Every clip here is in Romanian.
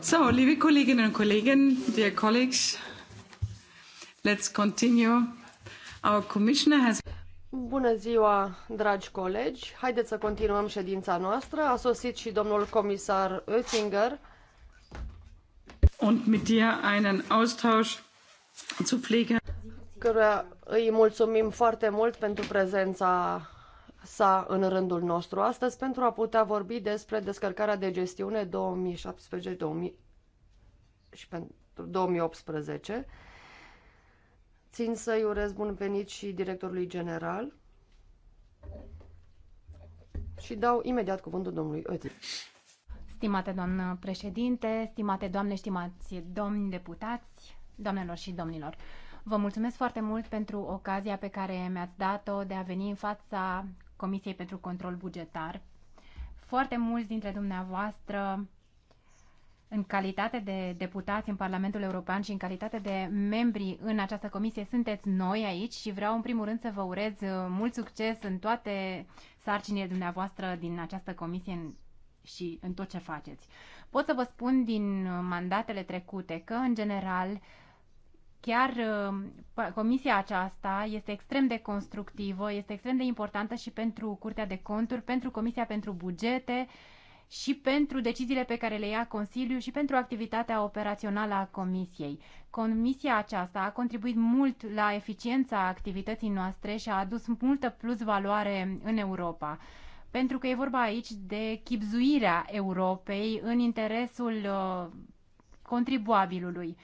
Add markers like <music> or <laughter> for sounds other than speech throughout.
So, liebe Kolleginnen und Kollegen, dear colleagues, let's continue. Our commissioner has... Bună ziua, dragi colegi! Haideți să continuăm ședința noastră. A sosit și domnul comisar Oettinger. Und mit dir einen Austausch zu pflegen. Căruia îi mulțumim foarte mult pentru prezența sa în rândul nostru astăzi pentru a putea vorbi despre descărcarea de gestiune 2017 2000 și pentru 2018. Țin să-i urez bun venit și directorului general și dau imediat cuvântul domnului Oti. Stimate doamnă președinte, stimate doamne, stimați domni deputați, doamnelor și domnilor, Vă mulțumesc foarte mult pentru ocazia pe care mi-ați dat-o de a veni în fața Comisiei pentru Control Bugetar. Foarte mulți dintre dumneavoastră, în calitate de deputați în Parlamentul European și în calitate de membri în această comisie, sunteți noi aici și vreau în primul rând să vă urez uh, mult succes în toate sarcinile dumneavoastră din această comisie și în tot ce faceți. Pot să vă spun din uh, mandatele trecute că, în general, chiar uh, comisia aceasta este extrem de constructivă, este extrem de importantă și pentru Curtea de Conturi, pentru Comisia pentru Bugete și pentru deciziile pe care le ia Consiliu și pentru activitatea operațională a Comisiei. Comisia aceasta a contribuit mult la eficiența activității noastre și a adus multă plus valoare în Europa pentru că e vorba aici de chipzuirea Europei în interesul uh, contribuabilului.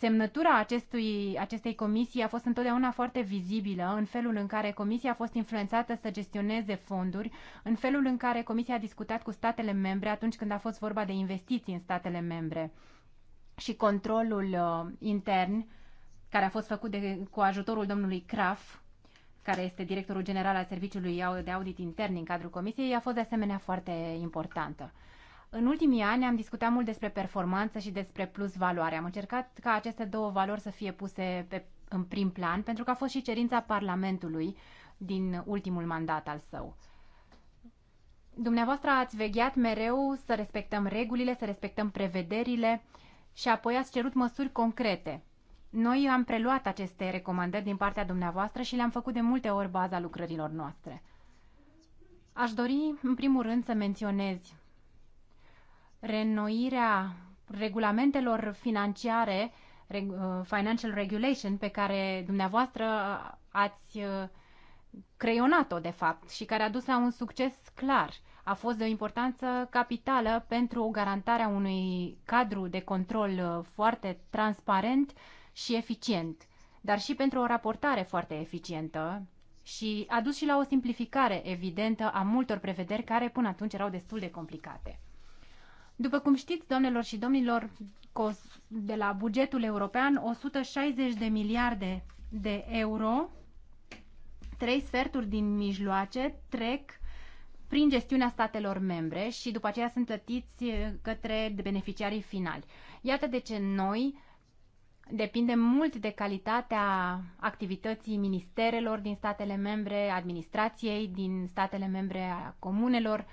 Semnătura acestui, acestei comisii a fost întotdeauna foarte vizibilă în felul în care comisia a fost influențată să gestioneze fonduri, în felul în care comisia a discutat cu statele membre atunci când a fost vorba de investiții în statele membre și controlul uh, intern care a fost făcut de, cu ajutorul domnului Kraft, care este directorul general al Serviciului de Audit Intern în cadrul Comisiei, a fost de asemenea foarte importantă. În ultimii ani am discutat mult despre performanță și despre plus valoare. Am încercat ca aceste două valori să fie puse pe, în prim plan, pentru că a fost și cerința Parlamentului din ultimul mandat al său. Dumneavoastră ați vegheat mereu să respectăm regulile, să respectăm prevederile și apoi ați cerut măsuri concrete. Noi am preluat aceste recomandări din partea dumneavoastră și le-am făcut de multe ori baza lucrărilor noastre. Aș dori, în primul rând, să menționez reînnoirea regulamentelor financiare, uh, financial regulation, pe care dumneavoastră ați uh, creionat-o, de fapt, și care a dus la un succes clar. A fost de o importanță capitală pentru garantarea unui cadru de control uh, foarte transparent și eficient, dar și pentru o raportare foarte eficientă și a dus și la o simplificare evidentă a multor prevederi care până atunci erau destul de complicate. După cum știți, doamnelor și domnilor, de la bugetul european, 160 de miliarde de euro, trei sferturi din mijloace trec prin gestiunea statelor membre și după aceea sunt plătiți eh, către beneficiarii finali. Iată de ce noi depindem mult de calitatea activității ministerelor din statele membre, administrației din statele membre, a comunelor,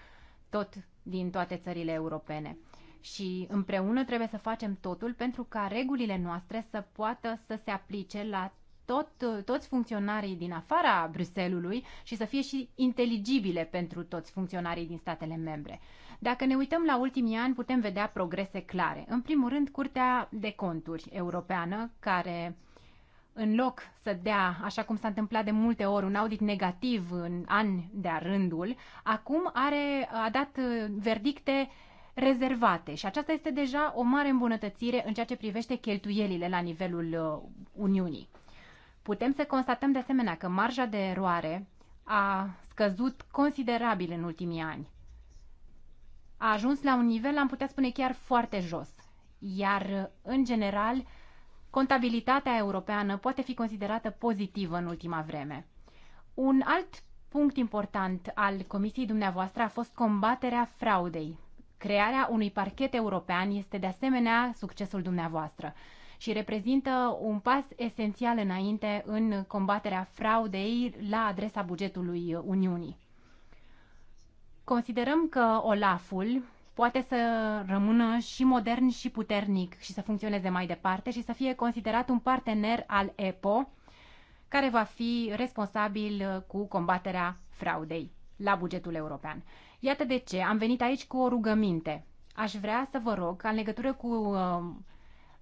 tot din toate țările europene. Și împreună trebuie să facem totul pentru ca regulile noastre să poată să se aplice la tot, toți funcționarii din afara Bruselului și să fie și inteligibile pentru toți funcționarii din statele membre. Dacă ne uităm la ultimii ani, putem vedea progrese clare. În primul rând, Curtea de Conturi Europeană, care în loc să dea, așa cum s-a întâmplat de multe ori, un audit negativ în ani de-a rândul, acum are, a dat uh, verdicte rezervate și aceasta este deja o mare îmbunătățire în ceea ce privește cheltuielile la nivelul uh, Uniunii. Putem să constatăm de asemenea că marja de eroare a scăzut considerabil în ultimii ani. A ajuns la un nivel, am putea spune chiar foarte jos, iar uh, în general contabilitatea europeană poate fi considerată pozitivă în ultima vreme. Un alt punct important al comisiei dumneavoastră a fost combaterea fraudei. Crearea unui parchet european este de asemenea succesul dumneavoastră și reprezintă un pas esențial înainte în combaterea fraudei la adresa bugetului Uniunii. Considerăm că OLAF-ul, poate să rămână și modern și puternic și să funcționeze mai departe și să fie considerat un partener al EPO care va fi responsabil uh, cu combaterea fraudei la bugetul european. Iată de ce am venit aici cu o rugăminte. Aș vrea să vă rog în legătură cu uh,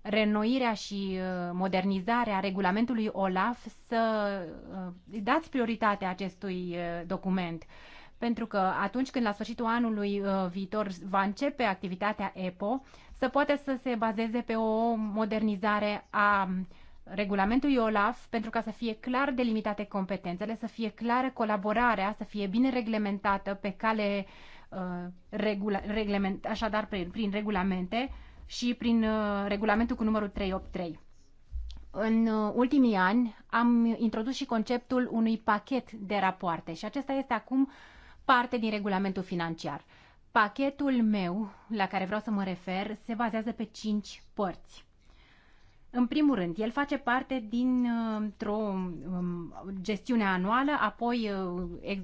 renoirea și uh, modernizarea regulamentului OLAF să dați prioritate acestui document pentru că atunci când la sfârșitul anului uh, viitor va începe activitatea EPO, să poate să se bazeze pe o modernizare a um, regulamentului OLAF pentru ca să fie clar delimitate competențele, să fie clară colaborarea, să fie bine reglementată pe cale uh, regula, reglement, așadar prin, prin regulamente și prin uh, regulamentul cu numărul 383. În uh, ultimii ani am introdus și conceptul unui pachet de rapoarte și acesta este acum uh, parte din regulamentul financiar. Pachetul meu la care vreau să mă refer se bazează pe cinci părți. În primul rând, el face parte dintr-o um, gestiune anuală, apoi uh,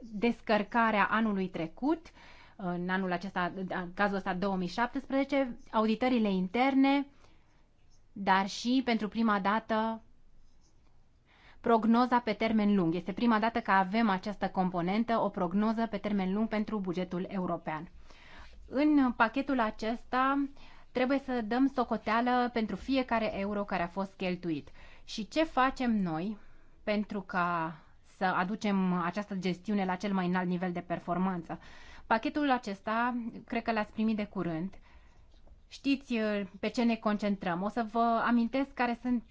descărcarea anului trecut, în anul acesta, în da, cazul ăsta 2017, auditările interne, dar și pentru prima dată prognoza pe termen lung. Este prima dată că avem această componentă, o prognoză pe termen lung pentru bugetul european. În pachetul acesta trebuie să dăm socoteală pentru fiecare euro care a fost cheltuit. Și ce facem noi pentru ca să aducem această gestiune la cel mai înalt nivel de performanță? Pachetul acesta, cred că l-ați primit de curând, știți pe ce ne concentrăm. O să vă amintesc care sunt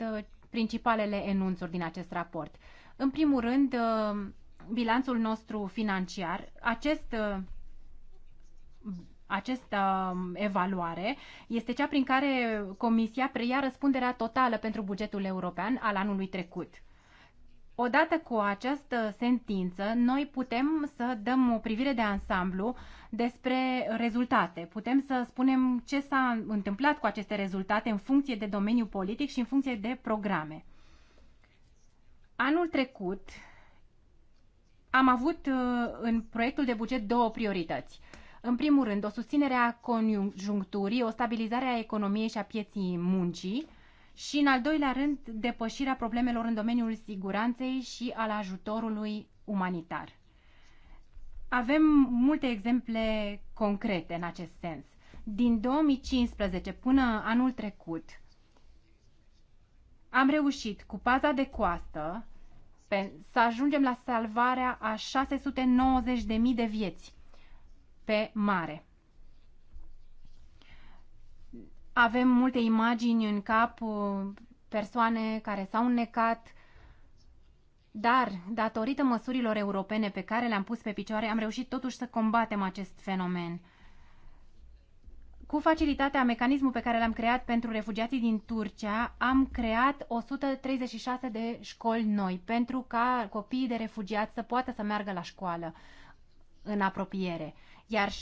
principalele enunțuri din acest raport. În primul rând, uh, bilanțul nostru financiar. Acest uh, această um, evaluare este cea prin care Comisia preia răspunderea totală pentru bugetul european al anului trecut. Odată cu această sentință, noi putem să dăm o privire de ansamblu despre rezultate. Putem să spunem ce s-a întâmplat cu aceste rezultate în funcție de domeniu politic și în funcție de programe. Anul trecut am avut uh, în proiectul de buget două priorități. În primul rând, o susținere a conjuncturii, o stabilizare a economiei și a pieții muncii și, în al doilea rând, depășirea problemelor în domeniul siguranței și al ajutorului umanitar. Avem multe exemple concrete în acest sens. Din 2015 până anul trecut, am reușit cu paza de coastă pe, să ajungem la salvarea a 690.000 de vieți pe mare. Avem multe imagini în cap, uh, persoane care s-au necat dar, datorită măsurilor europene pe care le-am pus pe picioare, am reușit totuși să combatem acest fenomen. Cu facilitatea, mecanismul pe care l-am creat pentru refugiații din Turcia, am creat 136 de școli noi pentru ca copiii de refugiați să poată să meargă la școală în apropiere, iar 60.000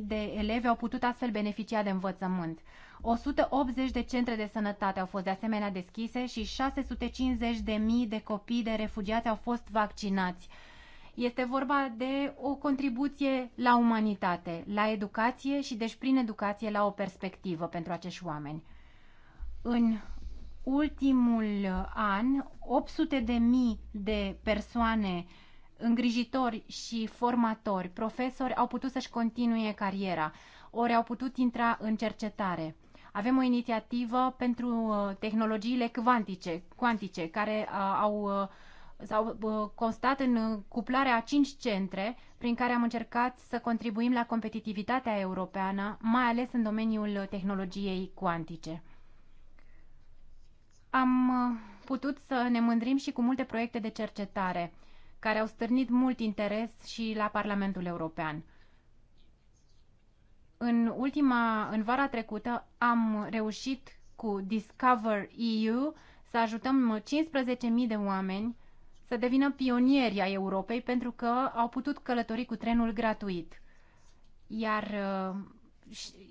de elevi au putut astfel beneficia de învățământ. 180 de centre de sănătate au fost de asemenea deschise și 650 de mii de copii de refugiați au fost vaccinați. Este vorba de o contribuție la umanitate, la educație și deci prin educație la o perspectivă pentru acești oameni. În ultimul an, 800 de mii de persoane îngrijitori și formatori, profesori au putut să-și continue cariera, ori au putut intra în cercetare. Avem o inițiativă pentru uh, tehnologiile cuantice, cuantice care uh, au uh, s-au constat în cuplarea a cinci centre prin care am încercat să contribuim la competitivitatea europeană, mai ales în domeniul tehnologiei cuantice. Am putut să ne mândrim și cu multe proiecte de cercetare care au stârnit mult interes și la Parlamentul European. În ultima, în vara trecută, am reușit cu Discover EU să ajutăm 15.000 de oameni să devină pionieri ai Europei pentru că au putut călători cu trenul gratuit. Iar uh,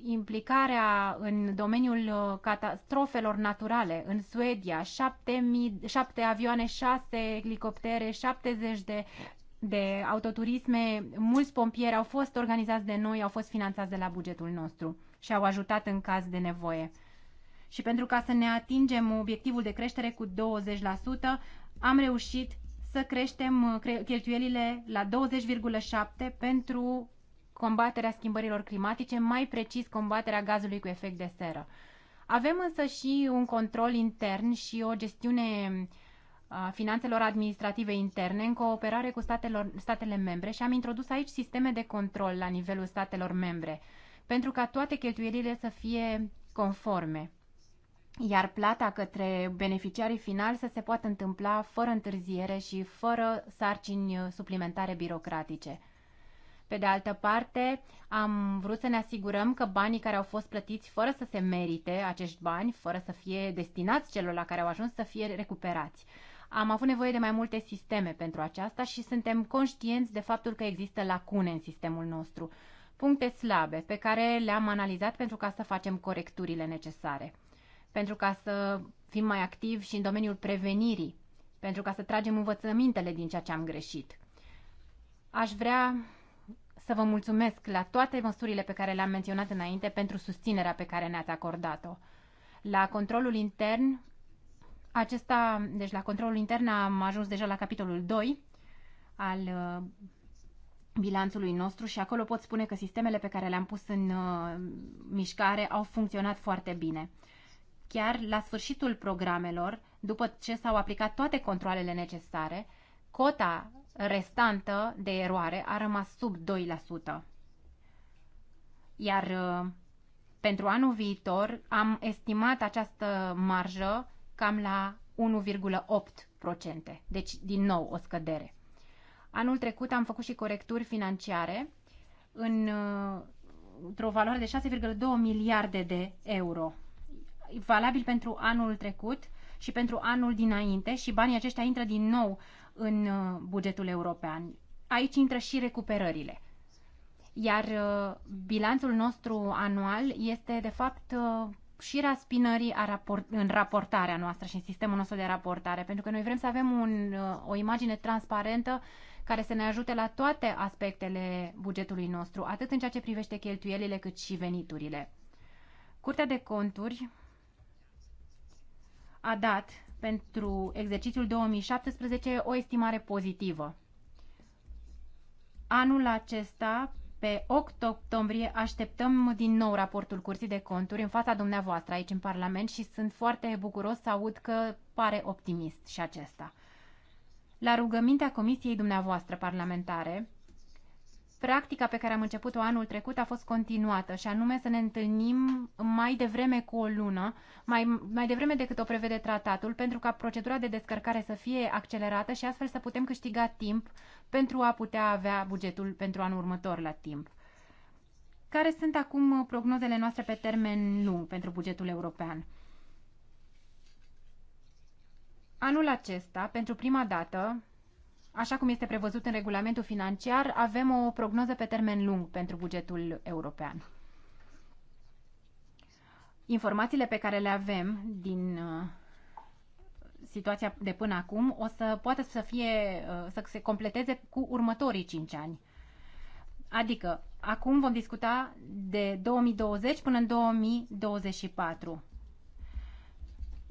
implicarea în domeniul uh, catastrofelor naturale în Suedia, 7, 000, 7 avioane, 6 elicoptere, 70 de de autoturisme, mulți pompieri au fost organizați de noi, au fost finanțați de la bugetul nostru și au ajutat în caz de nevoie. Și pentru ca să ne atingem obiectivul de creștere cu 20%, am reușit să creștem uh, cheltuielile la 20,7 pentru combaterea schimbărilor climatice, mai precis combaterea gazului cu efect de seră. Avem însă și un control intern și o gestiune a finanțelor administrative interne în cooperare cu statelor, statele membre și am introdus aici sisteme de control la nivelul statelor membre pentru ca toate cheltuielile să fie conforme iar plata către beneficiarii finali să se poată întâmpla fără întârziere și fără sarcini suplimentare birocratice. Pe de altă parte, am vrut să ne asigurăm că banii care au fost plătiți fără să se merite acești bani, fără să fie destinați celor la care au ajuns să fie recuperați. Am avut nevoie de mai multe sisteme pentru aceasta și suntem conștienți de faptul că există lacune în sistemul nostru, puncte slabe pe care le-am analizat pentru ca să facem corecturile necesare, pentru ca să fim mai activi și în domeniul prevenirii, pentru ca să tragem învățămintele din ceea ce am greșit. Aș vrea să vă mulțumesc la toate măsurile pe care le-am menționat înainte pentru susținerea pe care ne-ați acordat-o. La controlul intern acesta, deci la controlul intern am ajuns deja la capitolul 2 al uh, bilanțului nostru și acolo pot spune că sistemele pe care le-am pus în uh, mișcare au funcționat foarte bine. Chiar la sfârșitul programelor, după ce s-au aplicat toate controlele necesare, cota restantă de eroare a rămas sub 2%. Iar uh, pentru anul viitor am estimat această marjă cam la 1,8%. Deci, din nou, o scădere. Anul trecut am făcut și corecturi financiare în, uh, într-o valoare de 6,2 miliarde de euro. Valabil pentru anul trecut și pentru anul dinainte și banii aceștia intră din nou în uh, bugetul european. Aici intră și recuperările. Iar uh, bilanțul nostru anual este, de fapt, și raspinării a raport, în raportarea noastră și în sistemul nostru de raportare, pentru că noi vrem să avem un, uh, o imagine transparentă care să ne ajute la toate aspectele bugetului nostru, atât în ceea ce privește cheltuielile cât și veniturile. Curtea de conturi a dat pentru exercițiul 2017 o estimare pozitivă. Anul acesta pe 8 octombrie așteptăm din nou raportul Curții de Conturi în fața dumneavoastră aici în Parlament și sunt foarte bucuros să aud că pare optimist și acesta. La rugămintea Comisiei dumneavoastră parlamentare, practica pe care am început-o anul trecut a fost continuată și anume să ne întâlnim mai devreme cu o lună, mai, mai devreme decât o prevede tratatul, pentru ca procedura de descărcare să fie accelerată și astfel să putem câștiga timp pentru a putea avea bugetul pentru anul următor la timp. Care sunt acum prognozele noastre pe termen lung pentru bugetul european? Anul acesta, pentru prima dată, Așa cum este prevăzut în regulamentul financiar, avem o prognoză pe termen lung pentru bugetul european. Informațiile pe care le avem din uh, situația de până acum o să poată să fie uh, să se completeze cu următorii 5 ani. Adică acum vom discuta de 2020 până în 2024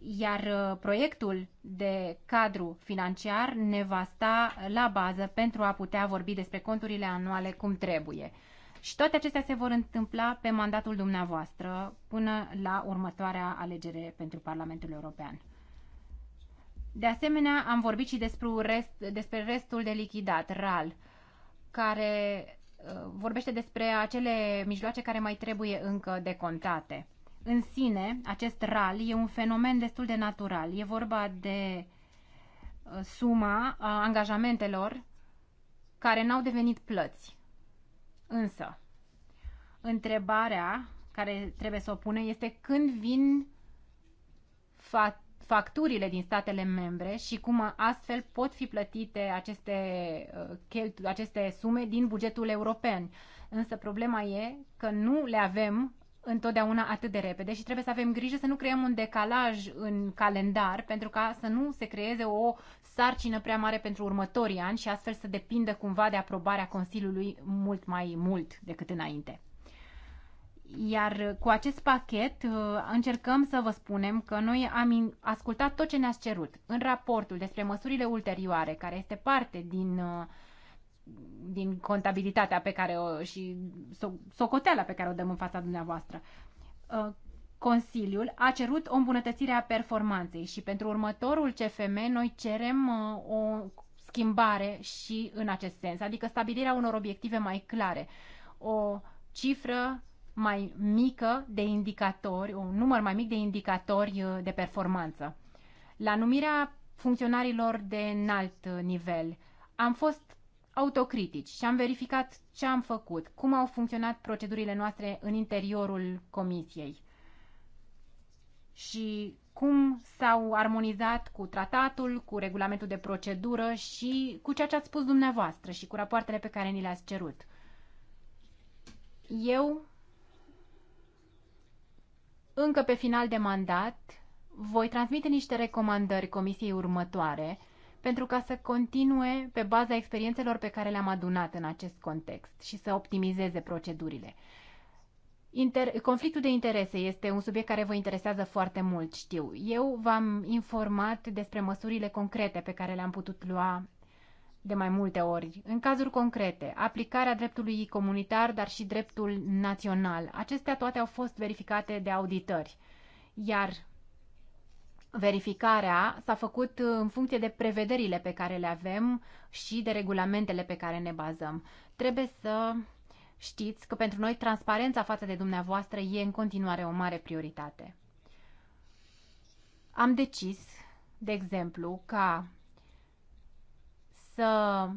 iar uh, proiectul de cadru financiar ne va sta la bază pentru a putea vorbi despre conturile anuale cum trebuie. Și toate acestea se vor întâmpla pe mandatul dumneavoastră până la următoarea alegere pentru Parlamentul European. De asemenea, am vorbit și despre, rest, despre restul de lichidat, RAL, care uh, vorbește despre acele mijloace care mai trebuie încă decontate în sine, acest RAL e un fenomen destul de natural. E vorba de uh, suma uh, angajamentelor care n-au devenit plăți. Însă, întrebarea care trebuie să o pune este când vin fa facturile din statele membre și cum astfel pot fi plătite aceste, uh, aceste sume din bugetul european. Însă problema e că nu le avem întotdeauna atât de repede și trebuie să avem grijă să nu creăm un decalaj în calendar pentru ca să nu se creeze o sarcină prea mare pentru următorii ani și astfel să depindă cumva de aprobarea Consiliului mult mai mult decât înainte. Iar cu acest pachet uh, încercăm să vă spunem că noi am ascultat tot ce ne-ați cerut. În raportul despre măsurile ulterioare, care este parte din uh, din contabilitatea pe care o și socoteala pe care o dăm în fața dumneavoastră. Uh, Consiliul a cerut o îmbunătățire a performanței și pentru următorul CFM noi cerem uh, o schimbare și în acest sens, adică stabilirea unor obiective mai clare, o cifră mai mică de indicatori, un număr mai mic de indicatori uh, de performanță. La numirea funcționarilor de înalt nivel am fost autocritici și am verificat ce am făcut, cum au funcționat procedurile noastre în interiorul comisiei și cum s-au armonizat cu tratatul, cu regulamentul de procedură și cu ceea ce ați spus dumneavoastră și cu rapoartele pe care ni le-ați cerut. Eu, încă pe final de mandat, voi transmite niște recomandări comisiei următoare – pentru ca să continue pe baza experiențelor pe care le-am adunat în acest context și să optimizeze procedurile. Inter- conflictul de interese este un subiect care vă interesează foarte mult, știu. Eu v-am informat despre măsurile concrete pe care le-am putut lua de mai multe ori. În cazuri concrete, aplicarea dreptului comunitar, dar și dreptul național. Acestea toate au fost verificate de auditări. Iar verificarea s-a făcut în funcție de prevederile pe care le avem și de regulamentele pe care ne bazăm. Trebuie să știți că pentru noi transparența față de dumneavoastră e în continuare o mare prioritate. Am decis, de exemplu, ca să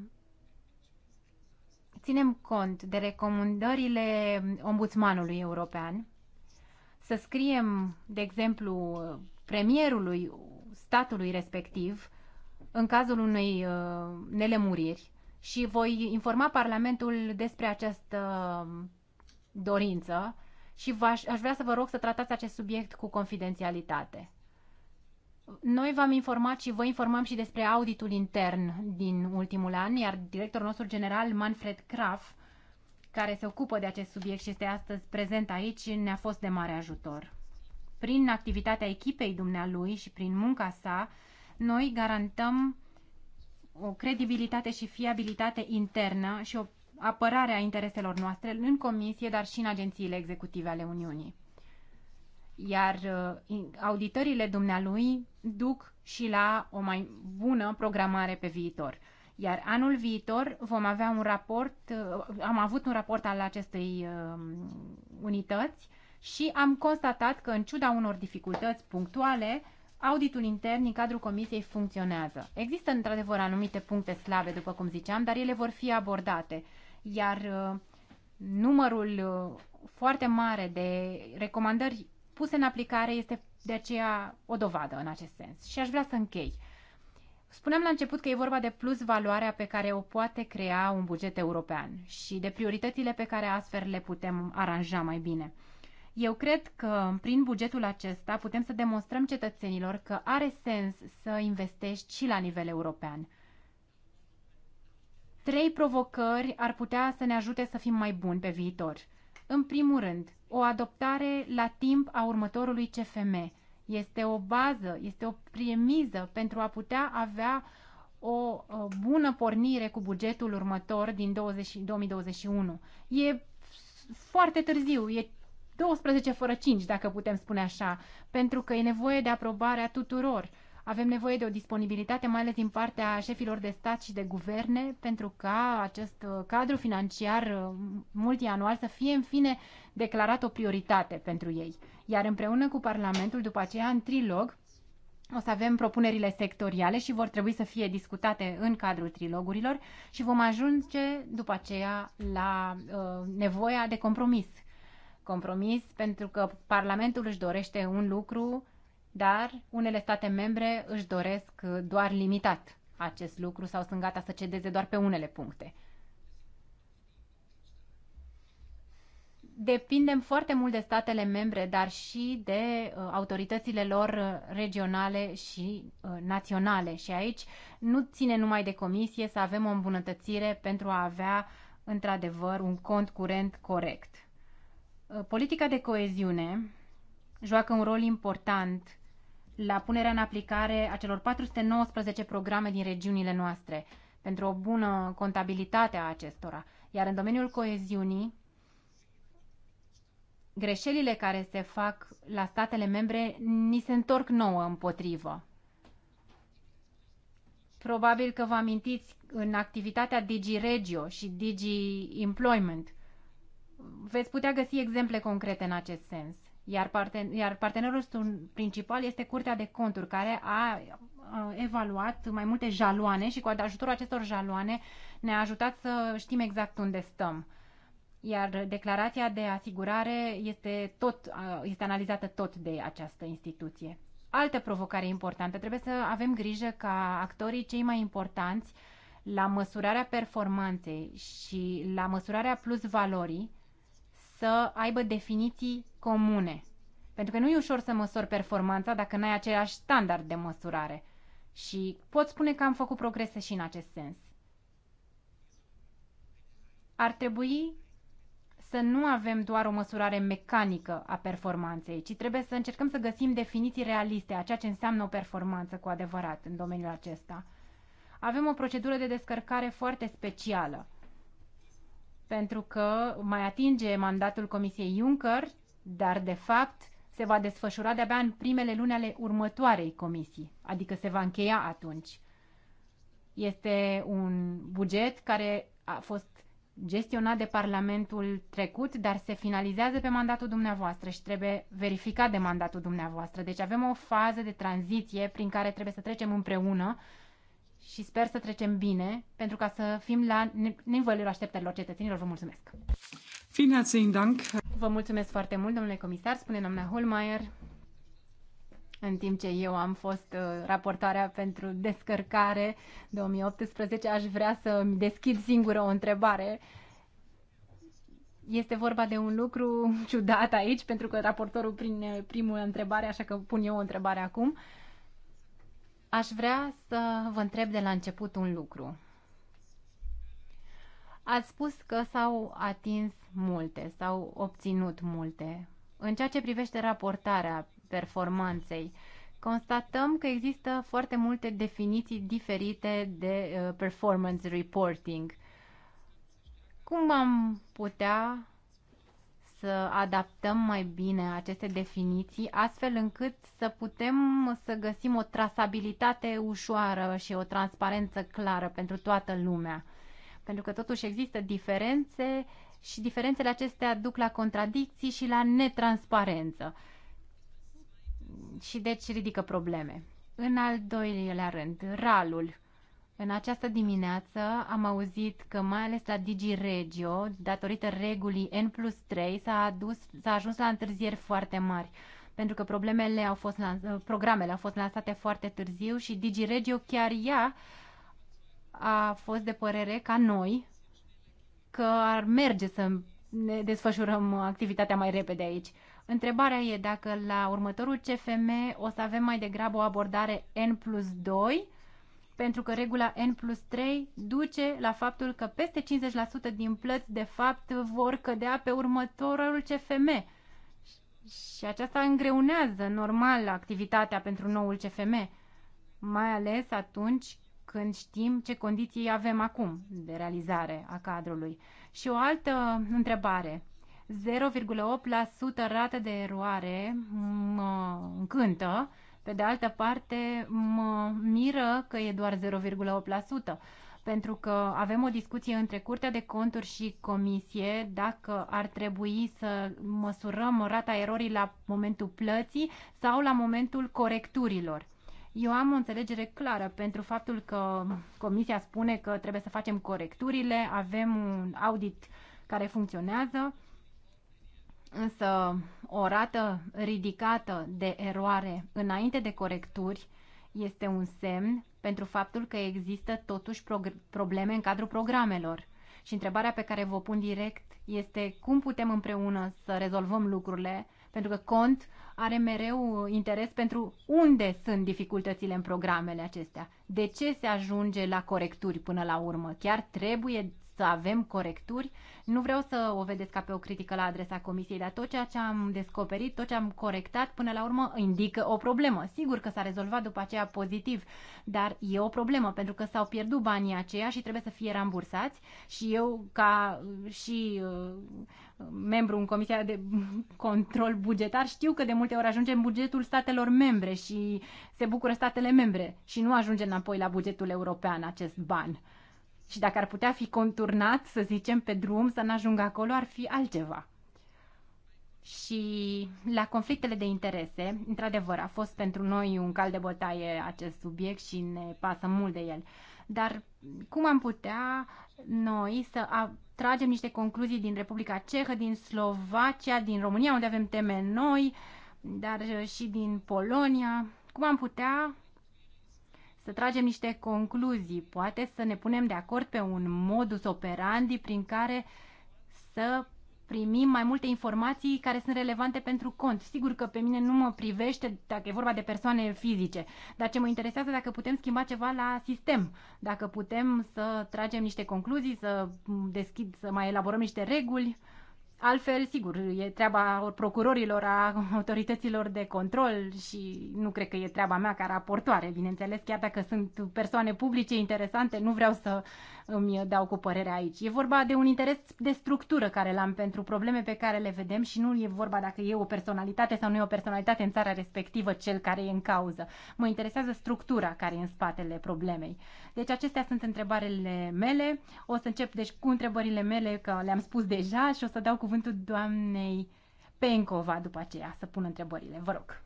ținem cont de recomandările ombudsmanului european, să scriem, de exemplu, premierului statului respectiv în cazul unei uh, nelemuriri și voi informa Parlamentul despre această um, dorință și aș vrea să vă rog să tratați acest subiect cu confidențialitate. Noi v-am informat și vă informăm și despre auditul intern din ultimul an, iar directorul nostru general, Manfred Kraf, care se ocupă de acest subiect și este astăzi prezent aici, ne-a fost de mare ajutor prin activitatea echipei dumnealui și prin munca sa, noi garantăm o credibilitate și fiabilitate internă și o apărare a intereselor noastre în comisie, dar și în agențiile executive ale Uniunii. Iar uh, auditorile dumnealui duc și la o mai bună programare pe viitor. Iar anul viitor vom avea un raport, uh, am avut un raport al acestei uh, unități și am constatat că, în ciuda unor dificultăți punctuale, auditul intern în cadrul comisiei funcționează. Există, într-adevăr, anumite puncte slabe, după cum ziceam, dar ele vor fi abordate, iar uh, numărul uh, foarte mare de recomandări puse în aplicare este de aceea o dovadă în acest sens. Și aș vrea să închei. Spuneam la început că e vorba de plus valoarea pe care o poate crea un buget european și de prioritățile pe care astfel le putem aranja mai bine. Eu cred că prin bugetul acesta putem să demonstrăm cetățenilor că are sens să investești și la nivel european. Trei provocări ar putea să ne ajute să fim mai buni pe viitor. În primul rând, o adoptare la timp a următorului CFM. Este o bază, este o premiză pentru a putea avea o bună pornire cu bugetul următor din 20, 2021. E foarte târziu, e 12 fără 5, dacă putem spune așa, pentru că e nevoie de aprobarea tuturor. Avem nevoie de o disponibilitate, mai ales din partea șefilor de stat și de guverne, pentru ca acest uh, cadru financiar uh, multianual să fie, în fine, declarat o prioritate pentru ei. Iar împreună cu Parlamentul, după aceea, în trilog, o să avem propunerile sectoriale și vor trebui să fie discutate în cadrul trilogurilor și vom ajunge după aceea la uh, nevoia de compromis compromis pentru că Parlamentul își dorește un lucru, dar unele state membre își doresc doar limitat acest lucru sau sunt gata să cedeze doar pe unele puncte. Depindem foarte mult de statele membre, dar și de uh, autoritățile lor regionale și uh, naționale. Și aici nu ține numai de comisie să avem o îmbunătățire pentru a avea într-adevăr un cont curent corect. Uh, politica de coeziune joacă un rol important la punerea în aplicare a celor 419 programe din regiunile noastre pentru o bună contabilitate a acestora. Iar în domeniul coeziunii, greșelile care se fac la statele membre ni se întorc nouă împotrivă. Probabil că vă amintiți în activitatea DigiRegio și DigiEmployment veți putea găsi exemple concrete în acest sens. Iar, parten, iar partenerul principal este Curtea de Conturi, care a, evaluat mai multe jaloane și cu ajutorul acestor jaloane ne-a ajutat să știm exact unde stăm. Iar declarația de asigurare este, tot, este analizată tot de această instituție. Altă provocare importantă, trebuie să avem grijă ca actorii cei mai importanți la măsurarea performanței și la măsurarea plus valorii să aibă definiții comune. Pentru că nu e ușor să măsori performanța dacă n-ai același standard de măsurare. Și pot spune că am făcut progrese și în acest sens. Ar trebui să nu avem doar o măsurare mecanică a performanței, ci trebuie să încercăm să găsim definiții realiste a ceea ce înseamnă o performanță cu adevărat în domeniul acesta. Avem o procedură de descărcare foarte specială pentru că mai atinge mandatul Comisiei Juncker, dar de fapt se va desfășura de-abia în primele luni ale următoarei comisii, adică se va încheia atunci. Este un buget care a fost gestionat de Parlamentul trecut, dar se finalizează pe mandatul dumneavoastră și trebuie verificat de mandatul dumneavoastră. Deci avem o fază de tranziție prin care trebuie să trecem împreună și sper să trecem bine pentru ca să fim la nivelul așteptărilor cetățenilor. Vă mulțumesc! Vielen Dank! Vă mulțumesc foarte mult, domnule comisar, spune doamna Holmeier, în timp ce eu am fost uh, raportoarea pentru descărcare 2018, aș vrea să deschid singură o întrebare este vorba de un lucru <laughs> ciudat aici, pentru că raportorul prin primul întrebare, așa că pun eu o întrebare acum. Uh, Aș vrea să vă întreb de la început un lucru. Ați spus că s-au atins multe, s-au obținut multe. În ceea ce privește raportarea performanței, constatăm că există foarte multe definiții diferite de uh, performance reporting. Cum am putea să adaptăm mai bine aceste definiții, astfel încât să putem să găsim o trasabilitate ușoară și o transparență clară pentru toată lumea. Pentru că totuși există diferențe și diferențele acestea duc la contradicții și la netransparență. Și deci ridică probleme. În al doilea rând, ralul în această dimineață am auzit că mai ales la Regio, datorită regulii N plus 3, s-a, adus, s-a ajuns la întârzieri foarte mari pentru că problemele au fost lans- programele au fost lansate foarte târziu și Regio chiar ea a fost de părere ca noi că ar merge să ne desfășurăm activitatea mai repede aici. Întrebarea e dacă la următorul CFM o să avem mai degrabă o abordare N plus 2 pentru că regula N plus 3 duce la faptul că peste 50% din plăți, de fapt, vor cădea pe următorul CFM. Și aceasta îngreunează, normal, activitatea pentru noul CFM, mai ales atunci când știm ce condiții avem acum de realizare a cadrului. Și o altă întrebare. 0,8% rată de eroare mă încântă, pe de altă parte, mă miră că e doar 0,8%, pentru că avem o discuție între Curtea de Conturi și Comisie dacă ar trebui să măsurăm rata erorii la momentul plății sau la momentul corecturilor. Eu am o înțelegere clară pentru faptul că Comisia spune că trebuie să facem corecturile, avem un audit care funcționează Însă o rată ridicată de eroare înainte de corecturi este un semn pentru faptul că există totuși probleme în cadrul programelor. Și întrebarea pe care vă pun direct este cum putem împreună să rezolvăm lucrurile, pentru că cont are mereu interes pentru unde sunt dificultățile în programele acestea. De ce se ajunge la corecturi până la urmă? Chiar trebuie să avem corecturi. Nu vreau să o vedeți ca pe o critică la adresa comisiei, dar tot ceea ce am descoperit, tot ce am corectat, până la urmă indică o problemă. Sigur că s-a rezolvat după aceea pozitiv, dar e o problemă pentru că s-au pierdut banii aceia și trebuie să fie rambursați și eu ca uh, și uh, membru în Comisia de <laughs> Control Bugetar, știu că de multe ori ajunge în bugetul statelor membre și se bucură statele membre și nu ajunge înapoi la bugetul european acest ban și dacă ar putea fi conturnat, să zicem, pe drum, să n-ajungă acolo, ar fi altceva. Și la conflictele de interese, într-adevăr, a fost pentru noi un cal de bătaie acest subiect și ne pasă mult de el. Dar cum am putea noi să tragem niște concluzii din Republica Cehă, din Slovacia, din România, unde avem teme noi, dar și din Polonia? Cum am putea să tragem niște concluzii, poate să ne punem de acord pe un modus operandi prin care să primim mai multe informații care sunt relevante pentru cont. Sigur că pe mine nu mă privește dacă e vorba de persoane fizice, dar ce mă interesează dacă putem schimba ceva la sistem, dacă putem să tragem niște concluzii, să deschid, să mai elaborăm niște reguli Altfel, sigur, e treaba procurorilor, a autorităților de control și nu cred că e treaba mea ca raportoare, bineînțeles, chiar dacă sunt persoane publice interesante, nu vreau să îmi dau cu părerea aici. E vorba de un interes de structură care l-am pentru probleme pe care le vedem și nu e vorba dacă e o personalitate sau nu e o personalitate în țara respectivă cel care e în cauză. Mă interesează structura care e în spatele problemei. Deci acestea sunt întrebările mele. O să încep deci cu întrebările mele că le-am spus deja și o să dau cuvântul doamnei Pencova după aceea să pun întrebările. Vă rog.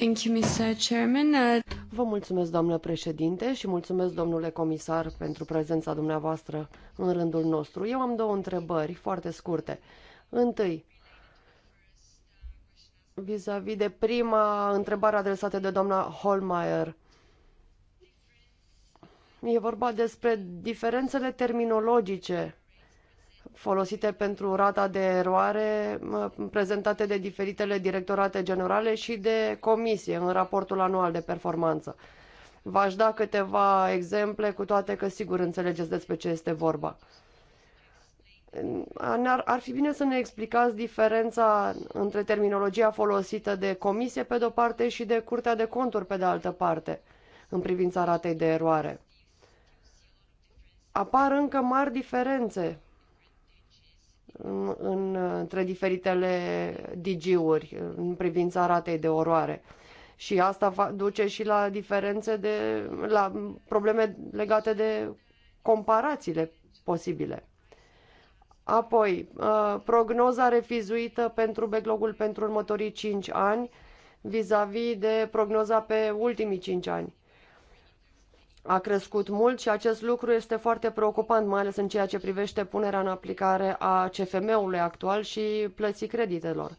Thank you, Mr. Chairman. Uh, Vă mulțumesc, doamnă președinte, și mulțumesc, domnule comisar, pentru prezența dumneavoastră în rândul nostru. Eu am două întrebări foarte scurte. Întâi, vis-a-vis de prima întrebare adresată de doamna Holmeier, e vorba despre diferențele terminologice folosite pentru rata de eroare prezentate de diferitele directorate generale și de comisie în raportul anual de performanță. V-aș da câteva exemple, cu toate că sigur înțelegeți despre ce este vorba. Ar, ar fi bine să ne explicați diferența între terminologia folosită de comisie pe de-o parte și de curtea de conturi pe de altă parte în privința ratei de eroare. Apar încă mari diferențe în, între diferitele digiuri în privința ratei de oroare. Și asta duce și la diferențe de, la probleme legate de comparațiile posibile. Apoi, uh, prognoza refizuită pentru backlog-ul pentru următorii 5 ani vis-a-vis -vis de prognoza pe ultimii 5 ani a crescut mult și acest lucru este foarte preocupant, mai ales în ceea ce privește punerea în aplicare a CFM-ului actual și plății creditelor.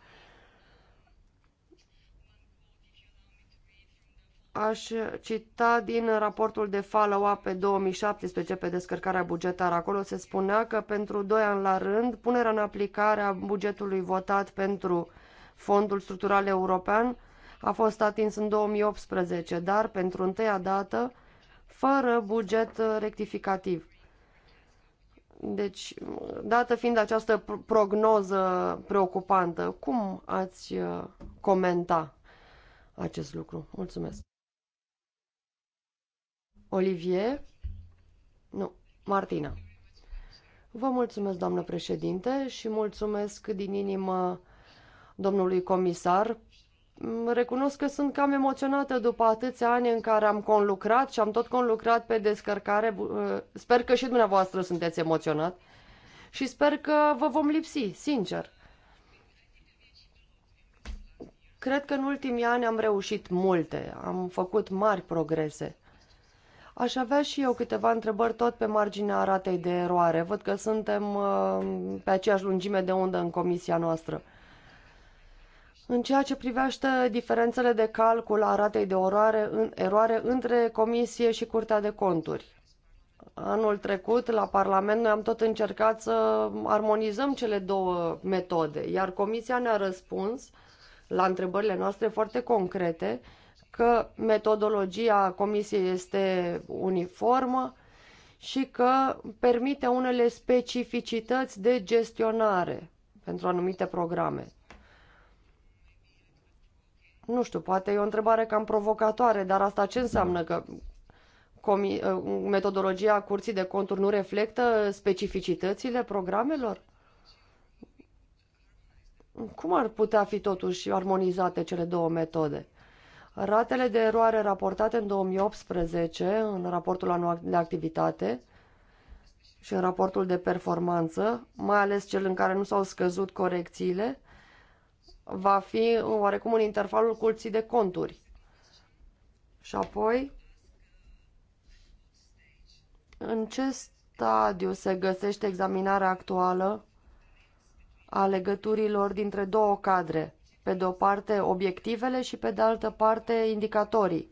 Aș cita din raportul de follow-up pe 2017 pe descărcarea bugetară. Acolo se spunea că pentru doi ani la rând, punerea în aplicare a bugetului votat pentru Fondul Structural European a fost atins în 2018, dar pentru întâia dată fără buget uh, rectificativ. Deci, dată fiind această prognoză preocupantă, cum ați uh, comenta acest lucru? Mulțumesc. Olivier? Nu, Martina. Vă mulțumesc, doamnă președinte, și mulțumesc din inimă domnului comisar Recunosc că sunt cam emoționată după atâția ani în care am conlucrat și am tot conlucrat pe descărcare. Uh, sper că și dumneavoastră sunteți emoționat și sper că vă vom lipsi, sincer. Cred că în ultimii ani am reușit multe, am făcut mari progrese. Aș avea și eu câteva întrebări tot pe marginea ratei de eroare. Văd că suntem uh, pe aceeași lungime de undă în comisia noastră. În ceea ce privește diferențele de calcul a ratei de eroare, în, eroare între Comisie și Curtea de Conturi. Anul trecut, la Parlament, noi am tot încercat să armonizăm cele două metode, iar Comisia ne-a răspuns la întrebările noastre foarte concrete că metodologia Comisiei este uniformă și că permite unele specificități de gestionare pentru anumite programe. Nu știu, poate e o întrebare cam provocatoare, dar asta ce înseamnă? Da. Că uh, metodologia curții de conturi nu reflectă specificitățile programelor? Cum ar putea fi totuși armonizate cele două metode? Ratele de eroare raportate în 2018, în raportul anual de activitate și în raportul de performanță, mai ales cel în care nu s-au scăzut corecțiile, va fi oarecum în intervalul curții de conturi. Și apoi, în ce stadiu se găsește examinarea actuală a legăturilor dintre două cadre? Pe de o parte obiectivele și pe de altă parte indicatorii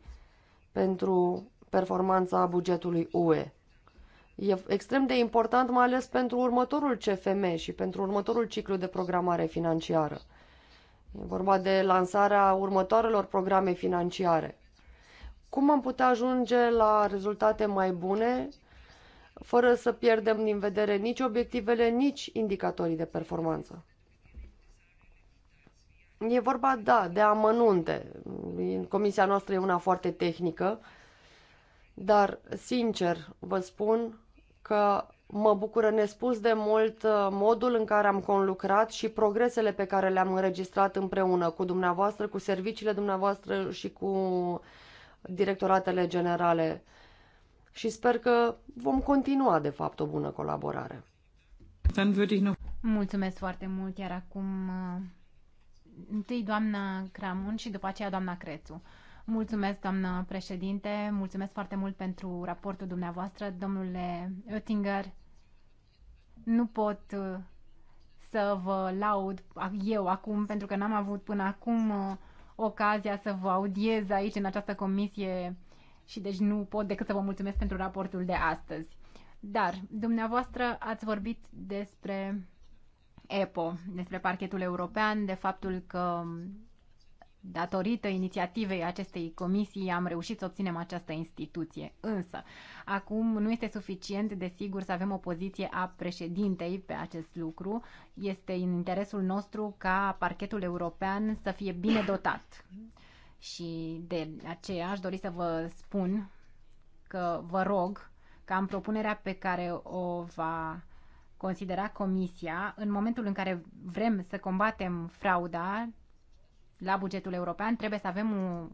pentru performanța bugetului UE. E extrem de important, mai ales pentru următorul CFM și pentru următorul ciclu de programare financiară. E vorba de lansarea următoarelor programe financiare. Cum am putea ajunge la rezultate mai bune fără să pierdem din vedere nici obiectivele, nici indicatorii de performanță? E vorba, da, de amănunte. Comisia noastră e una foarte tehnică, dar, sincer, vă spun că Mă bucură nespus de mult uh, modul în care am conlucrat și progresele pe care le-am înregistrat împreună cu dumneavoastră, cu serviciile dumneavoastră și cu directoratele generale. Și sper că vom continua, de fapt, o bună colaborare. Mulțumesc foarte mult, iar acum uh, întâi doamna Cramun și după aceea doamna Crețu. Mulțumesc, doamnă președinte, mulțumesc foarte mult pentru raportul dumneavoastră, domnule Oettinger. Nu pot uh, să vă laud eu acum, pentru că n-am avut până acum uh, ocazia să vă audiez aici în această comisie și deci nu pot decât să vă mulțumesc pentru raportul de astăzi. Dar dumneavoastră ați vorbit despre EPO, despre parchetul european, de faptul că Datorită inițiativei acestei comisii am reușit să obținem această instituție. Însă, acum nu este suficient, desigur, să avem o poziție a președintei pe acest lucru. Este în interesul nostru ca parchetul european să fie bine dotat. Și de aceea aș dori să vă spun că vă rog ca în propunerea pe care o va considera comisia, în momentul în care vrem să combatem frauda, la bugetul european, trebuie să avem o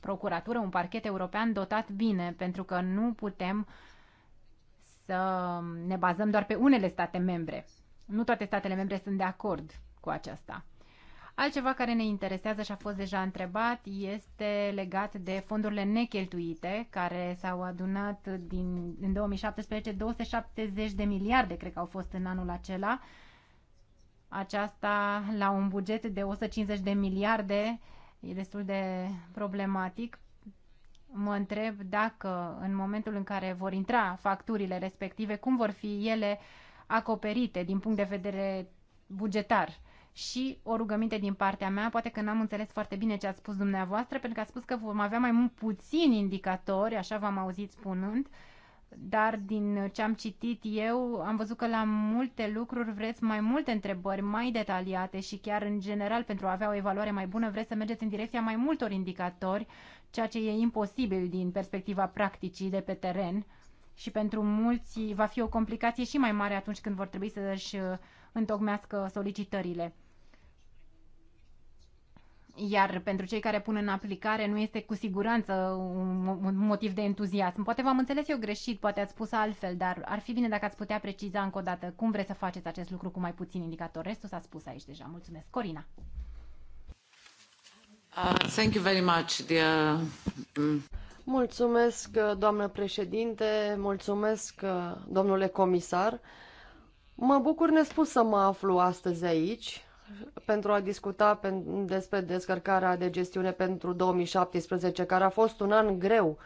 procuratură, un parchet european dotat bine, pentru că nu putem să ne bazăm doar pe unele state membre. Nu toate statele membre sunt de acord cu aceasta. Altceva care ne interesează și a fost deja întrebat este legat de fondurile necheltuite care s-au adunat din, în 2017 270 de miliarde, cred că au fost în anul acela, uh, aceasta la un buget de 150 de miliarde e destul de problematic. Mă întreb dacă în momentul în care vor intra facturile respective, cum vor fi ele acoperite din punct de vedere bugetar. Și o rugăminte din partea mea, poate că n-am înțeles foarte bine ce ați spus dumneavoastră, pentru că ați spus că vom avea mai puțini indicatori, așa v-am auzit spunând, uh, dar din ce am citit eu, am văzut că la multe lucruri vreți mai multe întrebări mai detaliate și chiar în general pentru a avea o evaluare mai bună vreți să mergeți în direcția mai multor indicatori, ceea ce e imposibil din perspectiva practicii de pe teren și pentru mulți va fi o complicație și mai mare atunci când vor trebui să își uh, întocmească solicitările. Iar pentru cei care pun în aplicare nu este cu siguranță un motiv de entuziasm. Poate v-am înțeles eu greșit, poate ați spus altfel, dar ar fi bine dacă ați putea preciza încă o dată cum vreți să faceți acest lucru cu mai puțin indicator. Restul s-a spus aici deja. Mulțumesc. Corina. Uh, thank you very much, dear... Um, mulțumesc, uh, doamnă președinte, mulțumesc, uh, domnule comisar. Mă bucur nespus să mă aflu astăzi aici, pentru a discuta despre descărcarea de gestiune pentru 2017, care a fost un an greu,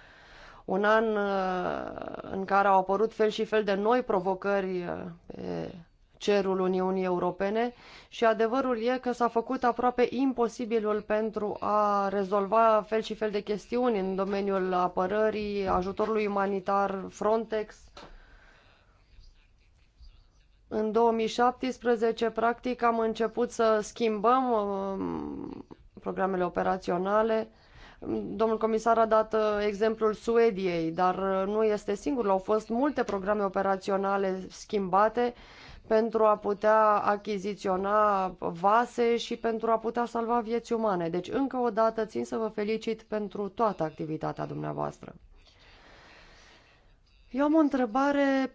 un an uh, în care au apărut fel și fel de noi provocări uh, pe cerul Uniunii Europene și adevărul e că s-a făcut aproape imposibilul pentru a rezolva fel și fel de chestiuni în domeniul apărării, ajutorului umanitar, Frontex, în 2017, practic, am început să schimbăm uh, programele operaționale. Domnul comisar a dat uh, exemplul Suediei, dar uh, nu este singurul. Au fost multe programe operaționale schimbate pentru a putea achiziționa vase și pentru a putea salva vieți umane. Deci, încă o dată, țin să vă felicit pentru toată activitatea dumneavoastră. Eu am o întrebare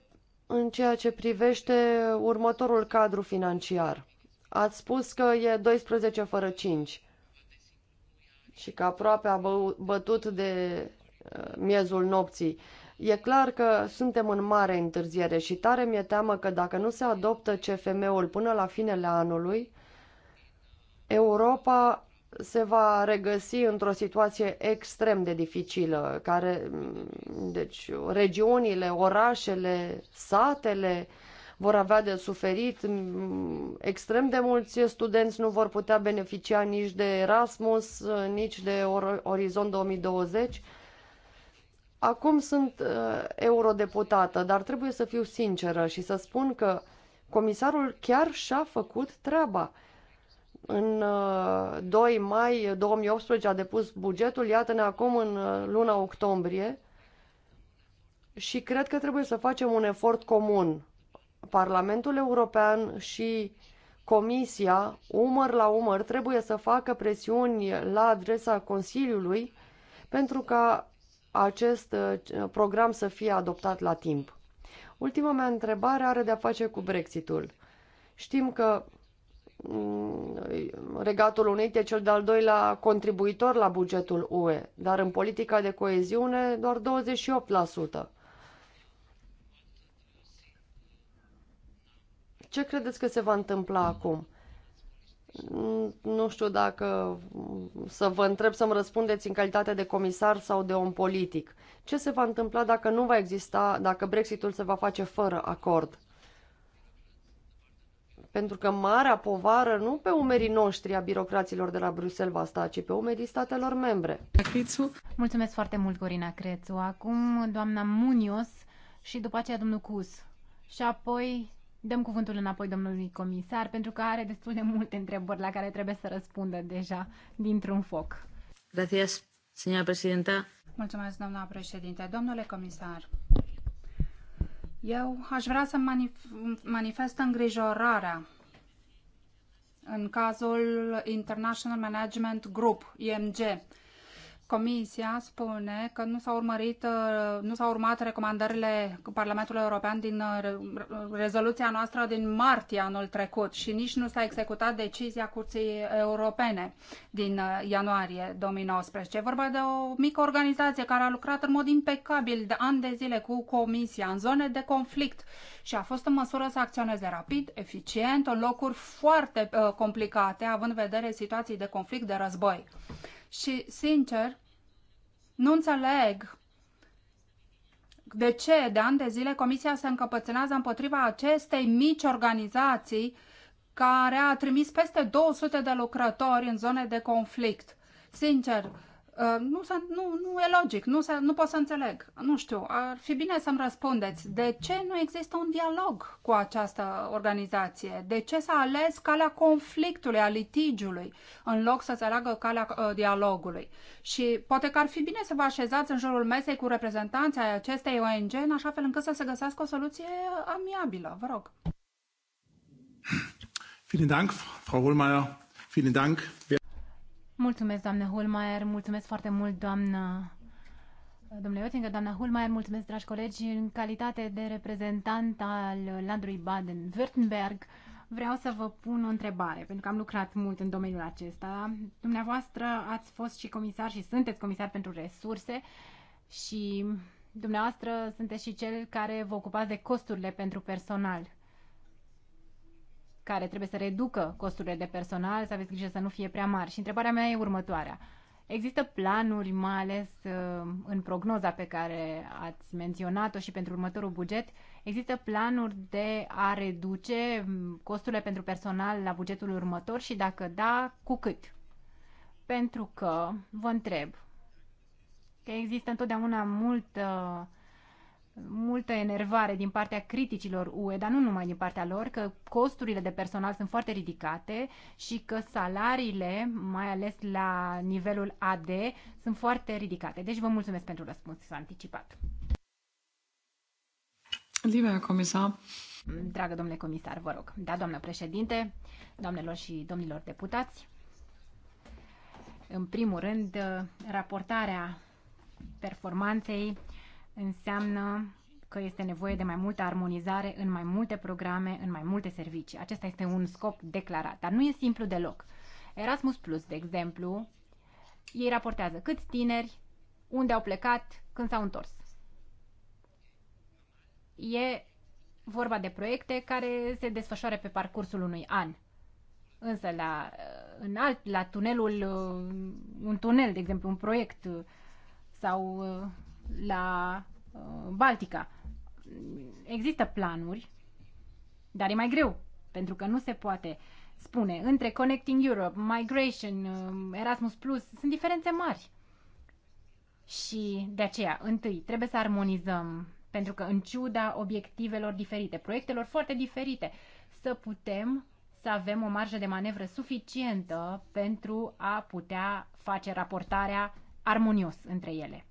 în ceea ce privește următorul cadru financiar. Ați spus că e 12 fără 5 și că aproape a bătut de uh, miezul nopții. E clar că suntem în mare întârziere și tare mi-e teamă că dacă nu se adoptă CFM-ul până la finele anului, Europa se va regăsi într-o situație extrem de dificilă, care, mm, deci, regiunile, orașele, satele vor avea de suferit, mm, extrem de mulți studenți nu vor putea beneficia nici de Erasmus, nici de Orizont 2020. Acum sunt uh, eurodeputată, dar trebuie să fiu sinceră și să spun că comisarul chiar și-a făcut treaba în 2 uh, mai 2018 a depus bugetul, iată-ne acum în uh, luna octombrie și cred că trebuie să facem un efort comun. Parlamentul European și Comisia, umăr la umăr, trebuie să facă presiuni la adresa Consiliului pentru ca acest uh, program să fie adoptat la timp. Ultima mea întrebare are de-a face cu Brexitul. Știm că Mm, Regatul Unit e cel de-al doilea contribuitor la bugetul UE, dar în politica de coeziune doar 28%. Ce credeți că se va întâmpla acum? Mm, nu știu dacă să vă întreb să-mi răspundeți în calitate de comisar sau de om politic. Ce se va întâmpla dacă nu va exista, dacă Brexitul se va face fără acord? pentru că marea povară nu pe umerii noștri a birocraților de la Bruxelles va sta, ci pe umerii statelor membre. Crețu. Mulțumesc foarte mult, Corina Crețu. Acum doamna Munios și după aceea domnul Cus. Și apoi dăm cuvântul înapoi domnului comisar, pentru că are destul de multe întrebări la care trebuie să răspundă deja dintr-un foc. Gracias, señora presidenta. Mulțumesc, doamna președinte. Domnule comisar, eu aș vrea să manif- manifest îngrijorarea în cazul International Management Group, IMG, Comisia spune că nu s-au urmărit, uh, nu s-au urmat recomandările Parlamentului European din uh, rezoluția noastră din martie anul trecut și nici nu s-a executat decizia Curții Europene din uh, ianuarie 2019. E vorba de o mică organizație care a lucrat în mod impecabil de ani de zile cu Comisia în zone de conflict și a fost în măsură să acționeze rapid, eficient, în locuri foarte uh, complicate, având în vedere situații de conflict, de război și, sincer, nu înțeleg de ce de ani de zile Comisia se încăpățânează împotriva acestei mici organizații care a trimis peste 200 de lucrători în zone de conflict. Sincer, Uh, nu, nu, nu e logic, nu, nu pot să înțeleg. Nu știu, ar fi bine să-mi răspundeți. De ce nu există un dialog cu această organizație? De ce s-a ales calea conflictului, a litigiului, în loc să se aleagă calea uh, dialogului? Și poate că ar fi bine să vă așezați în jurul mesei cu reprezentanții acestei ONG, în așa fel încât să se găsească o soluție amiabilă. Vă rog. Vielen Dank, Frau Hohlmeier. Vielen Dank. Mulțumesc, doamnă Hulmaier, mulțumesc foarte mult, doamnă Domnule Oettinger, doamna Hulmaier, mulțumesc, dragi colegi, în calitate de reprezentant al landului Baden-Württemberg, vreau să vă pun o întrebare, pentru că am lucrat mult în domeniul acesta. Dumneavoastră ați fost și comisar și sunteți comisar pentru resurse și dumneavoastră sunteți și cel care vă ocupați de costurile pentru personal care trebuie să reducă costurile de personal, să aveți grijă să nu fie prea mari. Și întrebarea mea e următoarea. Există planuri, mai ales uh, în prognoza pe care ați menționat-o și pentru următorul buget, există planuri de a reduce mm, costurile pentru personal la bugetul următor și dacă da, cu cât? Pentru că, vă întreb, că există întotdeauna multă uh, multă enervare din partea criticilor UE, dar nu numai din partea lor, că costurile de personal sunt foarte ridicate și că salariile, mai ales la nivelul AD, sunt foarte ridicate. Deci vă mulțumesc pentru răspuns anticipat. Liberă comisar. Dragă domnule comisar, vă rog. Da, doamnă președinte, doamnelor și domnilor deputați, în primul rând, raportarea performanței înseamnă că este nevoie de mai multă armonizare în mai multe programe, în mai multe servicii. Acesta este un scop declarat, dar nu e simplu deloc. Erasmus Plus, de exemplu, ei raportează câți tineri, unde au plecat, când s-au întors. E vorba de proiecte care se desfășoară pe parcursul unui an. Însă la, în alt, la tunelul, un tunel, de exemplu, un proiect uh, sau uh, la uh, Baltica. Există planuri, dar e mai greu, pentru că nu se poate spune între Connecting Europe, Migration, uh, Erasmus Plus, sunt diferențe mari. Și de aceea, întâi, trebuie să armonizăm, pentru că în ciuda obiectivelor diferite, proiectelor foarte diferite, să putem să avem o marjă de manevră suficientă pentru a putea face raportarea armonios între ele.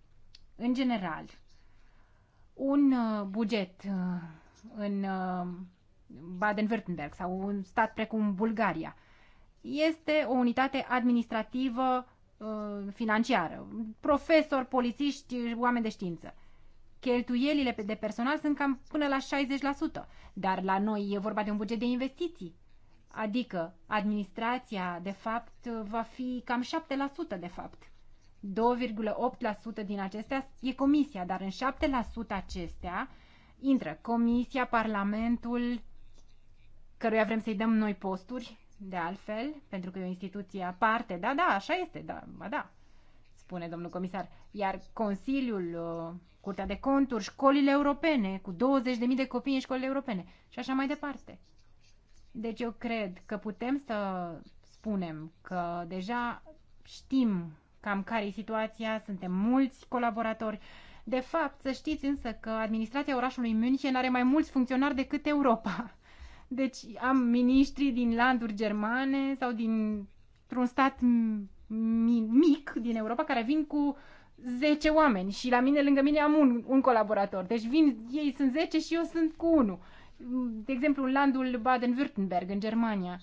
În general, un uh, buget uh, în uh, Baden-Württemberg sau un stat precum Bulgaria este o unitate administrativă financiară, profesori, polițiști, oameni de știință. Cheltuielile de personal sunt cam până la 60%, dar la noi e vorba de un buget de investiții. Adică administrația, de fapt, va fi cam 7% de fapt. 2,8% din acestea e comisia, dar în 7% acestea intră comisia, parlamentul, căruia vrem să-i dăm noi posturi, de altfel, pentru că e o instituție aparte. Da, da, așa este, da, ba da, spune domnul comisar. Iar Consiliul, uh, Curtea de Conturi, școlile europene, cu 20.000 de copii în școlile europene și așa mai departe. Deci eu cred că putem să spunem că deja știm cam care e situația, suntem mulți colaboratori. De fapt, să știți însă că administrația orașului München are mai mulți funcționari decât Europa. <laughs> Deci am miniștri din landuri germane sau dintr-un stat mic din Europa care vin cu 10 oameni și la mine, lângă mine, am un, un colaborator. Deci vin, ei sunt 10 și eu sunt cu unul. De exemplu, în landul Baden-Württemberg, în Germania,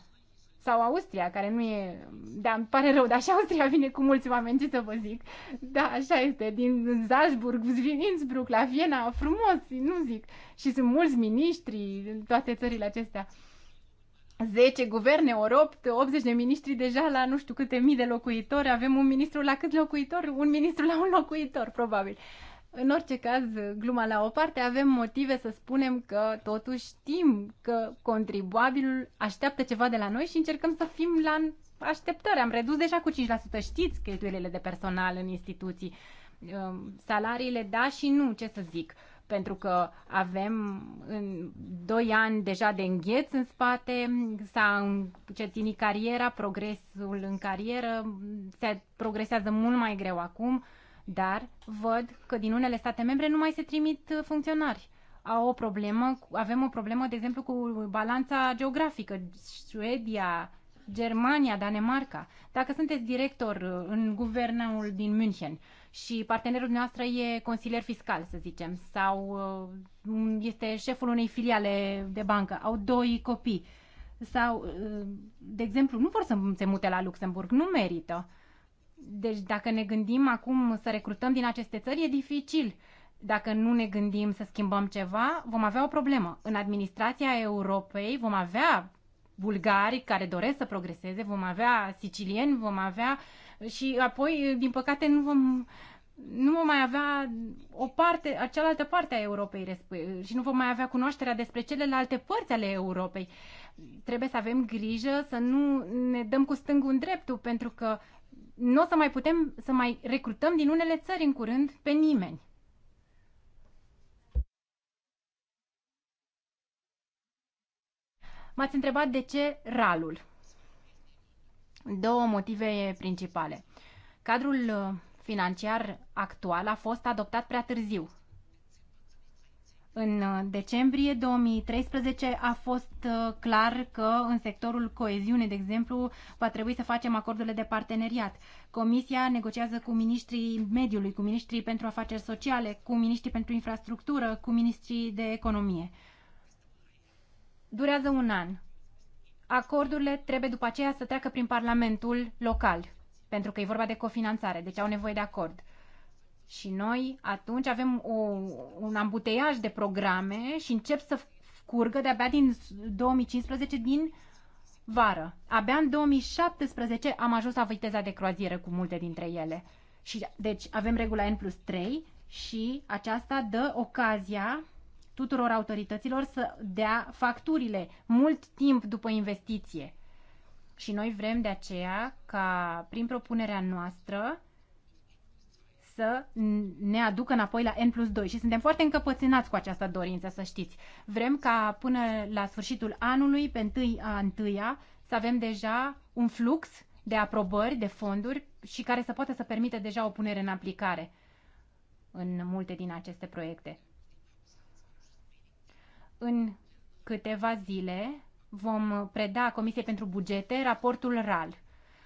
sau Austria, care nu e... Da, îmi pare rău, dar și Austria vine cu mulți oameni, ce să vă zic. Da, așa este, din Salzburg, din Innsbruck, la Viena, frumos, nu zic. Și sunt mulți miniștri în toate țările acestea. 10 guverne, ori 8, 80 de miniștri deja la nu știu câte mii de locuitori, avem un ministru la cât locuitor? Un ministru la un locuitor, probabil. Uh, în orice caz, gluma la o parte, avem motive să spunem că totuși știm că contribuabilul așteaptă ceva de la noi și încercăm să fim la așteptări. Am redus deja cu 5%, știți, cheltuielile de personal în instituții. Um, salariile da și nu, ce să zic pentru că avem în 2 ani deja de îngheț în spate, s-a încetinit cariera, progresul în carieră se progresează mult mai greu acum dar văd că din unele state membre nu mai se trimit uh, funcționari. Au o problemă, avem o problemă, de exemplu, cu balanța geografică. Suedia, Germania, Danemarca. Dacă sunteți director uh, în guvernul din München și partenerul noastră e consilier fiscal, să zicem, sau uh, este șeful unei filiale de bancă, au doi copii, sau, de exemplu, nu vor să se mute la Luxemburg, nu merită deci dacă ne gândim acum să recrutăm din aceste țări, e dificil. Dacă nu ne gândim să schimbăm ceva, vom avea o problemă. În administrația Europei vom avea bulgari care doresc să progreseze, vom avea sicilieni, vom avea și apoi, din păcate, nu vom nu vom mai avea o parte, cealaltă parte a Europei și nu vom mai avea cunoașterea despre celelalte părți ale Europei. Trebuie să avem grijă să nu ne dăm cu stângul în dreptul, pentru că nu o să mai putem să mai recrutăm din unele țări în curând pe nimeni. M-ați întrebat de ce RALul. Două motive principale. Cadrul uh, financiar actual a fost adoptat prea târziu în uh, decembrie 2013 a fost uh, clar că în sectorul coeziune, de exemplu, va trebui să facem acordurile de parteneriat. Comisia negociază cu ministrii mediului, cu ministrii pentru afaceri sociale, cu ministrii pentru infrastructură, cu ministrii de economie. Durează un an. Acordurile trebuie după aceea să treacă prin Parlamentul local, pentru că e vorba de cofinanțare, deci au nevoie de acord. Și noi atunci avem o, un ambuteiaj de programe și încep să curgă de-abia din 2015 din vară. Abia în 2017 am ajuns la viteza de croazieră cu multe dintre ele. Și, deci avem regula N plus 3 și aceasta dă ocazia tuturor autorităților să dea facturile mult timp după investiție. Și noi vrem de aceea ca prin propunerea noastră să ne aducă înapoi la N plus 2 și suntem foarte încăpățânați cu această dorință, să știți. Vrem ca până la sfârșitul anului, pe 1 a 1 să avem deja un flux de aprobări, de fonduri și care să poată să permită deja o punere în aplicare în multe din aceste proiecte. În câteva zile vom preda Comisiei pentru Bugete raportul RAL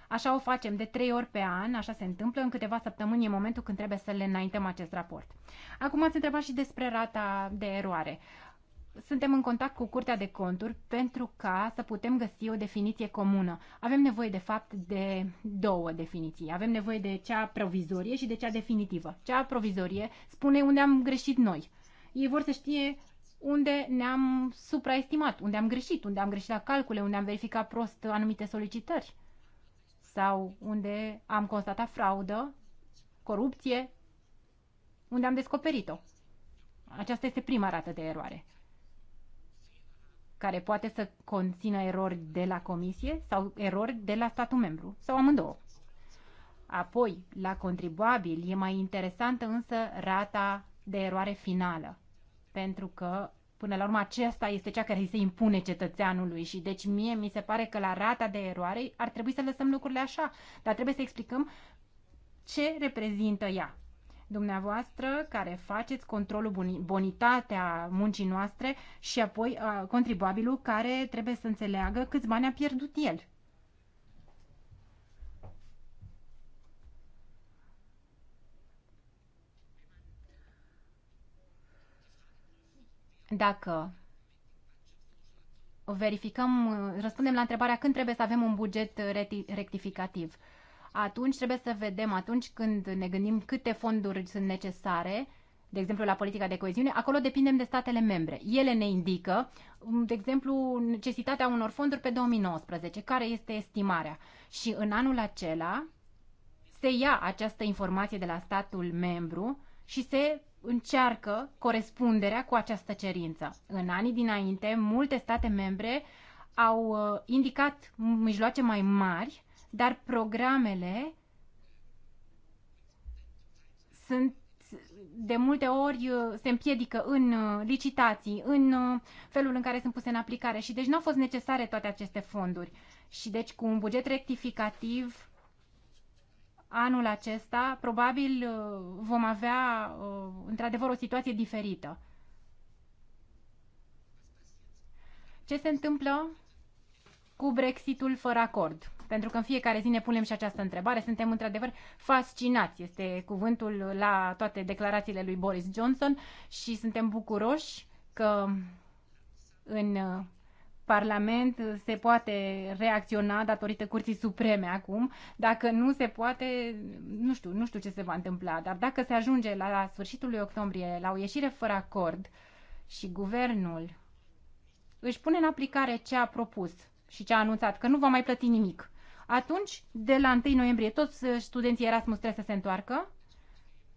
Așa o facem de trei ori pe an, așa se întâmplă, în câteva săptămâni e momentul când trebuie să le înaintăm acest raport. Acum ați întrebat și despre rata de eroare. Suntem în contact cu Curtea de Conturi pentru ca să putem găsi o definiție comună. Avem nevoie, de fapt, de două definiții. Avem nevoie de cea provizorie și de cea definitivă. Cea provizorie spune unde am greșit noi. Ei vor să știe unde ne-am supraestimat, unde am greșit, unde am greșit la calcule, unde am verificat prost anumite solicitări sau unde am constatat fraudă, corupție, unde am descoperit-o. Aceasta este prima rată de eroare, care poate să conțină erori de la comisie sau erori de la statul membru, sau amândouă. Apoi, la contribuabil e mai interesantă însă rata de eroare finală, pentru că Până la urmă, aceasta este cea care îi se impune cetățeanului și deci mie mi se pare că la rata de eroare ar trebui să lăsăm lucrurile așa, dar trebuie să explicăm ce reprezintă ea. Dumneavoastră care faceți controlul bonitatea muncii noastre și apoi contribuabilul care trebuie să înțeleagă câți bani a pierdut el. Dacă verificăm, răspundem la întrebarea când trebuie să avem un buget rectificativ, atunci trebuie să vedem, atunci când ne gândim câte fonduri sunt necesare, de exemplu la politica de coeziune, acolo depindem de statele membre. Ele ne indică, um, de exemplu, necesitatea unor fonduri pe 2019, care este estimarea. Și în anul acela se ia această informație de la statul membru și se încearcă corespunderea cu această cerință. În anii dinainte, multe state membre au uh, indicat mijloace mai mari, dar programele sunt de multe ori uh, se împiedică în uh, licitații, în felul în care sunt puse în aplicare și deci nu au fost necesare toate aceste fonduri. Și deci cu un buget rectificativ anul acesta, probabil uh, vom avea uh, într-adevăr o situație diferită. Ce se întâmplă cu Brexitul fără acord? Pentru că în fiecare zi ne punem și această întrebare. Suntem într-adevăr fascinați, este cuvântul la toate declarațiile lui Boris Johnson și suntem bucuroși că în uh, Parlament se poate reacționa datorită Curții Supreme acum. Dacă nu se poate, nu știu, nu știu ce se va întâmpla, dar dacă se ajunge la sfârșitul lui octombrie la o ieșire fără acord și guvernul își pune în aplicare ce a propus și ce a anunțat, că nu va mai plăti nimic, atunci, de la 1 noiembrie, toți studenții Erasmus trebuie să se întoarcă,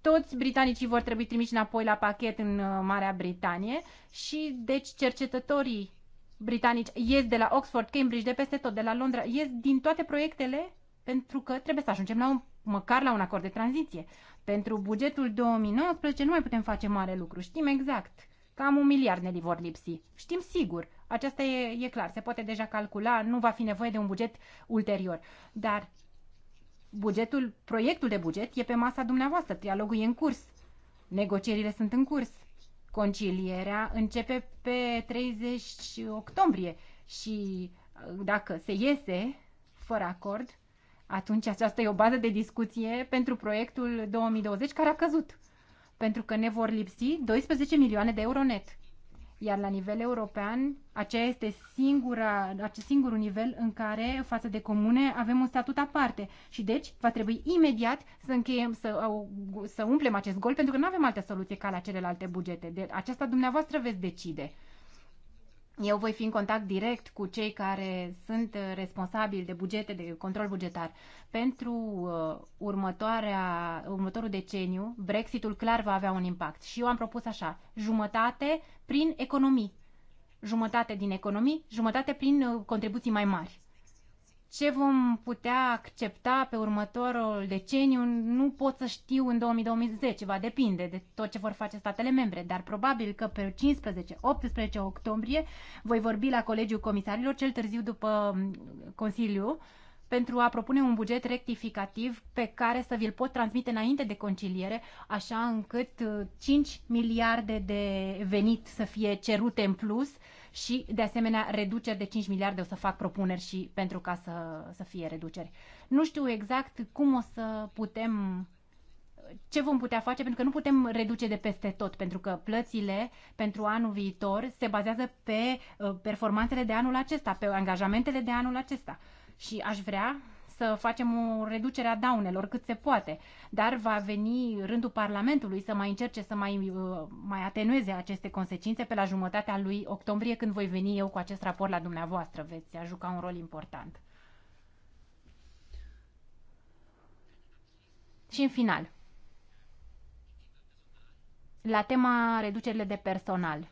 toți britanicii vor trebui trimiși înapoi la pachet în uh, Marea Britanie și, deci, cercetătorii britanici, ies de la Oxford, Cambridge, de peste tot, de la Londra, ies din toate proiectele pentru că trebuie să ajungem la un, măcar la un acord de tranziție. Pentru bugetul 2019 nu mai putem face mare lucru, știm exact. Cam un miliard ne vor lipsi. Știm sigur, aceasta e, e clar, se poate deja calcula, nu va fi nevoie de un buget ulterior. Dar bugetul, proiectul de buget e pe masa dumneavoastră, trialogul e în curs, negocierile sunt în curs concilierea începe pe 30 octombrie și uh, dacă se iese fără acord, atunci aceasta e o bază de discuție pentru proiectul 2020 care a căzut. Pentru că ne vor lipsi 12 milioane de euro net. Iar la nivel european, aceea este singura, acest singurul nivel în care, față de comune, avem un statut aparte. Și deci, va trebui imediat să încheiem, să, să umplem acest gol, pentru că nu avem altă soluție ca la celelalte bugete. De aceasta dumneavoastră veți decide. Eu voi fi în contact direct cu cei care sunt uh, responsabili de bugete, de control bugetar. Pentru uh, următoarea, următorul deceniu, Brexitul clar va avea un impact. Și eu am propus așa, jumătate prin economii. Jumătate din economii, jumătate prin uh, contribuții mai mari ce vom putea accepta pe următorul deceniu nu pot să știu în 2020, va depinde de tot ce vor face statele membre, dar probabil că pe 15-18 octombrie voi vorbi la Colegiul Comisarilor, cel târziu după mm, Consiliu, pentru a propune un buget rectificativ pe care să vi-l pot transmite înainte de conciliere, așa încât 5 mm, miliarde de venit să fie cerute în plus, și, de asemenea, reduceri de 5 miliarde. O să fac propuneri și pentru ca să, să fie reduceri. Nu știu exact cum o să putem ce vom putea face, pentru că nu putem reduce de peste tot, pentru că plățile pentru anul viitor se bazează pe uh, performanțele de anul acesta, pe angajamentele de anul acesta. Și aș vrea să facem o reducere a daunelor cât se poate, dar va veni rândul Parlamentului să mai încerce să mai, uh, mai atenueze aceste consecințe pe la jumătatea lui octombrie când voi veni eu cu acest raport la dumneavoastră. Veți juca un rol important. Și în final, la tema reducerile de personal.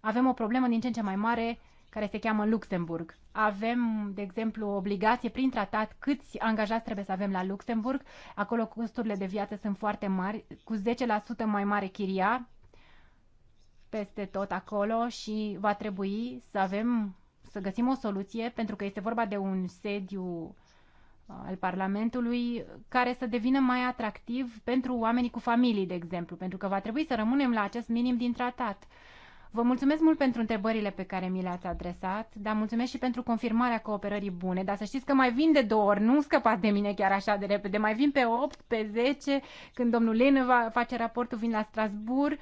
Avem o problemă din ce în ce mai mare care se cheamă Luxemburg. Avem, de exemplu, obligație prin tratat câți angajați trebuie să avem la Luxemburg. Acolo costurile de viață sunt foarte mari, cu 10% mai mare chiria peste tot acolo și va trebui să avem, să găsim o soluție, pentru că este vorba de un sediu uh, al Parlamentului care să devină mai atractiv pentru oamenii cu familii, de exemplu, pentru că va trebui să rămânem la acest minim din tratat. Vă mulțumesc mult pentru întrebările pe care mi le-ați adresat, dar mulțumesc și pentru confirmarea cooperării bune. Dar să știți că mai vin de două ori, nu scăpați de mine chiar așa de repede. Mai vin pe 8, pe 10, când domnul Lene va face raportul, vin la Strasbourg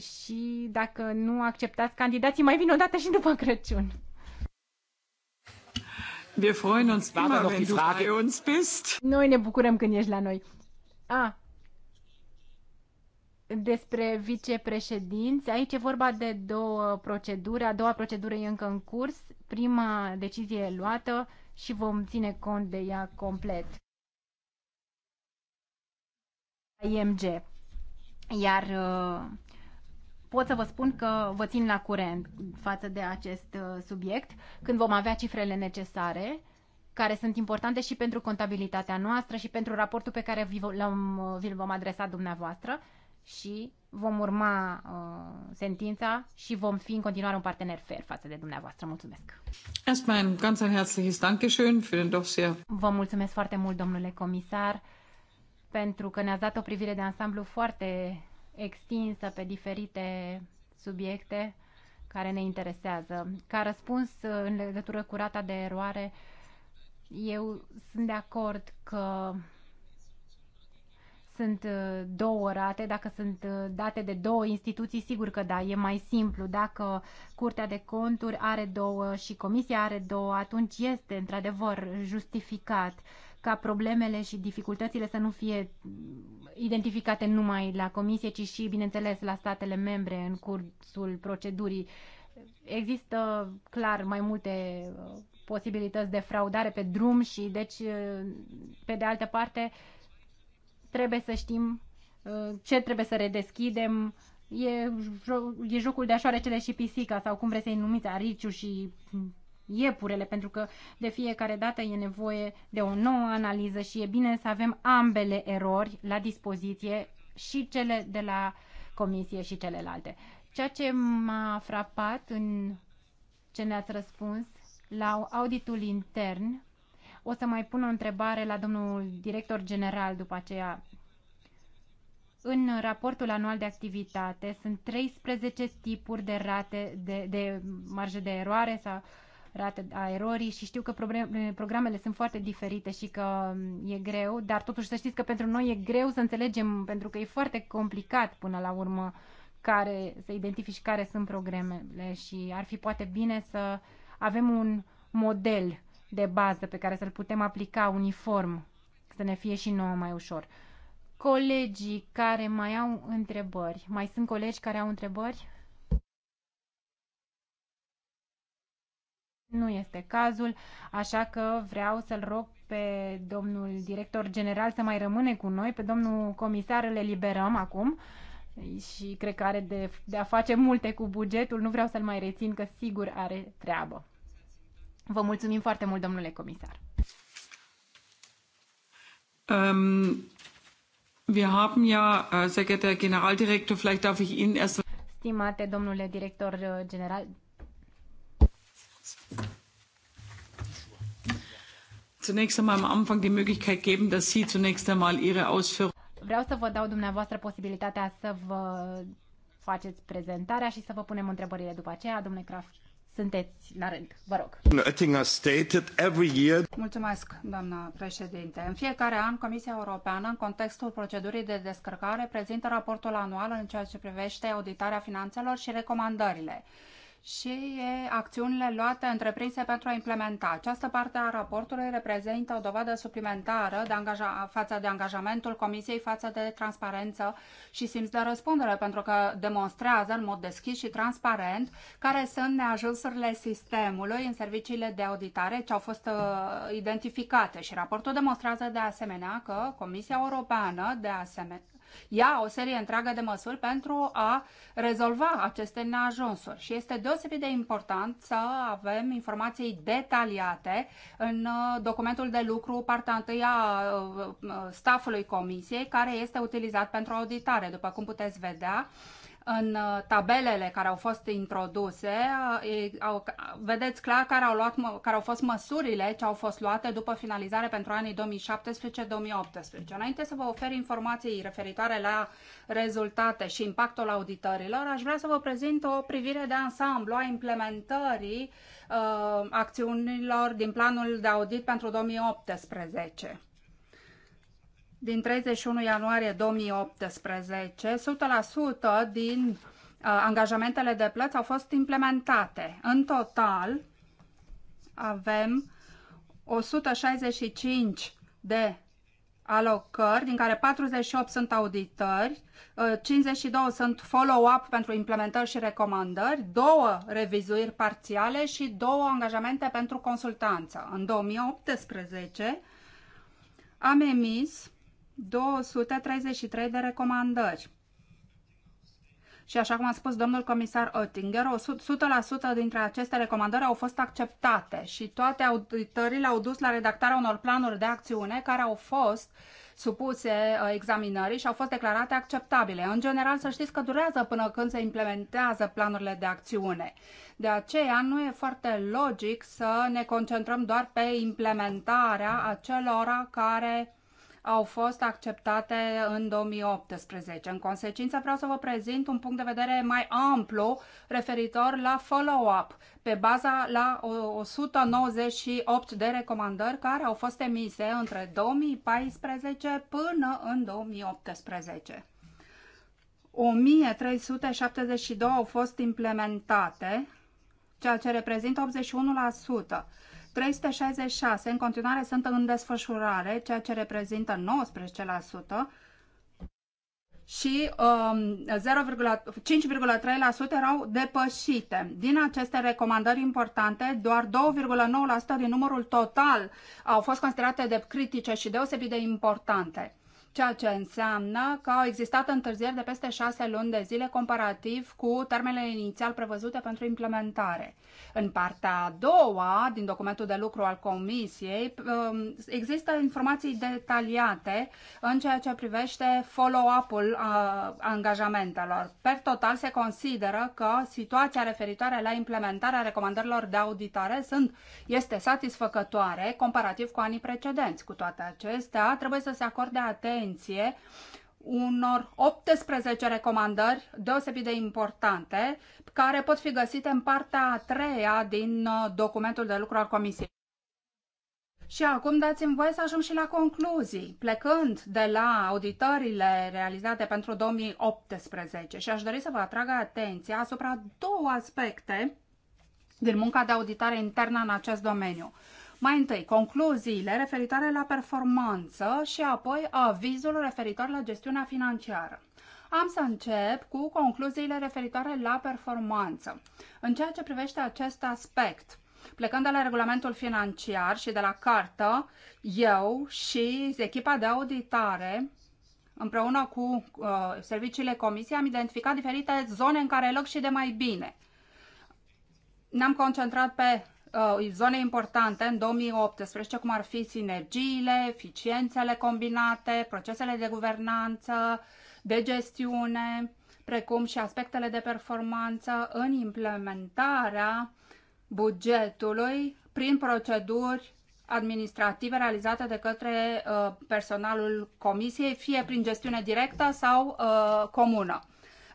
și dacă nu acceptați candidații, mai vin o dată și după Crăciun. Wir freuen uns wenn du bei uns bist. Noi ne bucurăm când ești la noi. A, despre vicepreședinți. Aici e vorba de două proceduri. A doua procedură e încă în curs. Prima decizie e luată și vom ține cont de ea complet. IMG. Iar uh, pot să vă spun că vă țin la curent față de acest uh, subiect când vom avea cifrele necesare care sunt importante și pentru contabilitatea noastră și pentru raportul pe care vi-l vom uh, adresa dumneavoastră și vom urma uh, sentința și vom fi în continuare un partener fer față de dumneavoastră. Mulțumesc! Erstmal ein ganz herzliches Dankeschön für den Dossier. Vă mulțumesc foarte mult, domnule comisar, pentru că ne-ați dat o privire de ansamblu foarte extinsă pe diferite subiecte care ne interesează. Ca răspuns uh, în legătură cu rata de eroare, eu sunt de acord că sunt uh, două rate, dacă sunt uh, date de două instituții, sigur că da, e mai simplu. Dacă Curtea de Conturi are două și Comisia are două, atunci este într-adevăr justificat ca problemele și dificultățile să nu fie identificate numai la Comisie, ci și, bineînțeles, la statele membre în cursul procedurii. Există, clar, mai multe uh, posibilități de fraudare pe drum și, deci, pe de altă parte, Trebuie să știm uh, ce trebuie să redeschidem. E, e jocul de așoarecele și pisica sau cum vreți să-i numiți, ariciu și iepurele, pentru că de fiecare dată e nevoie de o nouă analiză și e bine să avem ambele erori la dispoziție și cele de la comisie și celelalte. Ceea ce m-a frapat în ce ne-ați răspuns la auditul intern o să mai pun o întrebare la domnul director general după aceea. În raportul anual de activitate sunt 13 tipuri de rate de, de marjă de eroare sau rate a erorii și știu că programele sunt foarte diferite și că mm, e greu, dar totuși să știți că pentru noi e greu să înțelegem, pentru că e foarte complicat până la urmă care, să identifici care sunt programele și ar fi poate bine să avem un model de bază pe care să-l putem aplica uniform, să ne fie și nouă mai ușor. Colegii care mai au întrebări, mai sunt colegi care au întrebări? Nu este cazul, așa că vreau să-l rog pe domnul director general să mai rămâne cu noi, pe domnul comisar le liberăm acum și cred că are de, de a face multe cu bugetul, nu vreau să-l mai rețin că sigur are treabă. Vă mulțumim foarte mult, domnule comisar. Um, wir haben ja, äh, sehr geehrter Generaldirektor, vielleicht darf ich Ihnen erst... Stimate domnule director äh, general, zunächst einmal am Anfang die Möglichkeit geben, dass Sie zunächst einmal Ihre Ausführungen. Vreau să vă dau dumneavoastră posibilitatea să vă faceți prezentarea și să vă punem întrebările după aceea. Domnule Kraft, sunteți la rând. Vă rog. Mulțumesc, doamna președinte. În fiecare an, Comisia Europeană, în contextul procedurii de descărcare, prezintă raportul anual în ceea ce privește auditarea finanțelor și recomandările și acțiunile luate, întreprinse pentru a implementa. Această parte a raportului reprezintă o dovadă suplimentară de angaja- față de angajamentul Comisiei față de transparență și simț de răspundere, pentru că demonstrează în mod deschis și transparent care sunt neajunsurile sistemului în serviciile de auditare ce au fost uh, identificate. Și raportul demonstrează de asemenea că Comisia Europeană, de asemenea, ia o serie întreagă de măsuri pentru a rezolva aceste neajunsuri. Și este deosebit de important să avem informații detaliate în uh, documentul de lucru, partea întâi a uh, uh, staffului comisiei, care este utilizat pentru auditare. După cum puteți vedea, în uh, tabelele care au fost introduse, uh, au, vedeți clar care au, luat, care au fost măsurile ce au fost luate după finalizare pentru anii 2017-2018. Înainte să vă ofer informații referitoare la rezultate și impactul auditorilor, aș vrea să vă prezint o privire de ansamblu a implementării uh, acțiunilor din planul de audit pentru 2018 din 31 ianuarie 2018, 100% din uh, angajamentele de plăți au fost implementate. În total avem 165 de alocări, din care 48 sunt auditări, 52 uh, sunt follow-up pentru implementări și recomandări, două revizuiri parțiale și două angajamente pentru consultanță. În 2018 am emis 233 de recomandări. Și așa cum a spus domnul comisar Oettinger, 100% dintre aceste recomandări au fost acceptate și toate auditările au dus la redactarea unor planuri de acțiune care au fost supuse uh, examinării și au fost declarate acceptabile. În general, să știți că durează până când se implementează planurile de acțiune. De aceea, nu e foarte logic să ne concentrăm doar pe implementarea acelora care au fost acceptate în 2018. În consecință vreau să vă prezint un punct de vedere mai amplu referitor la follow-up pe baza la 198 de recomandări care au fost emise între 2014 până în 2018. 1372 au fost implementate, ceea ce reprezintă 81%. 366 în continuare sunt în desfășurare, ceea ce reprezintă 19% și um, 5,3% erau depășite. Din aceste recomandări importante, doar 2,9% din numărul total au fost considerate de critice și deosebit de importante ceea ce înseamnă că au existat întârzieri de peste șase luni de zile comparativ cu termenele inițial prevăzute pentru implementare. În partea a doua din documentul de lucru al Comisiei um, există informații detaliate în ceea ce privește follow-up-ul uh, angajamentelor. Per total se consideră că situația referitoare la implementarea recomandărilor de auditare sunt, este satisfăcătoare comparativ cu anii precedenți. Cu toate acestea, trebuie să se acorde atenție atenție unor 18 recomandări deosebit de importante care pot fi găsite în partea a treia din uh, documentul de lucru al Comisiei. Și acum dați-mi voie să ajung și la concluzii, plecând de la auditările realizate pentru 2018 și aș dori să vă atrag atenția asupra două aspecte din munca de auditare internă în acest domeniu. Mai întâi, concluziile referitoare la performanță și apoi avizul referitor la gestiunea financiară. Am să încep cu concluziile referitoare la performanță. În ceea ce privește acest aspect, plecând de la regulamentul financiar și de la cartă, eu și echipa de auditare împreună cu uh, serviciile comisiei am identificat diferite zone în care loc și de mai bine. Ne-am concentrat pe Uh, zone importante în 2018, cum ar fi sinergiile, eficiențele combinate, procesele de guvernanță, de gestiune, precum și aspectele de performanță în implementarea bugetului prin proceduri administrative realizate de către uh, personalul comisiei, fie prin gestiune directă sau uh, comună.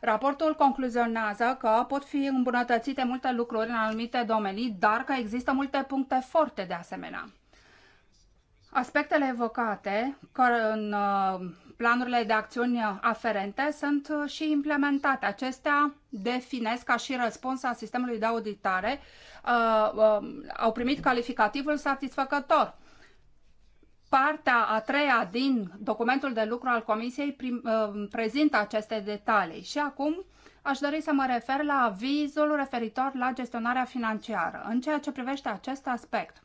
Raportul concluzionează că pot fi îmbunătățite multe lucruri în anumite domenii, dar că există multe puncte forte de asemenea. Aspectele evocate în uh, planurile de acțiuni aferente sunt uh, și implementate. Acestea definesc ca și răspuns a sistemului de auditare, uh, au primit calificativul satisfăcător partea a treia din documentul de lucru al Comisiei prim, uh, prezintă aceste detalii. Și acum aș dori să mă refer la avizul referitor la gestionarea financiară. În ceea ce privește acest aspect,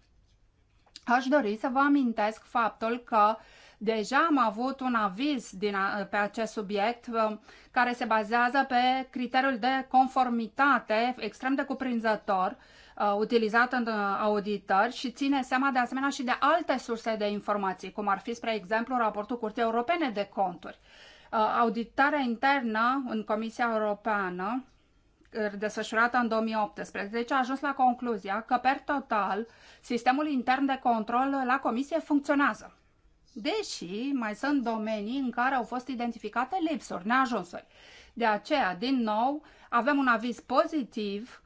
aș dori să vă amintesc faptul că Deja am avut un aviz din a, pe acest subiect uh, care se bazează pe criteriul de conformitate extrem de cuprinzător Uh, utilizată în uh, auditări și ține seama de asemenea și de alte surse de informații, cum ar fi, spre exemplu, raportul Curții Europene de Conturi. Uh, auditarea internă în Comisia Europeană desfășurată în 2018 a ajuns la concluzia că, per total, sistemul intern de control la Comisie funcționează. Deși mai sunt domenii în care au fost identificate lipsuri, neajunsuri. De aceea, din nou, avem un aviz pozitiv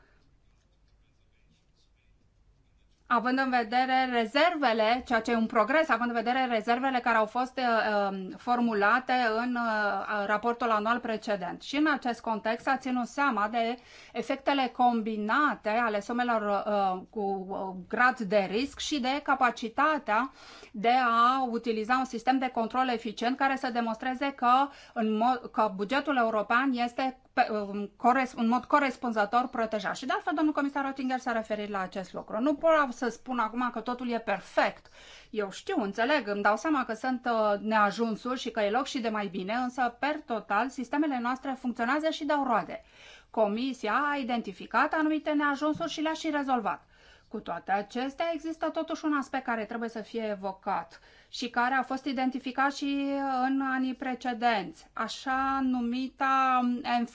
având în vedere rezervele, ceea ce e un progres, având în vedere rezervele care au fost uh, um, formulate în uh, uh, raportul anual precedent. Și în acest context a ținut seama de efectele combinate ale sumelor uh, cu uh, grad de risc și de capacitatea de a utiliza un sistem de control eficient care să demonstreze că, în că bugetul european este pe, um, în mod corespunzător proteja. Și de altfel, domnul comisar Oettinger s-a referit la acest lucru. Nu pot să spun acum că totul e perfect. Eu știu, înțeleg, îmi dau seama că sunt uh, neajunsuri și că e loc și de mai bine, însă, per total, sistemele noastre funcționează și dau roade. Comisia a identificat anumite neajunsuri și le-a și rezolvat. Cu toate acestea, există totuși un aspect care trebuie să fie evocat și care a fost identificat și uh, în anii precedenți, așa numita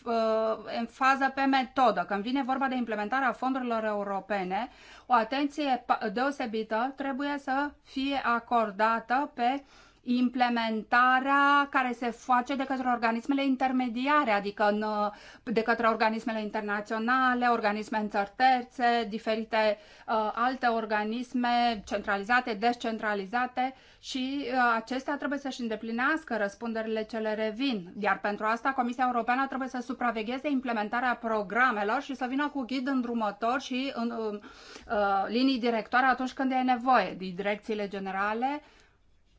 uh, fază pe metodă. Când vine vorba de implementarea fondurilor europene, o atenție deosebită trebuie să fie acordată pe uh, implementarea care se face de către organismele intermediare, adică în, de către organismele internaționale, organisme în țări terțe, diferite uh, alte organisme centralizate, descentralizate și uh, acestea trebuie să-și îndeplinească răspunderile ce le revin. Iar pentru asta Comisia Europeană trebuie să supravegheze implementarea programelor și să vină cu ghid îndrumător și în, uh, uh, linii directoare atunci când e nevoie, din direcțiile generale,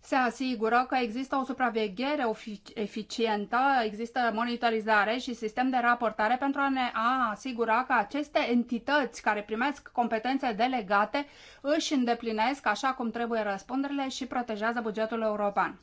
se asigură că există o supraveghere eficientă, există monitorizare și sistem de raportare pentru a ne asigura că aceste entități care primesc competențe delegate își îndeplinesc așa cum trebuie răspunderile și protejează bugetul european.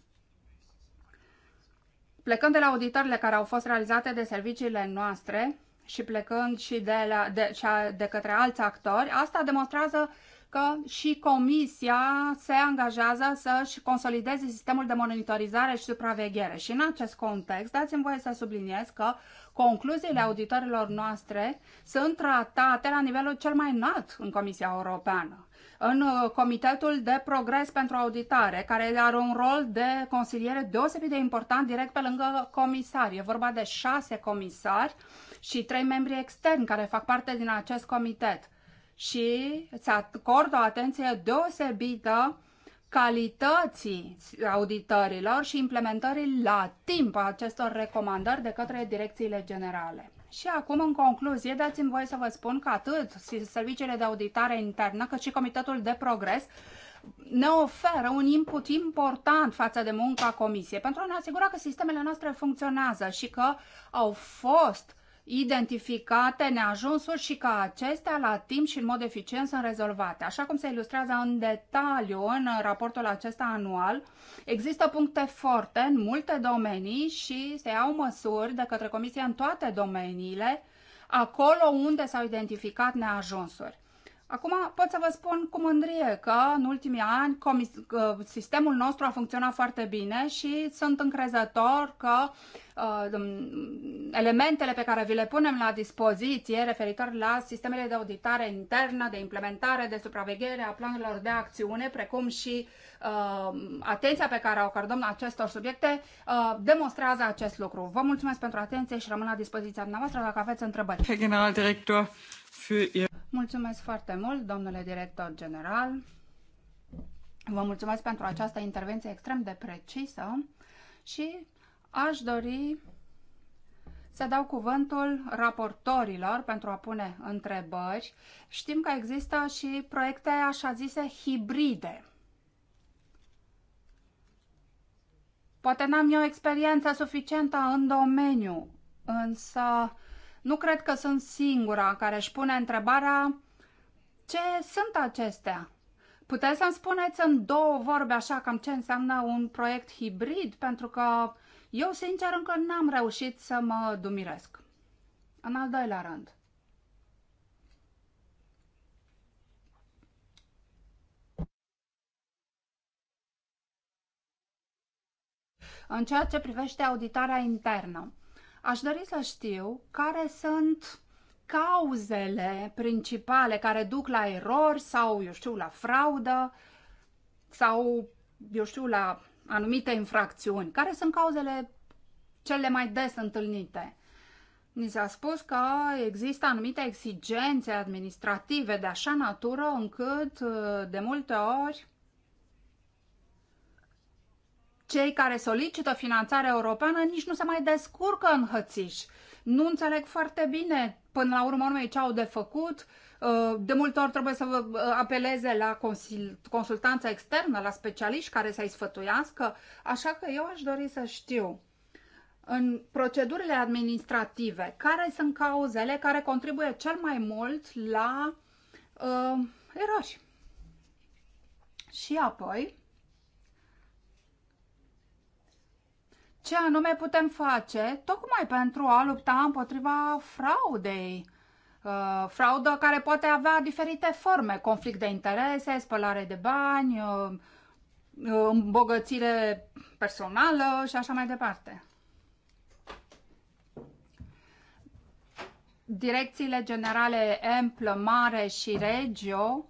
Plecând de la auditările care au fost realizate de serviciile noastre și plecând și de, la, de, și a, de către alți actori, asta demonstrează uh, că și Comisia se angajează să-și consolideze sistemul de monitorizare și supraveghere. Și în acest context, dați-mi voie să subliniez că concluziile auditorilor noastre sunt tratate la nivelul cel mai înalt în Comisia Europeană în uh, Comitetul de Progres pentru Auditare, care are un rol de consiliere deosebit de important direct pe lângă comisari. E vorba de șase comisari și trei membri externi care fac parte din acest comitet și se acord o atenție deosebită calității auditărilor și implementării la timp a acestor recomandări de către direcțiile generale. Și acum, în concluzie, dați-mi voie să vă spun că atât serviciile de auditare internă, cât și Comitetul de Progres ne oferă un input important față de munca Comisiei pentru a ne asigura că sistemele noastre funcționează și că au fost uh, identificate neajunsuri și ca acestea la timp și în mod eficient sunt rezolvate. Așa cum se ilustrează în detaliu în raportul acesta anual, există puncte forte în multe domenii și se iau măsuri de către Comisia în toate domeniile, acolo unde s-au identificat neajunsuri. Acum pot să vă spun cu mândrie că în ultimii ani sistemul nostru a funcționat foarte bine și sunt încrezător că uh, elementele pe care vi le punem la dispoziție referitor la sistemele de auditare internă, de implementare, de supraveghere a planurilor de acțiune, precum și uh, atenția pe care o acordăm acestor subiecte, uh, demonstrează acest lucru. Vă mulțumesc pentru atenție și rămân la dispoziția dumneavoastră dacă aveți întrebări. General director, für Mulțumesc foarte mult, domnule director general. Vă mulțumesc pentru această intervenție extrem de precisă și aș dori să dau cuvântul raportorilor pentru a pune întrebări. Știm că există și proiecte așa zise hibride. Poate n-am eu experiența suficientă în domeniu, însă nu cred că sunt singura care își pune întrebarea ce sunt acestea. Puteți să-mi spuneți în două vorbe așa cam ce înseamnă un proiect hibrid? Pentru că eu, sincer, încă n-am reușit să mă dumiresc. În al doilea rând. În ceea ce privește auditarea internă. Aș dori să știu care sunt cauzele principale care duc la erori sau, eu știu, la fraudă sau, eu știu, la anumite infracțiuni. Care sunt cauzele cele mai des întâlnite? Ni s-a spus că există anumite exigențe administrative de așa natură încât, de multe ori, cei care solicită finanțare europeană nici nu se mai descurcă în hățiș. Nu înțeleg foarte bine până la urmă urmei ce au de făcut. Uh, de multe ori trebuie să vă uh, apeleze la consultanța externă, la specialiști care să-i sfătuiască. Așa că eu aș dori să știu în procedurile administrative care sunt cauzele care contribuie cel mai mult la uh, erori. Și apoi, ce anume putem face tocmai pentru a lupta împotriva fraudei. Uh, fraudă care poate avea diferite forme, conflict de interese, spălare de bani, uh, uh, îmbogățire personală și așa mai departe. Direcțiile generale Emplă, Mare și Regio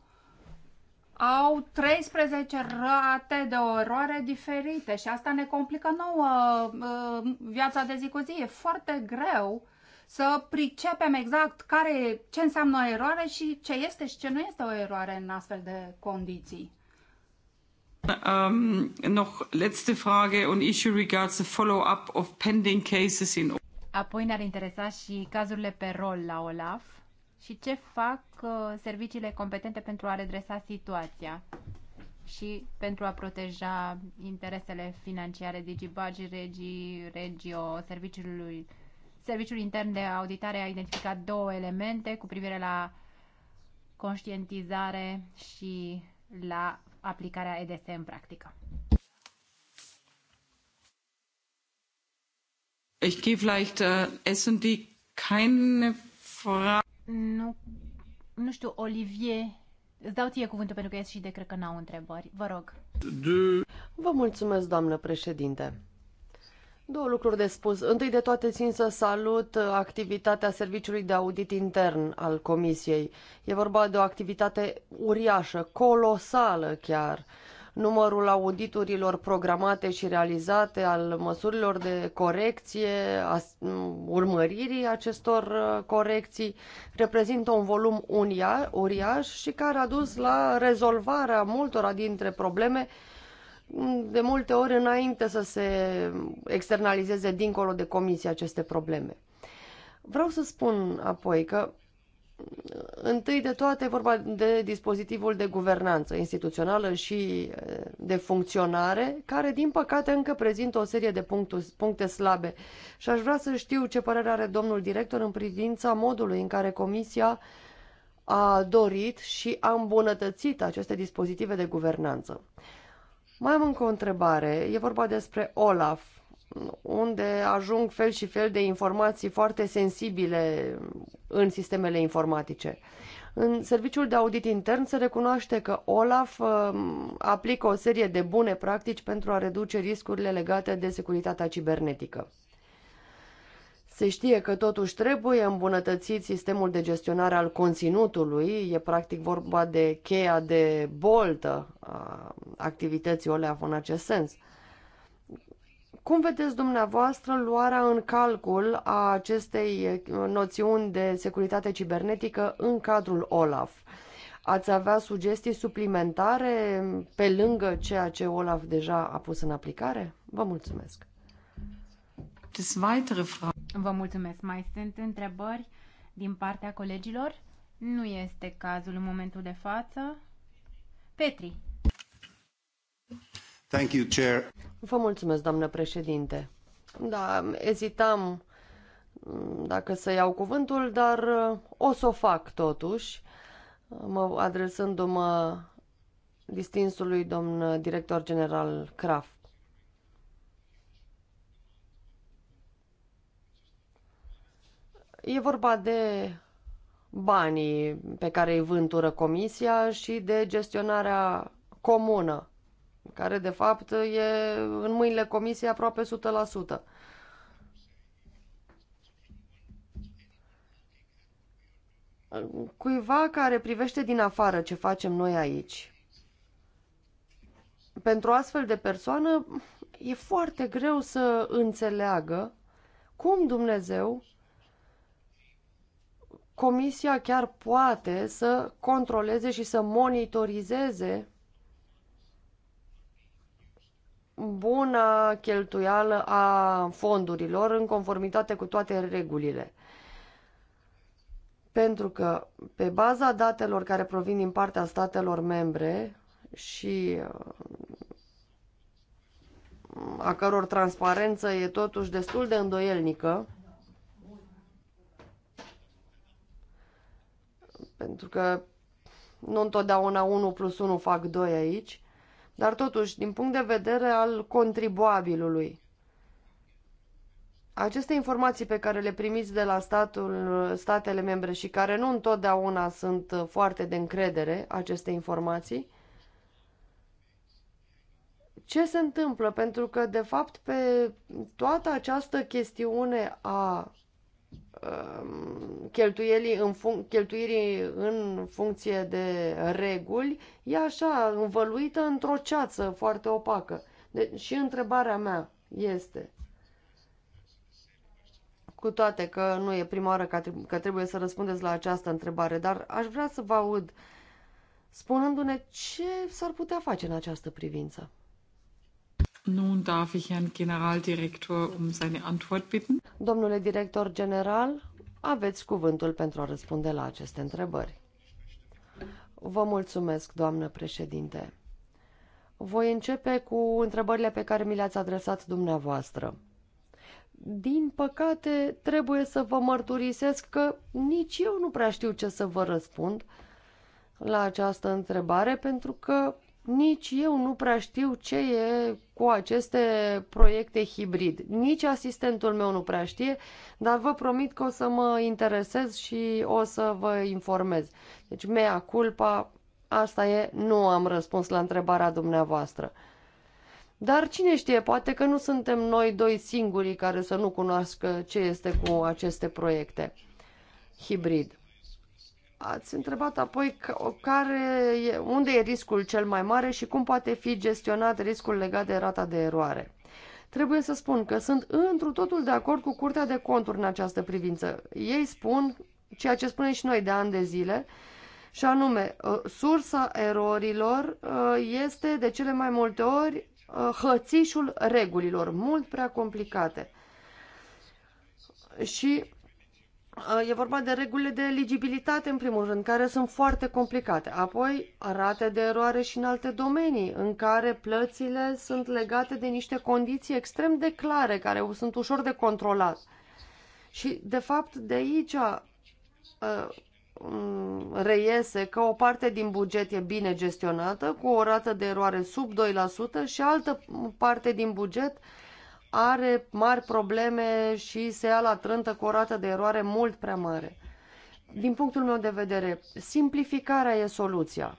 au 13 rate de oroare diferite și asta ne complică nouă uh, viața de zi cu zi. E foarte greu să pricepem exact care, ce înseamnă o eroare și ce este și ce nu este o eroare în astfel de condiții. Um, noch letzte Frage und issue regards the follow-up of pending cases in Apoi ne-ar interesa și cazurile pe rol la OLAF și ce fac uh, serviciile competente pentru a redresa situația și pentru a proteja interesele financiare DigiBagi, Regi, Regio, serviciului Serviciul intern de auditare a identificat două elemente cu privire la conștientizare și la aplicarea EDS în practică. Ich gehe vielleicht, äh, sind die keine Fragen. Nu, nu știu, Olivier, îți dau ție cuvântul pentru că ești și de cred că n-au întrebări. Vă rog. De... Vă mulțumesc, doamnă președinte. Două lucruri de spus. Întâi de toate țin să salut uh, activitatea Serviciului de Audit Intern al Comisiei. E vorba de o activitate uriașă, colosală chiar numărul auditurilor programate și realizate, al măsurilor de corecție, a urmăririi acestor uh, corecții, reprezintă un volum unia, uriaș și care a dus la rezolvarea multora dintre probleme mm, de multe ori înainte să se externalizeze dincolo de comisie aceste probleme. Vreau să spun apoi că Întâi de toate e vorba de dispozitivul de guvernanță instituțională și de funcționare, care din păcate încă prezintă o serie de puncte slabe și aș vrea să știu ce părere are domnul director în privința modului în care Comisia a dorit și a îmbunătățit aceste dispozitive de guvernanță. Mai am încă o întrebare. E vorba despre OLAF unde ajung fel și fel de informații foarte sensibile în sistemele informatice. În serviciul de audit intern se recunoaște că OLAF um, aplică o serie de bune practici pentru a reduce riscurile legate de securitatea cibernetică. Se știe că totuși trebuie îmbunătățit sistemul de gestionare al conținutului, e practic vorba de cheia de boltă a activității OLAF în acest sens. Cum vedeți dumneavoastră luarea în calcul a acestei eh, noțiuni de securitate cibernetică în cadrul OLAF? Ați avea sugestii suplimentare pe lângă ceea ce OLAF deja a pus în aplicare? Vă mulțumesc! Vă mulțumesc! Mai sunt întrebări din partea colegilor? Nu este cazul în momentul de față. Petri! Vă mulțumesc, doamnă președinte. Da, ezitam dacă să iau cuvântul, dar uh, o să o fac totuși, uh, mă, adresându-mă distinsului domn director general Kraft. E vorba de banii pe care îi vântură comisia și de gestionarea comună care de fapt e în mâinile comisiei aproape 100%. Cuiva care privește din afară ce facem noi aici, pentru astfel de persoană e foarte greu să înțeleagă cum Dumnezeu Comisia chiar poate să controleze și să monitorizeze bună cheltuială a fondurilor în conformitate cu toate regulile. Pentru că pe baza datelor care provin din partea statelor membre și uh, a căror transparență e totuși destul de îndoielnică, pentru că nu întotdeauna 1 plus 1 fac 2 aici, dar totuși, din punct de vedere al contribuabilului, aceste informații pe care le primiți de la statul, statele membre și care nu întotdeauna sunt foarte de încredere, aceste informații, ce se întâmplă? Pentru că, de fapt, pe toată această chestiune a Um, cheltuielii în func- cheltuirii în funcție de reguli e așa, învăluită într-o ceață foarte opacă. De- și întrebarea mea este, cu toate că nu e prima oară că trebuie să răspundeți la această întrebare, dar aș vrea să vă aud spunându-ne ce s-ar putea face în această privință. Nun darf ich Herrn Generaldirektor um seine Antwort bitten. Domnule director general, aveți cuvântul pentru a răspunde la aceste întrebări. Vă mulțumesc, doamnă președinte. Voi începe cu întrebările pe care mi le-ați adresat dumneavoastră. Din păcate, trebuie să vă mărturisesc că nici eu nu prea știu ce să vă răspund la această întrebare, pentru că nici eu nu prea știu ce e cu aceste proiecte hibrid. Nici asistentul meu nu prea știe, dar vă promit că o să mă interesez și o să vă informez. Deci, mea culpa, asta e, nu am răspuns la întrebarea dumneavoastră. Dar cine știe, poate că nu suntem noi doi singurii care să nu cunoască ce este cu aceste proiecte hibrid. Ați întrebat apoi care, unde e riscul cel mai mare și cum poate fi gestionat riscul legat de rata de eroare. Trebuie să spun că sunt întru totul de acord cu Curtea de Conturi în această privință. Ei spun ceea ce spunem și noi de ani de zile, și anume, ă, sursa erorilor ă, este de cele mai multe ori ă, hățișul regulilor, mult prea complicate. Și Uh, e vorba de regulile de eligibilitate, în primul rând, care sunt foarte complicate. Apoi, rate de eroare și în alte domenii, în care plățile sunt legate de niște condiții extrem de clare, care sunt ușor de controlat. Și, de fapt, de aici uh, mm, reiese că o parte din buget e bine gestionată, cu o rată de eroare sub 2% și altă parte din buget are mari probleme și se ia la trântă cu o rată de eroare mult prea mare. Din punctul meu de vedere, simplificarea e soluția.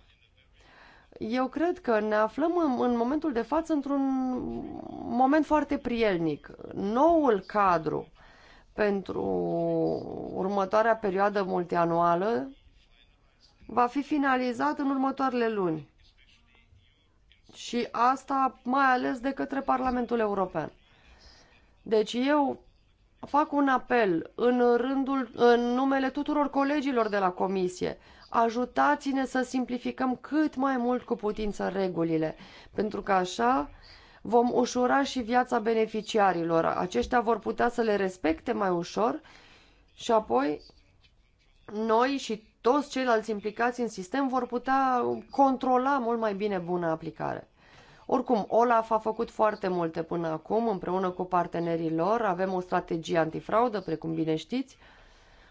Eu cred că ne aflăm în, în momentul de față într-un moment foarte prielnic. Noul cadru pentru următoarea perioadă multianuală va fi finalizat în următoarele luni. Și asta mai ales de către Parlamentul European. Deci eu fac un apel în, rândul, în numele tuturor colegilor de la comisie. Ajutați-ne să simplificăm cât mai mult cu putință regulile, pentru că așa vom ușura și viața beneficiarilor. Aceștia vor putea să le respecte mai ușor și apoi noi și toți ceilalți implicați în sistem vor putea controla mult mai bine bună aplicare. Oricum, Olaf a făcut foarte multe până acum, împreună cu partenerii lor. Avem o strategie antifraudă, precum bine știți.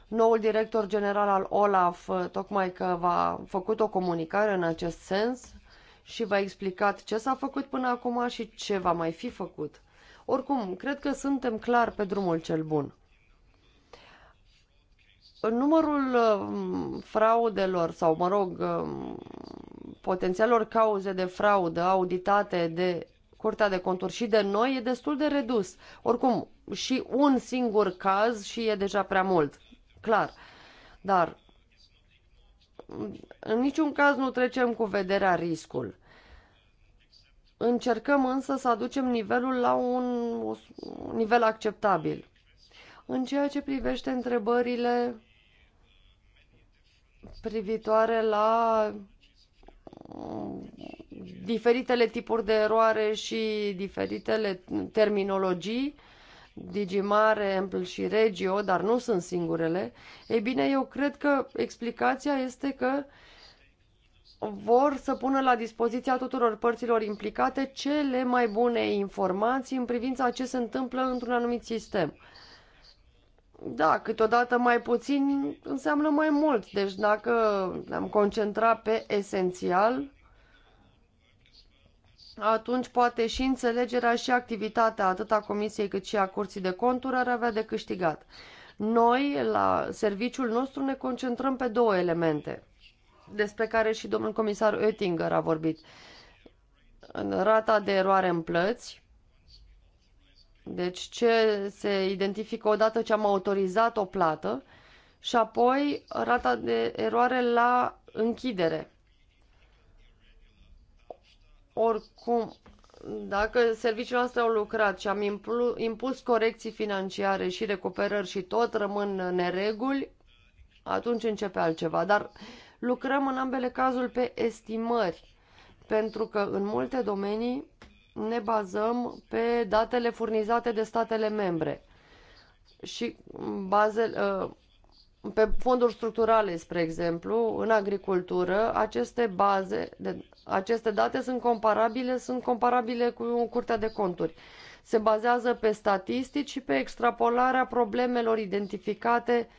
Noul director general al Olaf, uh, tocmai că va făcut o comunicare în acest sens și v-a explicat ce s-a făcut până acum și ce va mai fi făcut. Oricum, cred că suntem clar pe drumul cel bun. Numărul uh, fraudelor sau, mă rog, um, potențialor cauze de fraudă auditate de Curtea de Conturi și de noi e destul de redus. Oricum, și un singur caz și e deja prea mult, clar. Dar în niciun caz nu trecem cu vederea riscul. Încercăm însă să aducem nivelul la un, un nivel acceptabil. În ceea ce privește întrebările privitoare la diferitele tipuri de eroare și diferitele terminologii, Digimare, Ample și Regio, dar nu sunt singurele, ei bine, eu cred că explicația este că vor să pună la dispoziția tuturor părților implicate cele mai bune informații în privința ce se întâmplă într-un anumit sistem. Da, câteodată mai puțin înseamnă mai mult. Deci dacă ne-am concentrat pe esențial, atunci poate și înțelegerea și activitatea atât a Comisiei cât și a Curții de Conturi ar avea de câștigat. Noi, la serviciul nostru, ne concentrăm pe două elemente, despre care și domnul comisar Oettinger a vorbit. Rata de eroare în plăți, deci ce se identifică odată ce am autorizat o plată și apoi rata de eroare la închidere. Oricum, dacă serviciile noastre au lucrat și am impus corecții financiare și recuperări și tot rămân nereguli, atunci începe altceva. Dar lucrăm în ambele cazuri pe estimări, pentru că în multe domenii ne bazăm pe datele furnizate de statele membre și baze, uh, pe fonduri structurale, spre exemplu, în agricultură, aceste baze, aceste date sunt comparabile, sunt comparabile cu Curtea de Conturi. Se bazează pe statistici și pe extrapolarea problemelor identificate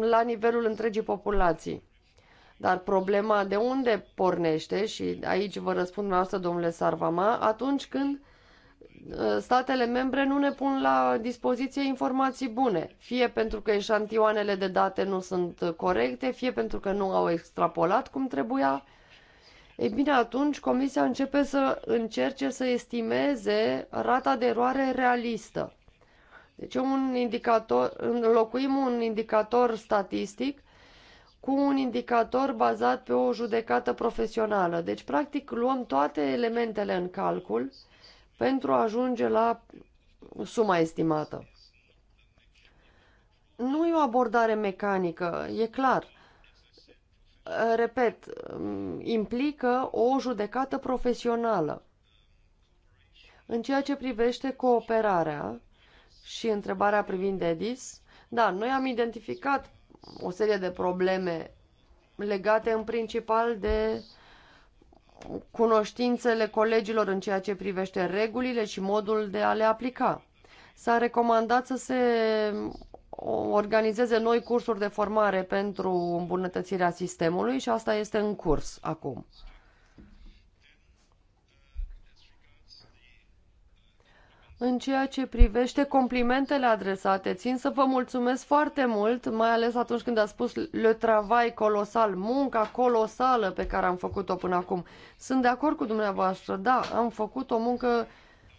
la nivelul întregii populații. Dar problema de unde pornește, și aici vă răspund dumneavoastră, domnule Sarvama, atunci când ă, statele membre nu ne pun la dispoziție informații bune, fie pentru că eșantioanele de date nu sunt corecte, fie pentru că nu au extrapolat cum trebuia. E bine, atunci Comisia începe să încerce să estimeze rata de eroare realistă. Deci un indicator, înlocuim un indicator statistic cu un indicator bazat pe o judecată profesională. Deci, practic, luăm toate elementele în calcul pentru a ajunge la suma estimată. Nu e o abordare mecanică, e clar. Repet, implică o judecată profesională. În ceea ce privește cooperarea și întrebarea privind EDIS, da, noi am identificat o serie de probleme legate în principal de cunoștințele colegilor în ceea ce privește regulile și modul de a le aplica. S-a recomandat să se organizeze noi cursuri de formare pentru îmbunătățirea sistemului și asta este în curs acum. În ceea ce privește complimentele adresate, țin să vă mulțumesc foarte mult, mai ales atunci când a spus le travail colosal, munca colosală pe care am făcut-o până acum. Sunt de acord cu dumneavoastră, da, am făcut o muncă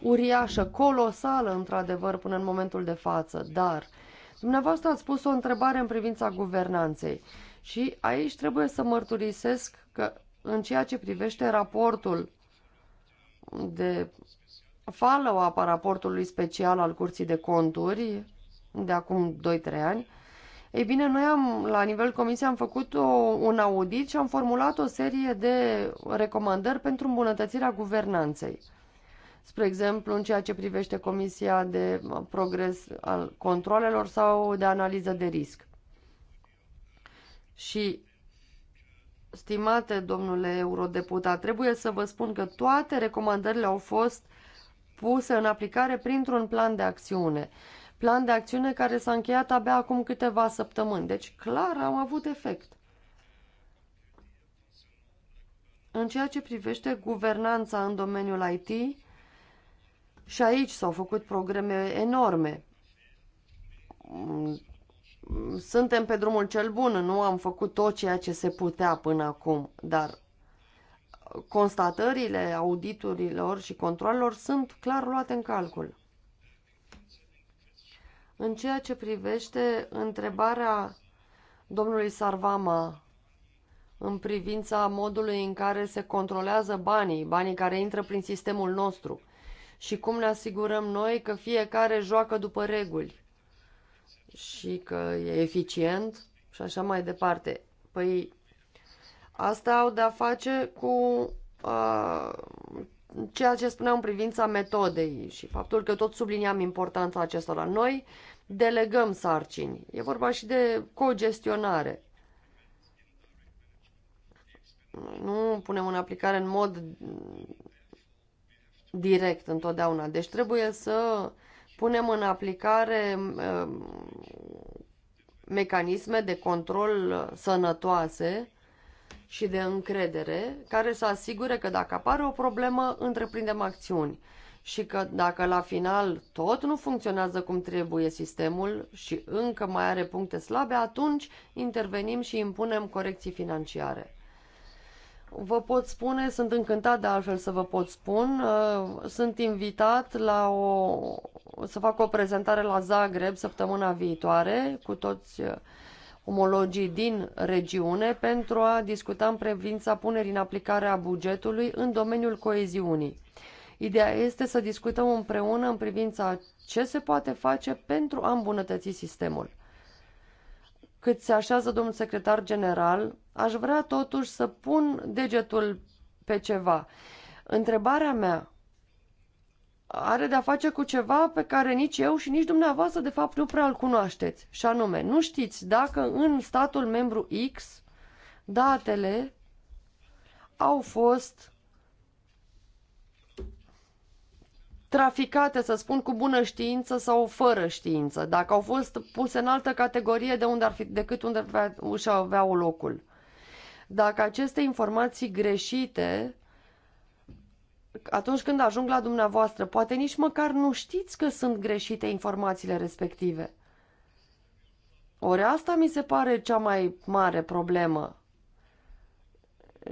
uriașă, colosală, într-adevăr, până în momentul de față, dar dumneavoastră ați spus o întrebare în privința guvernanței și aici trebuie să mărturisesc că în ceea ce privește raportul de follow-up a raportului special al Curții de Conturi de acum 2-3 ani, ei bine, noi am, la nivel comisie am făcut o, un audit și am formulat o serie de recomandări pentru îmbunătățirea guvernanței. Spre exemplu, în ceea ce privește Comisia de Progres al Controlelor sau de Analiză de Risc. Și Stimate domnule eurodeputat, trebuie să vă spun că toate recomandările au fost pusă în aplicare printr-un plan de acțiune. Plan de acțiune care s-a încheiat abia acum câteva săptămâni. Deci, clar, am avut efect. În ceea ce privește guvernanța în domeniul IT, și aici s-au făcut programe enorme. Suntem pe drumul cel bun, nu am făcut tot ceea ce se putea până acum, dar constatările auditurilor și controlelor sunt clar luate în calcul. În ceea ce privește întrebarea domnului Sarvama în privința modului în care se controlează banii, banii care intră prin sistemul nostru și cum ne asigurăm noi că fiecare joacă după reguli și că e eficient și așa mai departe. Păi Asta au de-a face cu uh, ceea ce spuneam în privința metodei și faptul că tot subliniam importanța acestora. Noi delegăm sarcini. E vorba și de cogestionare. Nu punem în aplicare în mod direct întotdeauna. Deci trebuie să punem în aplicare uh, mecanisme de control sănătoase și de încredere care să asigure că dacă apare o problemă, întreprindem acțiuni și că dacă la final tot nu funcționează cum trebuie sistemul și încă mai are puncte slabe, atunci intervenim și impunem corecții financiare. Vă pot spune, sunt încântat de altfel să vă pot spun, uh, sunt invitat la o, să fac o prezentare la Zagreb săptămâna viitoare cu toți uh, omologii din regiune pentru a discuta în privința punerii în aplicare a bugetului în domeniul coeziunii. Ideea este să discutăm împreună în privința ce se poate face pentru a îmbunătăți sistemul. Cât se așează domnul secretar general, aș vrea totuși să pun degetul pe ceva. Întrebarea mea are de-a face cu ceva pe care nici eu și nici dumneavoastră de fapt nu prea îl cunoașteți. Și anume, nu știți dacă în statul membru X datele au fost traficate, să spun, cu bună știință sau fără știință, dacă au fost puse în altă categorie de unde ar fi, decât unde și aveau locul. Dacă aceste informații greșite atunci când ajung la dumneavoastră, poate nici măcar nu știți că sunt greșite informațiile respective. Ori asta mi se pare cea mai mare problemă.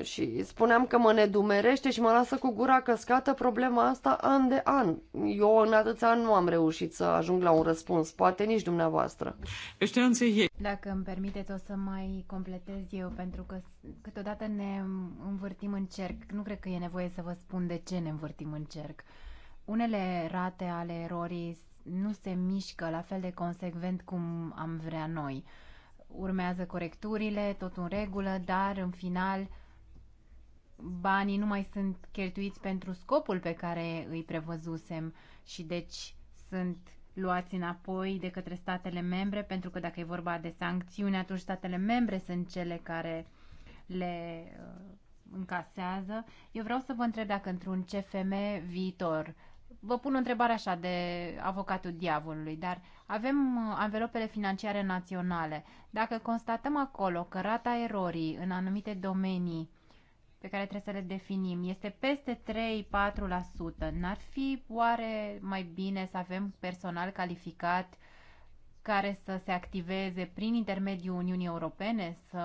Și spuneam că mă nedumerește și mă lasă cu gura căscată problema asta an de an. Eu în atâția ani nu am reușit să ajung la un răspuns, poate nici dumneavoastră. Dacă îmi permiteți, o să mai completez eu, pentru că câteodată ne învârtim în cerc. Nu cred că e nevoie să vă spun de ce ne învârtim în cerc. Unele rate ale erorii nu se mișcă la fel de consecvent cum am vrea noi urmează corecturile, tot în regulă, dar în final banii nu mai sunt cheltuiți pentru scopul pe care îi prevăzusem și deci sunt luați înapoi de către statele membre, pentru că dacă e vorba de sancțiuni, atunci statele membre sunt cele care le uh, încasează. Eu vreau să vă întreb dacă într-un CFM viitor, vă pun o întrebare așa de avocatul diavolului, dar avem uh, anvelopele financiare naționale. Dacă constatăm acolo că rata erorii în anumite domenii pe care trebuie să le definim este peste 3-4%. N-ar fi oare mai bine să avem personal calificat care să se activeze prin intermediul Uniunii Europene, să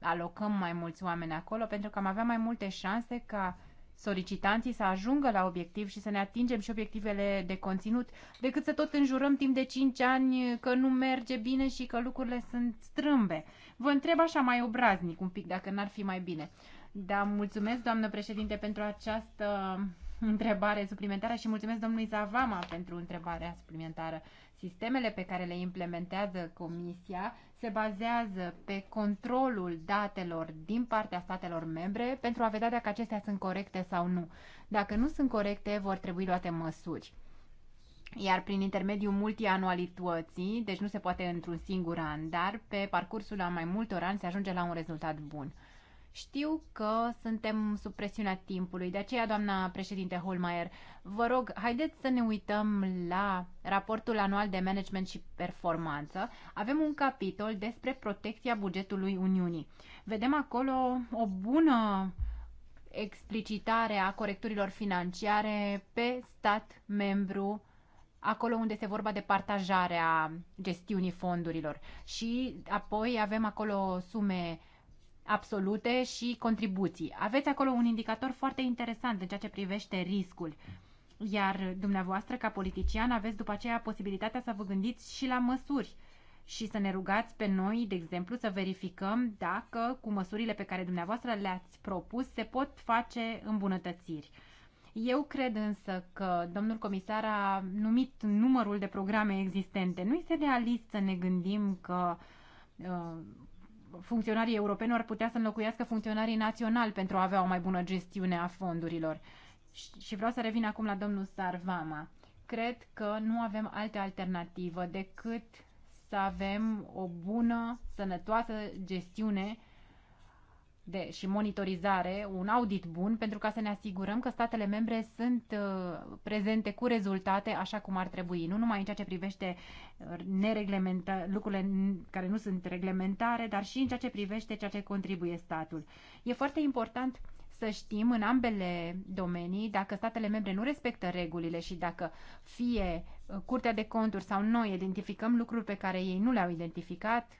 alocăm mai mulți oameni acolo, pentru că am avea mai multe șanse ca solicitanții să ajungă la obiectiv și să ne atingem și obiectivele de conținut, decât să tot înjurăm timp de 5 ani că nu merge bine și că lucrurile sunt strâmbe. Vă întreb așa mai obraznic un pic dacă n-ar fi mai bine. Da, mulțumesc, doamnă președinte, pentru această întrebare suplimentară și mulțumesc domnului Zavama pentru întrebarea suplimentară. Sistemele pe care le implementează Comisia se bazează pe controlul datelor din partea statelor membre pentru a vedea dacă acestea sunt corecte sau nu. Dacă nu sunt corecte, vor trebui luate măsuri. Iar prin intermediul multianualității, deci nu se poate într-un singur an, dar pe parcursul a mai multor ani se ajunge la un rezultat bun. Știu că suntem sub presiunea timpului, de aceea, doamna președinte Holmeier, vă rog, haideți să ne uităm la raportul anual de management și performanță. Avem un capitol despre protecția bugetului Uniunii. Vedem acolo o bună explicitare a corecturilor financiare pe stat membru acolo unde se vorba de partajarea gestiunii fondurilor. Și apoi avem acolo sume absolute și contribuții. Aveți acolo un indicator foarte interesant în ceea ce privește riscul. Iar dumneavoastră, ca politician, aveți după aceea posibilitatea să vă gândiți și la măsuri și să ne rugați pe noi, de exemplu, să verificăm dacă cu măsurile pe care dumneavoastră le-ați propus se pot face îmbunătățiri. Eu cred însă că domnul comisar a numit numărul de programe existente. Nu este realist să ne gândim că uh, funcționarii europeni ar putea să înlocuiască funcționarii naționali pentru a avea o mai bună gestiune a fondurilor. Și vreau să revin acum la domnul Sarvama. Cred că nu avem alte alternativă decât să avem o bună, sănătoasă gestiune de, și monitorizare, un audit bun, pentru ca să ne asigurăm că statele membre sunt uh, prezente cu rezultate așa cum ar trebui, nu numai în ceea ce privește uh, nereglementa- lucrurile care nu sunt reglementare, dar și în ceea ce privește ceea ce contribuie statul. E foarte important să știm în ambele domenii dacă statele membre nu respectă regulile și dacă fie uh, Curtea de Conturi sau noi identificăm lucruri pe care ei nu le-au identificat,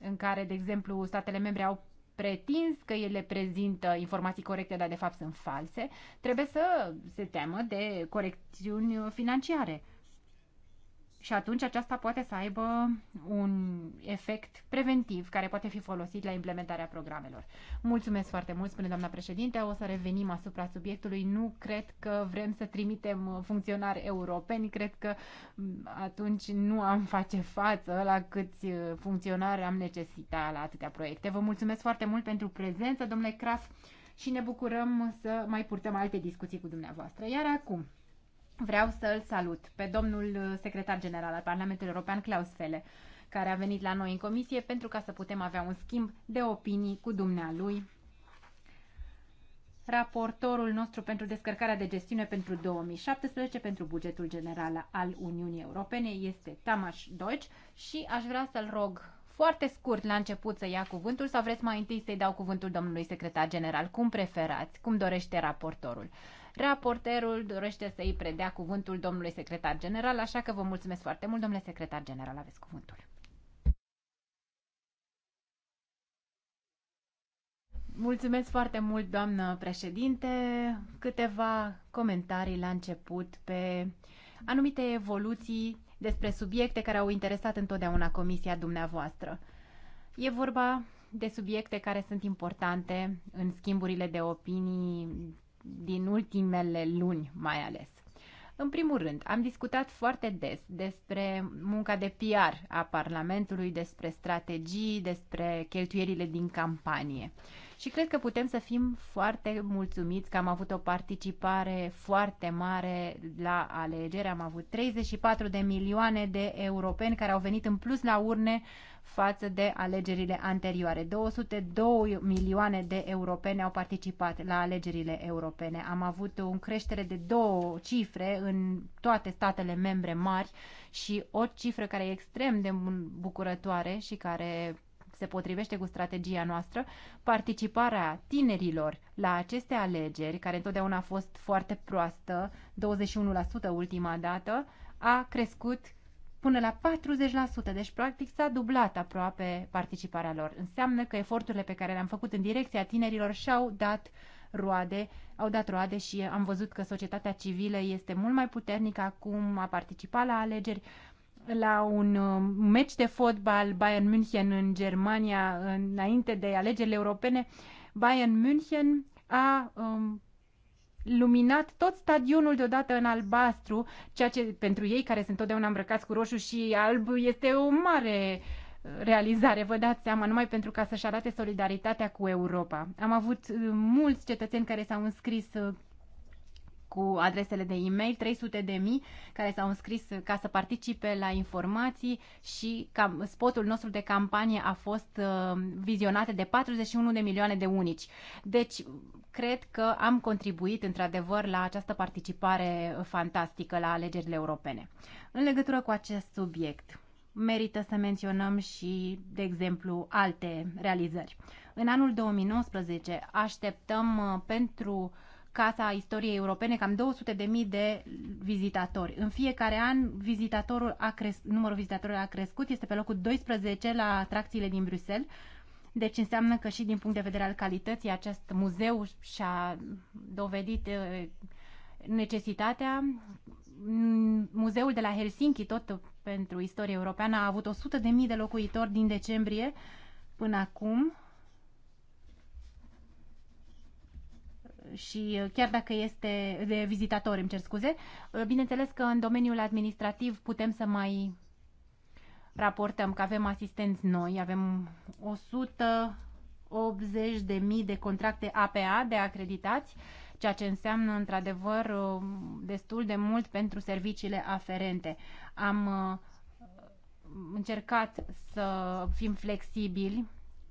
în care, de exemplu, statele membre au pretins că ele prezintă informații corecte, dar de fapt sunt false, trebuie să se teamă de corecțiuni financiare și atunci aceasta poate să aibă un efect preventiv care poate fi folosit la implementarea programelor. Mulțumesc foarte mult, spune doamna președinte, o să revenim asupra subiectului. Nu cred că vrem să trimitem funcționari europeni, cred că mm, atunci nu am face față la câți funcționari am necesitat la atâtea proiecte. Vă mulțumesc foarte mult pentru prezență, domnule Craf, și ne bucurăm să mai purtăm alte discuții cu dumneavoastră. Iar acum, Vreau să-l salut pe domnul secretar general al Parlamentului European, Klaus Fele, care a venit la noi în comisie pentru ca să putem avea un schimb de opinii cu dumnealui. Raportorul nostru pentru descărcarea de gestiune pentru 2017 pentru bugetul general al Uniunii Europene este Tamas Deutsch și aș vrea să-l rog foarte scurt la început să ia cuvântul sau vreți mai întâi să-i dau cuvântul domnului secretar general? Cum preferați? Cum dorește raportorul? Raporterul dorește să îi predea cuvântul domnului secretar general, așa că vă mulțumesc foarte mult, domnule secretar general, aveți cuvântul. Mulțumesc foarte mult, doamnă președinte. Câteva comentarii la început pe anumite evoluții despre subiecte care au interesat întotdeauna comisia dumneavoastră. E vorba de subiecte care sunt importante în schimburile de opinii din ultimele luni mai ales. În primul rând, am discutat foarte des despre munca de PR a Parlamentului, despre strategii, despre cheltuierile din campanie. Uh, și cred că putem să fim foarte mulțumiți că am avut o participare foarte mare la alegeri. Am avut 34 de milioane de europeni care au venit în plus la urne față de alegerile anterioare. 202 milioane de europeni au participat la alegerile europene. Am avut o creștere de două cifre în toate statele membre mari și o cifră care e extrem de bucurătoare și care se potrivește cu strategia noastră, participarea tinerilor la aceste alegeri, care întotdeauna a fost foarte proastă, 21% ultima dată, a crescut până la 40%, deci practic s-a dublat aproape participarea lor. Înseamnă că eforturile pe care le-am făcut în direcția tinerilor și-au dat roade, au dat roade și am văzut că societatea civilă este mult mai puternică acum, a participat la alegeri, la um, un meci de fotbal Bayern München în Germania înainte de alegerile europene, Bayern München a um, luminat tot stadionul deodată în albastru, ceea ce pentru ei care sunt totdeauna îmbrăcați cu roșu și alb este o mare uh, realizare, vă dați seama, numai pentru ca să-și arate solidaritatea cu Europa. Am avut uh, mulți cetățeni care s-au înscris uh, cu adresele de e-mail, 300 de mii care s-au înscris ca să participe la informații și cam, spotul nostru de campanie a fost uh, vizionat de 41 de milioane de unici. Deci, cred că am contribuit într-adevăr la această participare fantastică la alegerile europene. În legătură cu acest subiect, merită să menționăm și, de exemplu, alte realizări. În anul 2019 așteptăm uh, pentru uh, Casa Istoriei Europene cam 200.000 de vizitatori. În fiecare an vizitatorul a cres- numărul vizitatorilor a crescut, este pe locul 12 la atracțiile din Bruxelles. Deci înseamnă că și din punct de vedere al calității acest muzeu și-a dovedit necesitatea. Muzeul de la Helsinki, tot pentru istoria europeană, a avut 100.000 de locuitori din decembrie până acum și uh, chiar dacă este de vizitator, îmi cer scuze, uh, bineînțeles că în domeniul administrativ putem să mai raportăm că avem asistenți noi, avem 180.000 de contracte APA de acreditați, ceea ce înseamnă într-adevăr uh, destul de mult pentru serviciile aferente. Am încercat să fim flexibili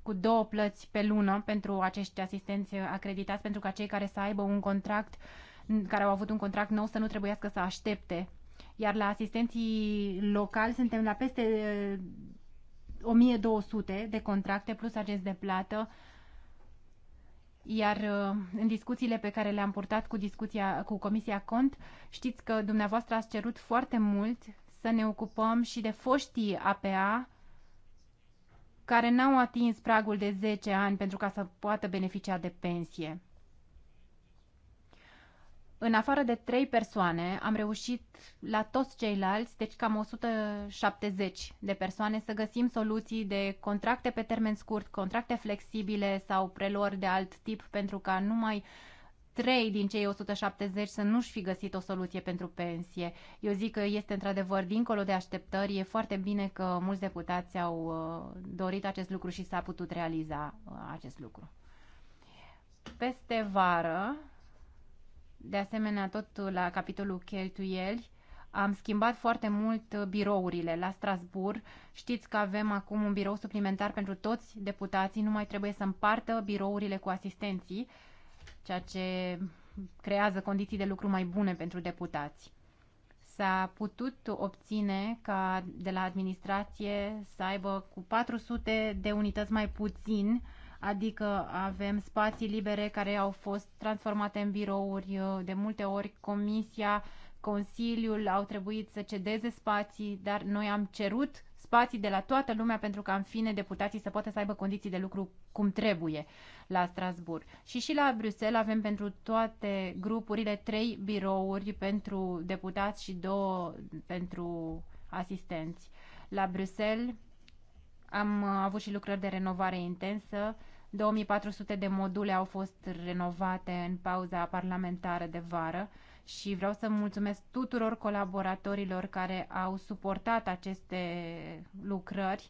cu două plăți pe lună pentru acești asistenți acreditați, pentru ca cei care să aibă un contract, care au avut un contract nou, să nu trebuiască să aștepte. Iar la asistenții locali suntem la peste 1200 uh, de contracte plus agenți de plată, iar uh, în discuțiile pe care le-am purtat cu, discuția, cu Comisia Cont, știți că dumneavoastră ați cerut foarte mult să ne ocupăm și de foștii APA, care n-au atins pragul de 10 ani pentru ca să poată beneficia de pensie. În afară de trei persoane, am reușit la toți ceilalți, deci cam 170 de persoane, să găsim soluții de contracte pe termen scurt, contracte flexibile sau preluări de alt tip pentru ca numai trei din cei 170 să nu-și fi găsit o soluție pentru pensie. Eu zic că este într-adevăr dincolo de așteptări. E foarte bine că mulți deputați au uh, dorit acest lucru și s-a putut realiza uh, acest lucru. Peste vară, de asemenea, tot la capitolul cheltuieli, am schimbat foarte mult uh, birourile la Strasbourg. Știți că avem acum un birou suplimentar pentru toți deputații, nu mai trebuie să împartă birourile cu asistenții ceea ce creează condiții de lucru mai bune pentru deputați. S-a putut obține ca de la administrație să aibă cu 400 de unități mai puțin, adică avem spații libere care au fost transformate în birouri, uh, de multe ori comisia, consiliul au trebuit să cedeze spații, dar noi am cerut spații de la toată lumea pentru ca, în fine, deputații să poată să aibă condiții de lucru cum trebuie la Strasbourg. Și și la Bruxelles avem pentru toate grupurile trei birouri pentru deputați și două pentru asistenți. La Bruxelles am avut și lucrări de renovare intensă. 2400 de module au fost renovate în pauza parlamentară de vară și vreau să mulțumesc tuturor colaboratorilor care au suportat aceste lucrări.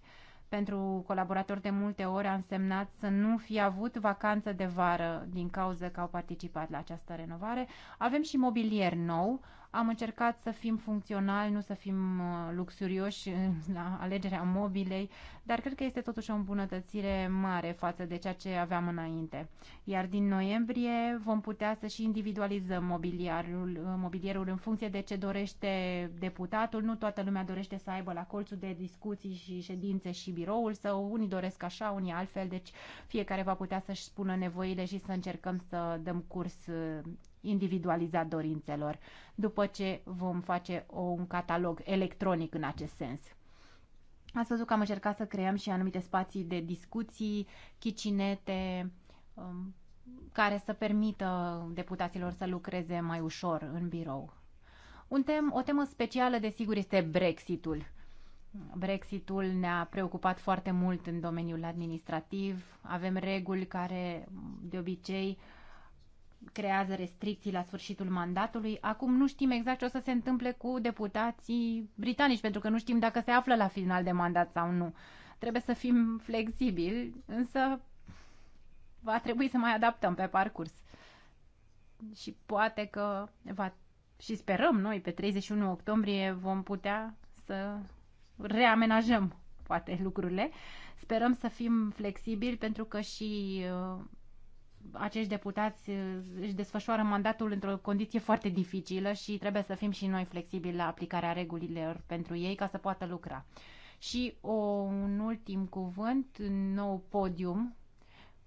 Pentru colaboratori de multe ori a însemnat să nu fi avut vacanță de vară din cauza că au participat la această renovare. Avem și mobilier nou, am încercat să fim funcționali, nu să fim uh, luxurioși <laughs> la alegerea mobilei, dar cred că este totuși o îmbunătățire mare față de ceea ce aveam înainte. Iar din noiembrie vom putea să și individualizăm mobiliarul, uh, mobilierul în funcție de ce dorește deputatul. Nu toată lumea dorește să aibă la colțul de discuții și ședințe și biroul său. Unii doresc așa, unii altfel, deci fiecare va putea să-și spună nevoile și să încercăm să dăm curs uh, individualizat dorințelor, după ce vom face o, un catalog electronic în acest sens. Ați văzut că am încercat să creăm și anumite spații de discuții, chicinete, um, care să permită deputaților să lucreze mai ușor în birou. Un tem, o temă specială, desigur, este Brexitul. Brexitul ne-a preocupat foarte mult în domeniul administrativ. Avem reguli care, de obicei, uh, creează restricții la sfârșitul mandatului. Acum nu știm exact ce o să se întâmple cu deputații britanici, pentru că nu știm dacă se află la final de mandat sau nu. Trebuie să fim flexibili, însă va trebui să mai adaptăm pe parcurs. Și poate că va și sperăm noi pe 31 octombrie vom putea să reamenajăm poate lucrurile. Sperăm să fim flexibili pentru că și uh, acești deputați uh, își desfășoară mandatul într-o condiție foarte dificilă și trebuie să fim și noi flexibili la aplicarea regulilor pentru ei ca să poată lucra. Și o, un ultim cuvânt, nou podium,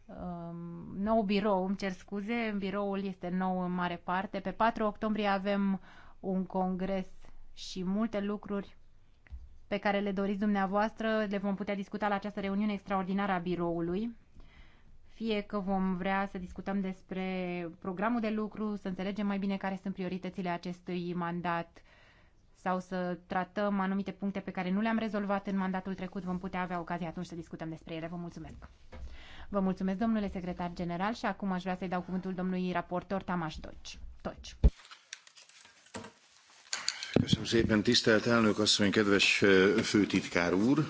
um, nou birou, îmi cer scuze, biroul este nou în mare parte. Pe 4 octombrie avem un congres și multe lucruri pe care le doriți dumneavoastră, le vom putea discuta la această reuniune extraordinară a biroului fie că vom vrea să discutăm despre programul de lucru, să înțelegem mai bine care sunt prioritățile acestui mandat sau să tratăm anumite puncte pe care nu le-am rezolvat în mandatul trecut, vom putea avea ocazia atunci să discutăm despre ele. Vă mulțumesc! Vă mulțumesc, domnule secretar general, și acum aș vrea să-i dau cuvântul domnului raportor Tamaș Doci. Toci. Köszönöm szépen, tisztelt elnök asszony, kedves főtitkár úr!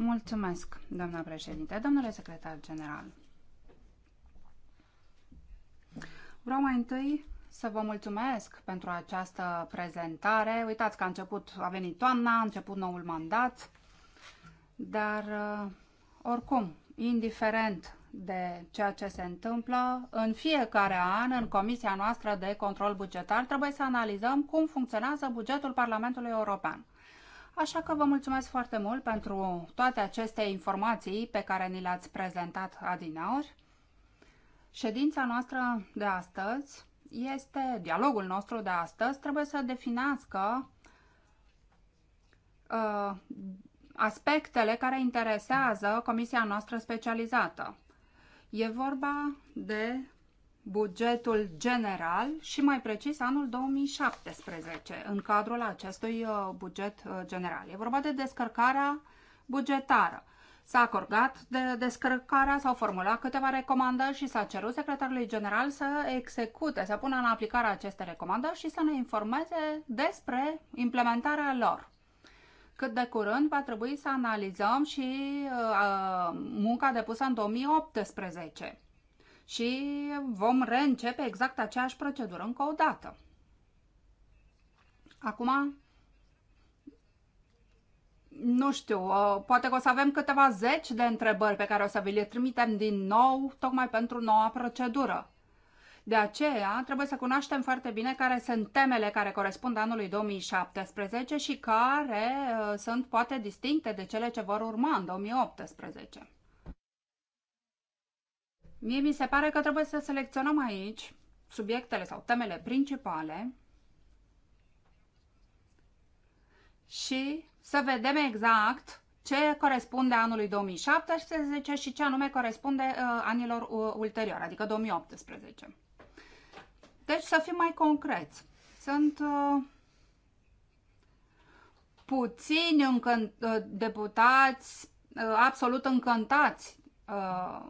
Mulțumesc, doamna președinte. Domnule secretar general, vreau mai întâi să vă mulțumesc pentru această prezentare. Uitați că a început, a venit toamna, a început noul mandat, dar uh, oricum, indiferent de ceea ce se întâmplă, în fiecare an, în Comisia noastră de Control Bugetar, trebuie să analizăm cum funcționează bugetul Parlamentului European. Așa că vă mulțumesc foarte mult pentru toate aceste informații pe care ni le-ați prezentat adinaori. Ședința noastră de astăzi este, dialogul nostru de astăzi trebuie să definească uh, aspectele care interesează comisia noastră specializată. E vorba de bugetul general și mai precis anul 2017 în cadrul acestui uh, buget uh, general. E vorba de descărcarea bugetară. S-a acordat de descărcarea, s-au formulat câteva recomandări și s-a cerut secretarului general să execute, să pună în aplicare aceste recomandări și să ne informeze despre implementarea lor. Cât de curând va trebui să analizăm și uh, uh munca depusă în 2018 și vom reîncepe exact aceeași procedură încă o dată. Acum, nu știu, uh, poate că o să avem câteva zeci de întrebări pe care o să vi le trimitem din nou, tocmai pentru noua procedură. De aceea, trebuie să cunoaștem foarte bine care sunt temele care corespund anului 2017 și care uh, sunt poate distincte de cele ce vor urma în 2018. Mie mi se pare că trebuie să selecționăm aici subiectele sau temele principale și să vedem exact ce corespunde anului 2017 și ce anume corespunde uh, anilor uh, ulterior, adică 2018. Deci să fim mai concreți. Sunt uh, puțini uh, deputați uh, absolut încântați uh,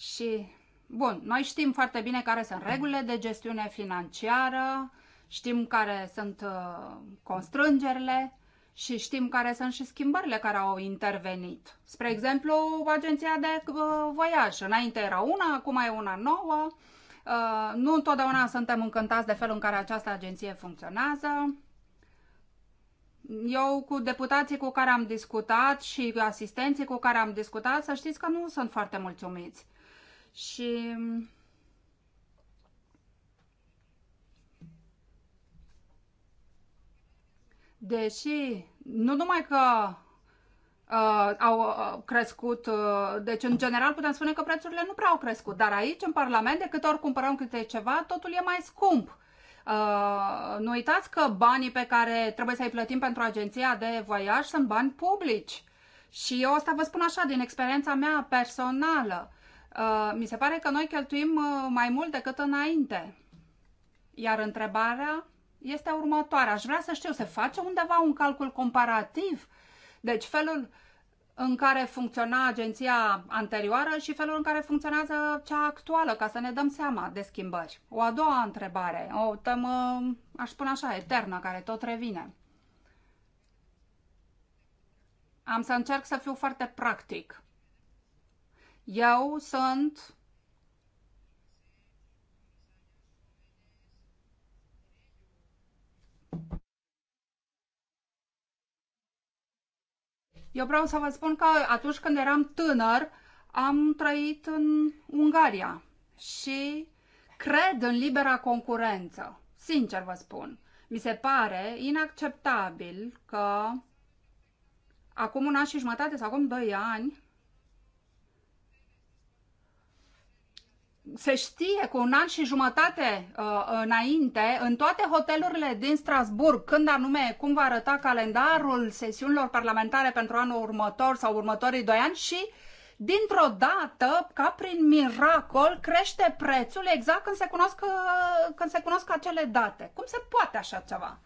și, bun, noi știm foarte bine care sunt regulile de gestiune financiară, știm care sunt uh, constrângerile și știm care sunt și schimbările care au intervenit. Spre exemplu, agenția de uh, voiaj. Înainte era una, acum e una nouă. Uh, nu întotdeauna suntem încântați de felul în care această agenție funcționează. Eu cu deputații cu care am discutat și asistenții cu care am discutat, să știți că nu sunt foarte mulțumiți și deși nu numai că uh, au uh, crescut, uh, deci în general putem spune că prețurile nu prea au crescut, dar aici în Parlament de câte ori cumpărăm câte ceva, totul e mai scump. Uh, nu uitați că banii pe care trebuie să-i plătim pentru agenția de voiaj sunt bani publici. Și eu asta vă spun așa, din experiența mea personală. Uh, mi se pare că noi cheltuim uh, mai mult decât înainte. Iar întrebarea este următoarea. Aș vrea să știu, se face undeva un calcul comparativ? Deci felul în care funcționa agenția anterioară și felul în care funcționează cea actuală, ca să ne dăm seama de schimbări. O a doua întrebare, o temă, uh, aș spune așa, eternă, care tot revine. Am să încerc să fiu foarte practic. Eu sunt Eu vreau să vă spun că atunci când eram tânăr, am trăit în Ungaria și cred în libera concurență. Sincer vă spun. Mi se pare inacceptabil că acum un an și jumătate sau acum doi ani se știe cu un an și jumătate uh, înainte, în toate hotelurile din Strasburg, când anume, cum va arăta calendarul sesiunilor parlamentare pentru anul următor sau următorii doi ani și, dintr-o dată, ca prin miracol, crește prețul exact când se cunosc, uh, când se cunosc acele date. Cum se poate așa ceva?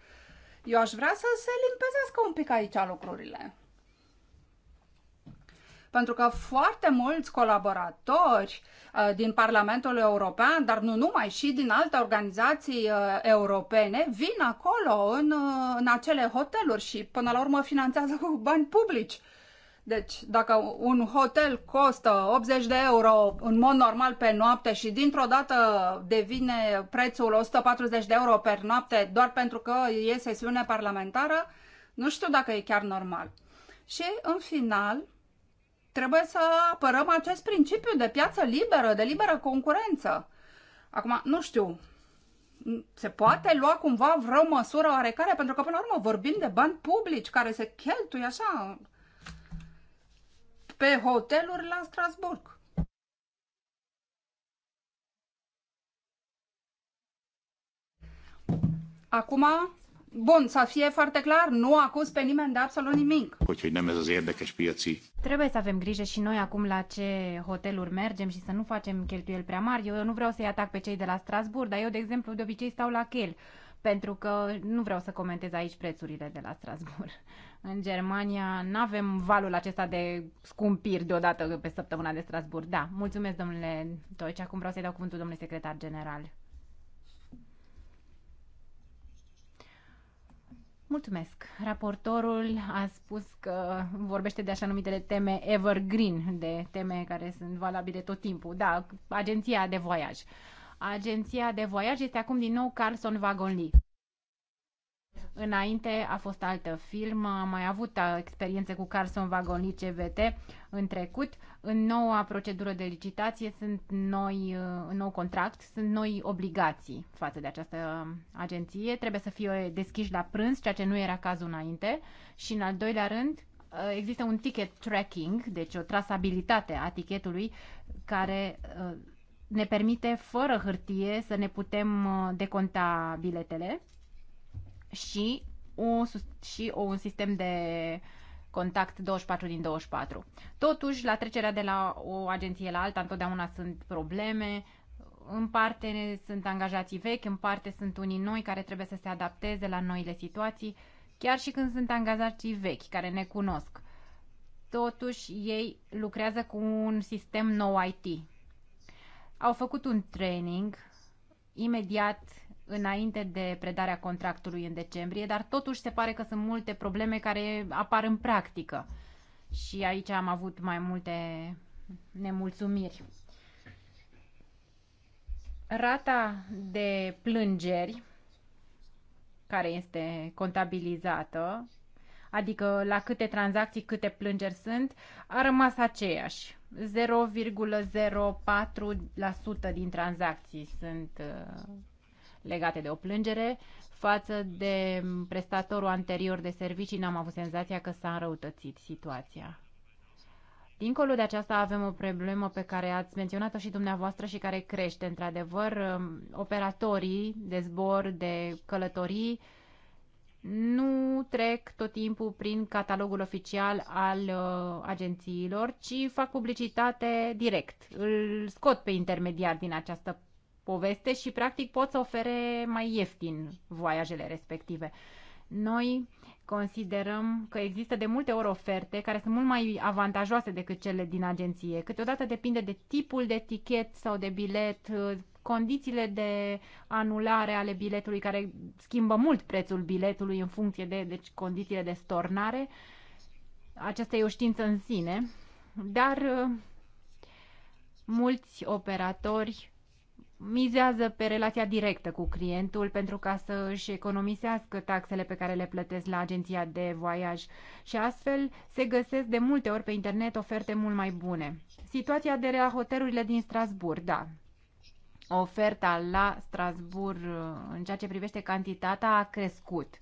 Eu aș vrea să se limpezească un pic aici lucrurile pentru că foarte mulți colaboratori uh, din Parlamentul European, dar nu numai, și din alte organizații uh, europene, vin acolo în, uh, în acele hoteluri și până la urmă finanțează cu bani publici. Deci, dacă un hotel costă 80 de euro în mod normal pe noapte și dintr-o dată devine prețul 140 de euro per noapte doar pentru că e sesiune parlamentară, nu știu dacă e chiar normal. Și, în final, trebuie să apărăm acest principiu de piață liberă, de liberă concurență. Acum, nu știu, se poate lua cumva vreo măsură oarecare, pentru că până la urmă vorbim de bani publici care se cheltuie așa pe hoteluri la Strasburg. Acum, Bun, să fie foarte clar, nu acuz pe nimeni de absolut nimic. Trebuie să avem grijă și noi acum la ce hoteluri mergem și să nu facem cheltuieli prea mari. Eu nu vreau să-i atac pe cei de la Strasburg, dar eu, de exemplu, de obicei stau la Kel, pentru că nu vreau să comentez aici prețurile de la Strasburg. <laughs> În Germania nu avem valul acesta de scumpiri deodată pe săptămâna de Strasburg. Da, mulțumesc, domnule Toici. Acum vreau să-i dau cuvântul domnului secretar general. Mulțumesc. Raportorul a spus că vorbește de așa numitele teme evergreen, de teme care sunt valabile tot timpul. Da, agenția de voiaj. Agenția de voiaj este acum din nou Carlson Wagonly. Înainte a fost altă firmă, am mai avut experiențe cu Carson Vagoni CVT în trecut. În noua procedură de licitație sunt noi, uh, în nou contract, sunt noi obligații față de această agenție. Trebuie să fie deschiși la prânz, ceea ce nu era cazul înainte. Și în al doilea rând, uh, există un ticket tracking, deci o trasabilitate a tichetului care uh, ne permite fără hârtie să ne putem deconta biletele și un, și un sistem de contact 24 din 24. Totuși, la trecerea de la o agenție la alta, întotdeauna sunt probleme, în parte sunt angajații vechi, în parte sunt unii noi care trebuie să se adapteze la noile situații, chiar și când sunt angajații vechi care ne cunosc. Totuși, ei lucrează cu un sistem nou IT. Au făcut un training, imediat înainte de predarea contractului în decembrie, dar totuși se pare că sunt multe probleme care apar în practică. Și aici am avut mai multe nemulțumiri. Rata de plângeri care este contabilizată, adică la câte tranzacții, câte plângeri sunt, a rămas aceeași. 0,04% din tranzacții sunt uh, legate de o plângere. Față de prestatorul anterior de servicii, n-am avut senzația că s-a înrăutățit situația. Dincolo de aceasta avem o problemă pe care ați menționat-o și dumneavoastră și care crește. Într-adevăr, um, operatorii de zbor, de călătorii, nu trec tot timpul prin catalogul oficial al uh, agențiilor, ci fac publicitate direct. Îl scot pe intermediar din această poveste și practic pot să ofere mai ieftin voiajele respective. Noi considerăm că există de multe ori oferte care sunt mult mai avantajoase decât cele din agenție. Câteodată depinde de tipul de tichet sau de bilet, condițiile de anulare ale biletului care schimbă mult prețul biletului în funcție de deci, condițiile de stornare. Aceasta e o știință în sine, dar uh, mulți operatori mizează pe relația directă cu clientul pentru ca să își economisească taxele pe care le plătesc la agenția de voiaj și astfel se găsesc de multe ori pe internet oferte mult mai bune. Situația de la hotelurile din Strasburg, da. Oferta la Strasburg în ceea ce privește cantitatea a crescut.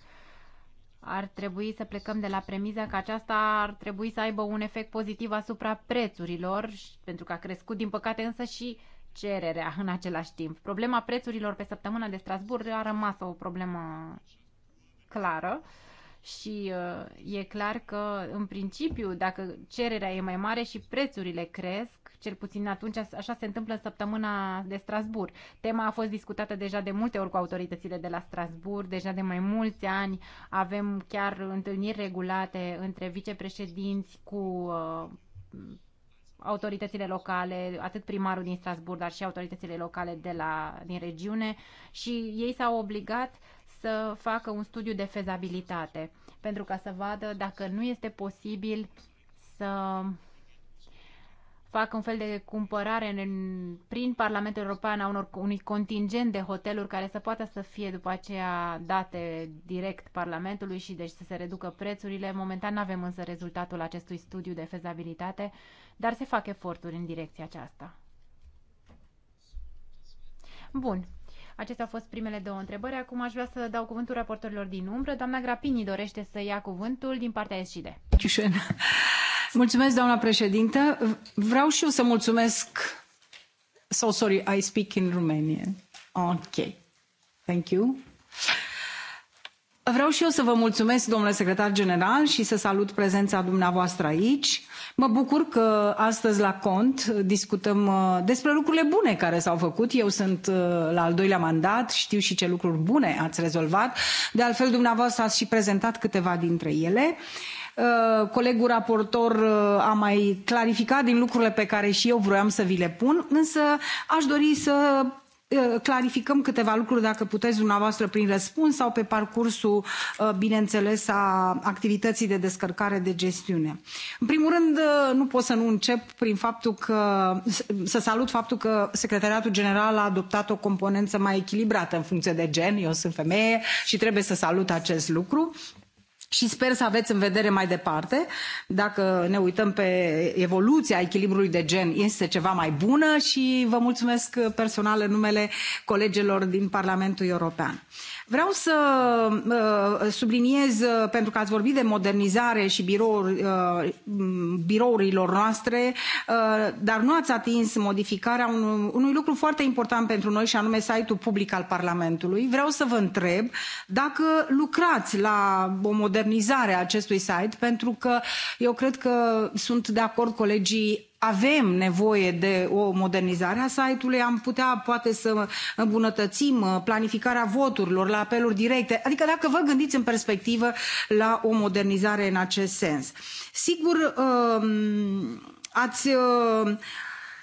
Ar trebui să plecăm de la premiza că aceasta ar trebui să aibă un efect pozitiv asupra prețurilor, pentru că a crescut, din păcate, însă și cererea în același timp. Problema prețurilor pe săptămâna de Strasburg a rămas o problemă clară și uh, e clar că, în principiu, dacă cererea e mai mare și prețurile cresc, cel puțin atunci așa se întâmplă în săptămâna de Strasburg. Tema a fost discutată deja de multe ori cu autoritățile de la Strasburg, deja de mai mulți ani avem chiar întâlniri regulate între vicepreședinți cu uh, autoritățile locale, atât primarul din Strasburg, dar și autoritățile locale de la, din regiune și ei s-au obligat să facă un studiu de fezabilitate pentru ca să vadă dacă nu este posibil să facă un fel de cumpărare în, prin Parlamentul European a unor, unui contingent de hoteluri care să poată să fie după aceea date direct Parlamentului și deci să se reducă prețurile. Momentan nu avem însă rezultatul acestui studiu de fezabilitate, dar se fac eforturi în direcția aceasta. Bun. Acestea au fost primele două întrebări. Acum aș vrea să dau cuvântul raportorilor din umbră. Doamna Grapini dorește să ia cuvântul din partea SCD. Mulțumesc, doamna președintă. Vreau și eu să mulțumesc... So sorry, I speak in Romanian. Ok. Thank you. Vreau și eu să vă mulțumesc, domnule secretar general, și să salut prezența dumneavoastră aici. Mă bucur că astăzi la cont discutăm uh, despre lucrurile bune care s-au făcut. Eu sunt uh, la al doilea mandat, știu și ce lucruri bune ați rezolvat. De altfel, dumneavoastră ați și prezentat câteva dintre ele. Uh, Uh, colegul raportor uh, a mai clarificat din lucrurile pe care și eu vroiam să vi le pun, însă aș dori să uh, clarificăm câteva lucruri dacă puteți dumneavoastră prin răspuns sau pe parcursul, bineînțeles, a activității de descărcare de gestiune. În primul rând, nu pot să nu încep prin faptul că, să salut faptul că Secretariatul General a adoptat o componență mai echilibrată în funcție de gen. Eu sunt femeie și trebuie să salut acest lucru și sper să aveți în vedere mai departe dacă ne uităm pe evoluția echilibrului de gen este ceva mai bună și vă mulțumesc personal în numele colegilor din Parlamentul European vreau să uh, subliniez uh, pentru că ați vorbit de modernizare și birouri, uh, birourilor noastre dar nu ați atins modificarea unui, unui lucru foarte important pentru noi și anume site ul public al parlamentului. vreau să vă întreb dacă lucrați la o modernizare a acestui site pentru că eu cred că sunt de acord colegii avem nevoie de o modernizare a site-ului, am putea poate să îmbunătățim uh, planificarea voturilor la apeluri directe, adică dacă vă gândiți în perspectivă la o modernizare în acest sens. Sigur, um, ați uh,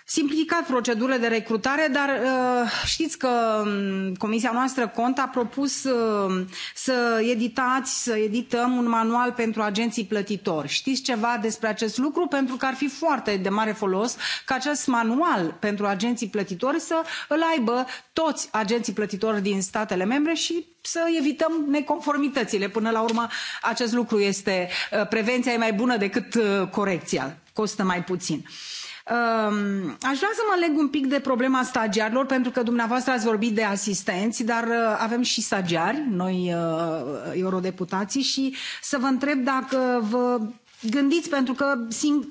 simplificat procedurile de recrutare dar uh, știți că um, comisia noastră cont a propus uh, să editați să edităm un manual pentru agenții plătitori. știți ceva despre acest lucru pentru că ar fi foarte de mare folos ca acest manual pentru agenții plătitori să îl aibă toți agenții plătitori din statele membre și să evităm neconformitățile. Până la urmă, acest lucru este, uh, prevenția e mai bună decât corecția, costă mai puțin. Uh, Aș vrea să mă leg un pic de problema stagiarilor, pentru că dumneavoastră ați vorbit de asistenți, dar uh, avem și stagiari, noi uh, eurodeputații, și să vă întreb dacă vă gândiți, pentru că,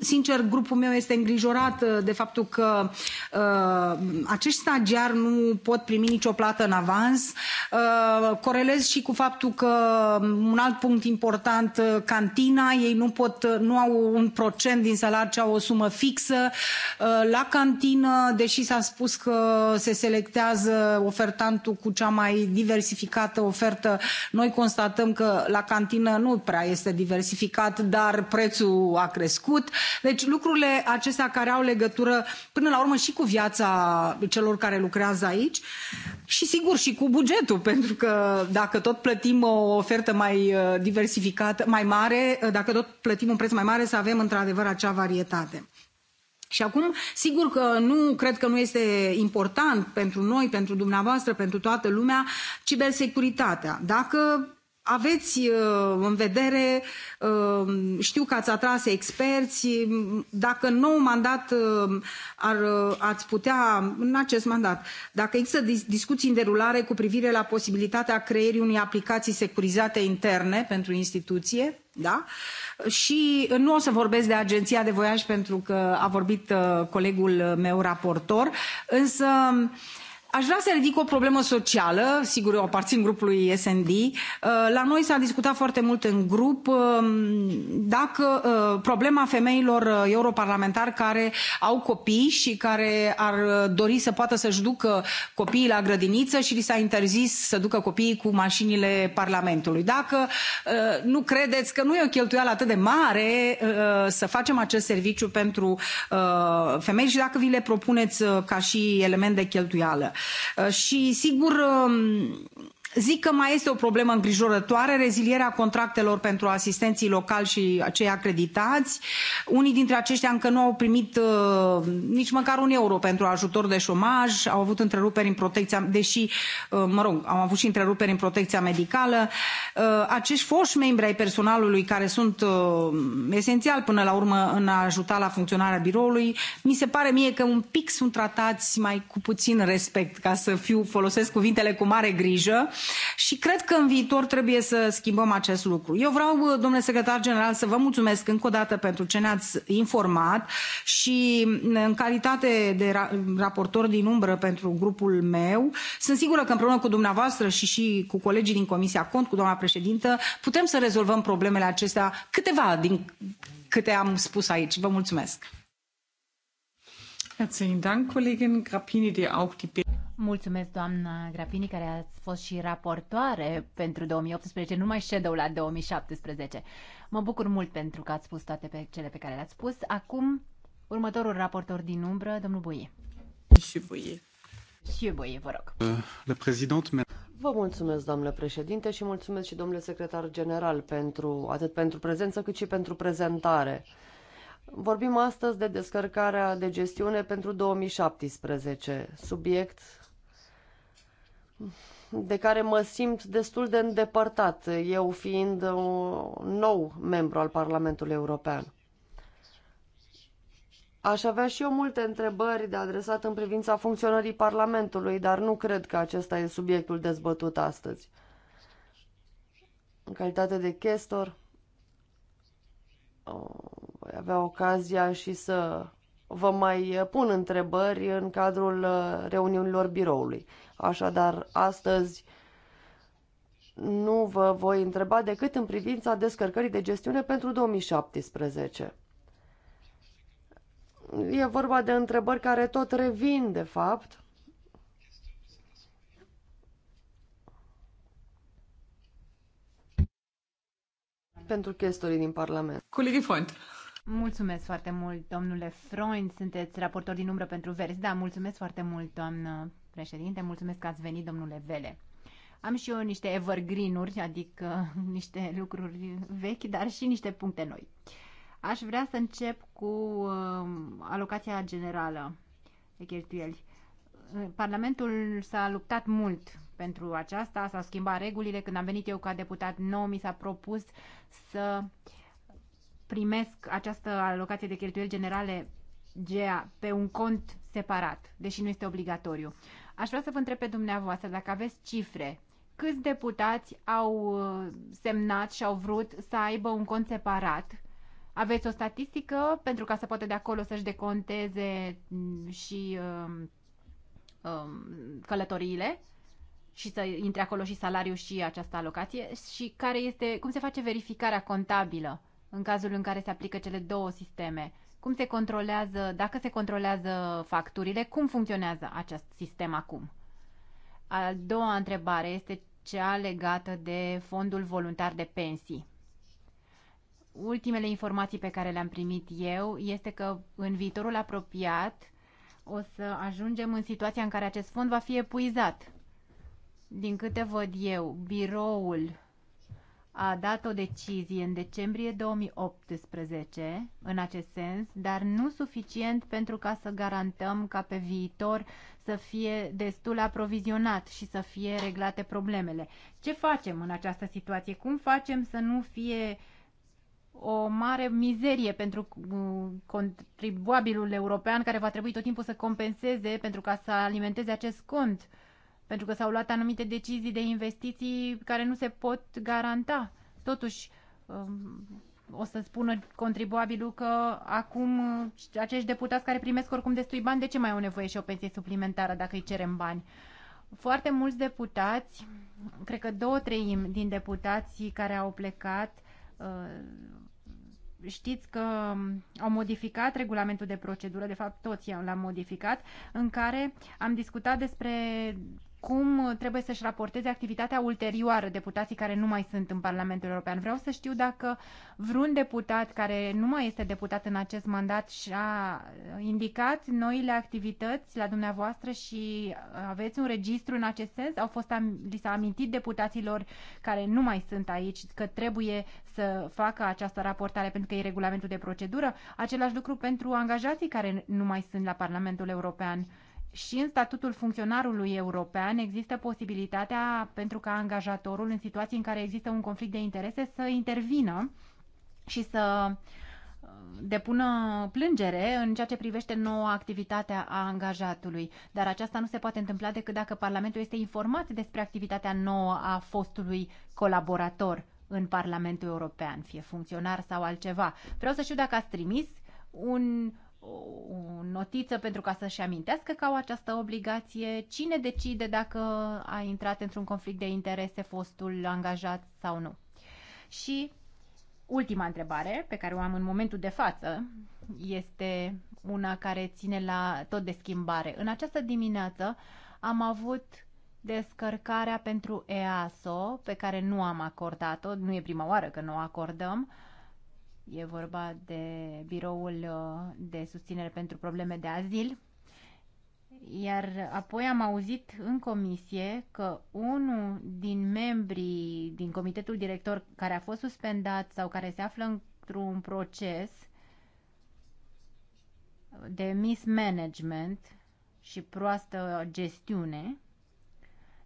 sincer, grupul meu este îngrijorat uh, de faptul că uh, acești stagiari nu pot primi nicio plată în avans. Uh, corelez și cu faptul că un alt punct important, uh, cantina, ei nu, pot, uh, nu au un procent din salariu, ci au o sumă fixă. Uh, la cantină, deși s-a spus că se selectează ofertantul cu cea mai diversificată ofertă, noi constatăm că la cantină nu prea este diversificat, dar prețul a crescut deci lucrurile acestea care au legătură până la urmă și cu viața celor care lucrează aici și sigur și cu bugetul <laughs> pentru că dacă tot plătim o ofertă mai uh, diversificată mai mare uh, dacă tot plătim un preț mai mare să avem într adevăr acea varietate. Și acum, sigur că nu cred că nu este important pentru noi, pentru dumneavoastră, pentru toată lumea, cibersecuritatea. Dacă aveți uh, în vedere, uh, știu că ați atras experți, dacă în nou mandat uh, ar, ați putea, în acest mandat, dacă există discuții în derulare cu privire la posibilitatea creierii unei aplicații securizate interne pentru instituție, da? Și nu o să vorbesc de agenția de voiaj pentru că a vorbit colegul meu raportor, însă Aș vrea să ridic o problemă socială, sigur eu aparțin grupului SND. Uh, la noi s-a discutat foarte mult în grup uh, dacă uh, problema femeilor europarlamentari care au copii și care ar dori să poată să-și ducă copiii la grădiniță și li s-a interzis să ducă copiii cu mașinile Parlamentului. Dacă nu credeți că nu e o cheltuială atât de mare să facem acest serviciu pentru femei și dacă vi le propuneți ca și element de cheltuială. Uh, și sigur, um, zic că mai este o problemă îngrijorătoare rezilierea contractelor pentru asistenții locali și cei acreditați unii dintre aceștia încă nu au primit uh, nici măcar un euro pentru ajutor de șomaj au avut întreruperi în protecția deși uh, mă rog au avut și întreruperi în protecția medicală uh, acești foști membri ai personalului care sunt uh, esențiali până la urmă în a ajuta la funcționarea biroului mi se pare mie că un pic sunt tratați mai cu puțin respect ca să fiu folosesc cuvintele cu mare grijă și cred că în viitor trebuie să schimbăm acest lucru. eu vreau uh, domnule secretar general să vă mulțumesc încă o dată pentru ce ne ați informat și mm, în calitate de ra raportor din umbră pentru grupul meu sunt sigură că împreună cu dumneavoastră și și cu colegii din comisia cont cu doamna președintă putem să rezolvăm problemele acestea câteva din câte am spus aici. vă mulțumesc. Herzlichen Dank, Kollegin Grappini, die auch die Mulțumesc, doamna Grapini, care a fost și raportoare pentru 2018, nu mai shadow la 2017. Mă bucur mult pentru că ați spus toate pe cele pe care le-ați spus. Acum, următorul raportor din umbră, domnul Buie. Și Buie. Și Buie, vă rog. Uh, le prezident, Vă mulțumesc, doamnă președinte, și mulțumesc și domnule secretar general pentru, atât pentru prezență cât și pentru prezentare. Vorbim astăzi de descărcarea de gestiune pentru 2017, subiect de care mă simt destul de îndepărtat, eu fiind un nou membru al Parlamentului European. Aș avea și eu multe întrebări de adresat în privința funcționării Parlamentului, dar nu cred că acesta e subiectul dezbătut astăzi. În calitate de chestor, oh, voi avea ocazia și să vă mai pun întrebări în cadrul uh, reuniunilor biroului. Așadar, astăzi nu vă voi întreba decât în privința descărcării de gestiune pentru 2017. E vorba de întrebări care tot revin, de fapt. Pentru chestorii din Parlament. Colegii Font. Mulțumesc foarte mult, domnule Freund. Sunteți raportor din umbră pentru Verzi. Da, mulțumesc foarte mult, doamnă președinte. Mulțumesc că ați venit, domnule Vele. Am și eu niște evergreen-uri, adică <laughs> niște lucruri vechi, dar și niște puncte noi. Aș vrea să încep cu um, alocația generală de cheltuieli. Parlamentul s-a luptat mult pentru aceasta, s-au schimbat regulile. Când am venit eu ca deputat nou, mi s-a propus să primesc această alocație de cheltuieli generale GEA pe un cont separat, deși nu este obligatoriu. Aș vrea să vă întreb pe dumneavoastră dacă aveți cifre. Câți deputați au uh, semnat și au vrut să aibă un cont separat? Aveți o statistică pentru ca să poată de acolo să-și deconteze mm, și uh, uh, călătoriile? și să intre acolo și salariu și această alocație și care este, cum se face verificarea contabilă în cazul în care se aplică cele două sisteme. Cum se controlează, dacă se controlează facturile, cum funcționează acest sistem acum? A doua întrebare este cea legată de fondul voluntar de pensii. Ultimele informații pe care le-am primit eu este că în viitorul apropiat o să ajungem în situația în care acest fond va fi epuizat. Din câte văd eu, biroul a dat o decizie în decembrie 2018 în acest sens, dar nu suficient pentru ca să garantăm ca pe viitor să fie destul aprovizionat și să fie reglate problemele. Ce facem în această situație? Cum facem să nu fie o mare mizerie pentru contribuabilul european care va trebui tot timpul să compenseze pentru ca să alimenteze acest cont? pentru că s-au luat anumite decizii de investiții care nu se pot garanta. Totuși, um, o să spună contribuabilul că acum uh, acești deputați care primesc oricum destui bani, de ce mai au nevoie și o pensie suplimentară dacă îi cerem bani? Foarte mulți deputați, cred că două treimi din deputații care au plecat, uh, știți că um, au modificat regulamentul de procedură, de fapt toți l-am modificat, în care am discutat despre cum uh, trebuie să-și raporteze activitatea ulterioară deputații care nu mai sunt în Parlamentul European. Vreau să știu dacă vreun deputat care nu mai este deputat în acest mandat și-a indicat noile activități la dumneavoastră și uh, aveți un registru în acest sens? Au fost am, li s-a amintit deputaților care nu mai sunt aici că trebuie să facă această raportare pentru că e regulamentul de procedură? Același lucru pentru angajații care nu mai sunt la Parlamentul European și în statutul funcționarului european există posibilitatea pentru ca angajatorul, în situații în care există un conflict de interese, să intervină și să uh, depună plângere în ceea ce privește noua activitatea a angajatului. Dar aceasta nu se poate întâmpla decât dacă Parlamentul este informat despre activitatea nouă a fostului colaborator în Parlamentul European, fie funcționar sau altceva. Vreau să știu dacă ați trimis un o notiță pentru ca să-și amintească că au această obligație? Cine decide dacă a intrat într-un conflict de interese fostul angajat sau nu? Și ultima întrebare pe care o am în momentul de față este una care ține la tot de schimbare. În această dimineață am avut descărcarea pentru EASO, pe care nu am acordat-o, nu e prima oară că nu o acordăm, uh, E vorba de biroul uh, de susținere pentru probleme de azil. Iar apoi am auzit în comisie că unul din membrii din comitetul director care a fost suspendat sau care se află într-un proces de mismanagement și proastă gestiune,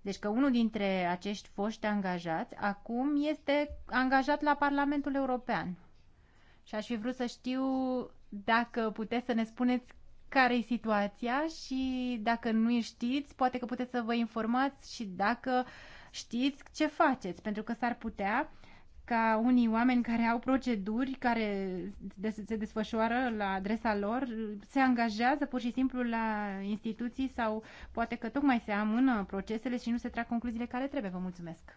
deci că unul dintre acești foști angajați acum este angajat la Parlamentul European. Și aș fi vrut să știu dacă puteți să ne spuneți care e situația și dacă nu știți, poate că puteți să vă informați și dacă știți ce faceți, pentru că s-ar putea ca unii oameni care au proceduri care se desfășoară la adresa lor, se angajează pur și simplu la instituții sau poate că tocmai se amână procesele și nu se trag concluziile care trebuie. Vă mulțumesc!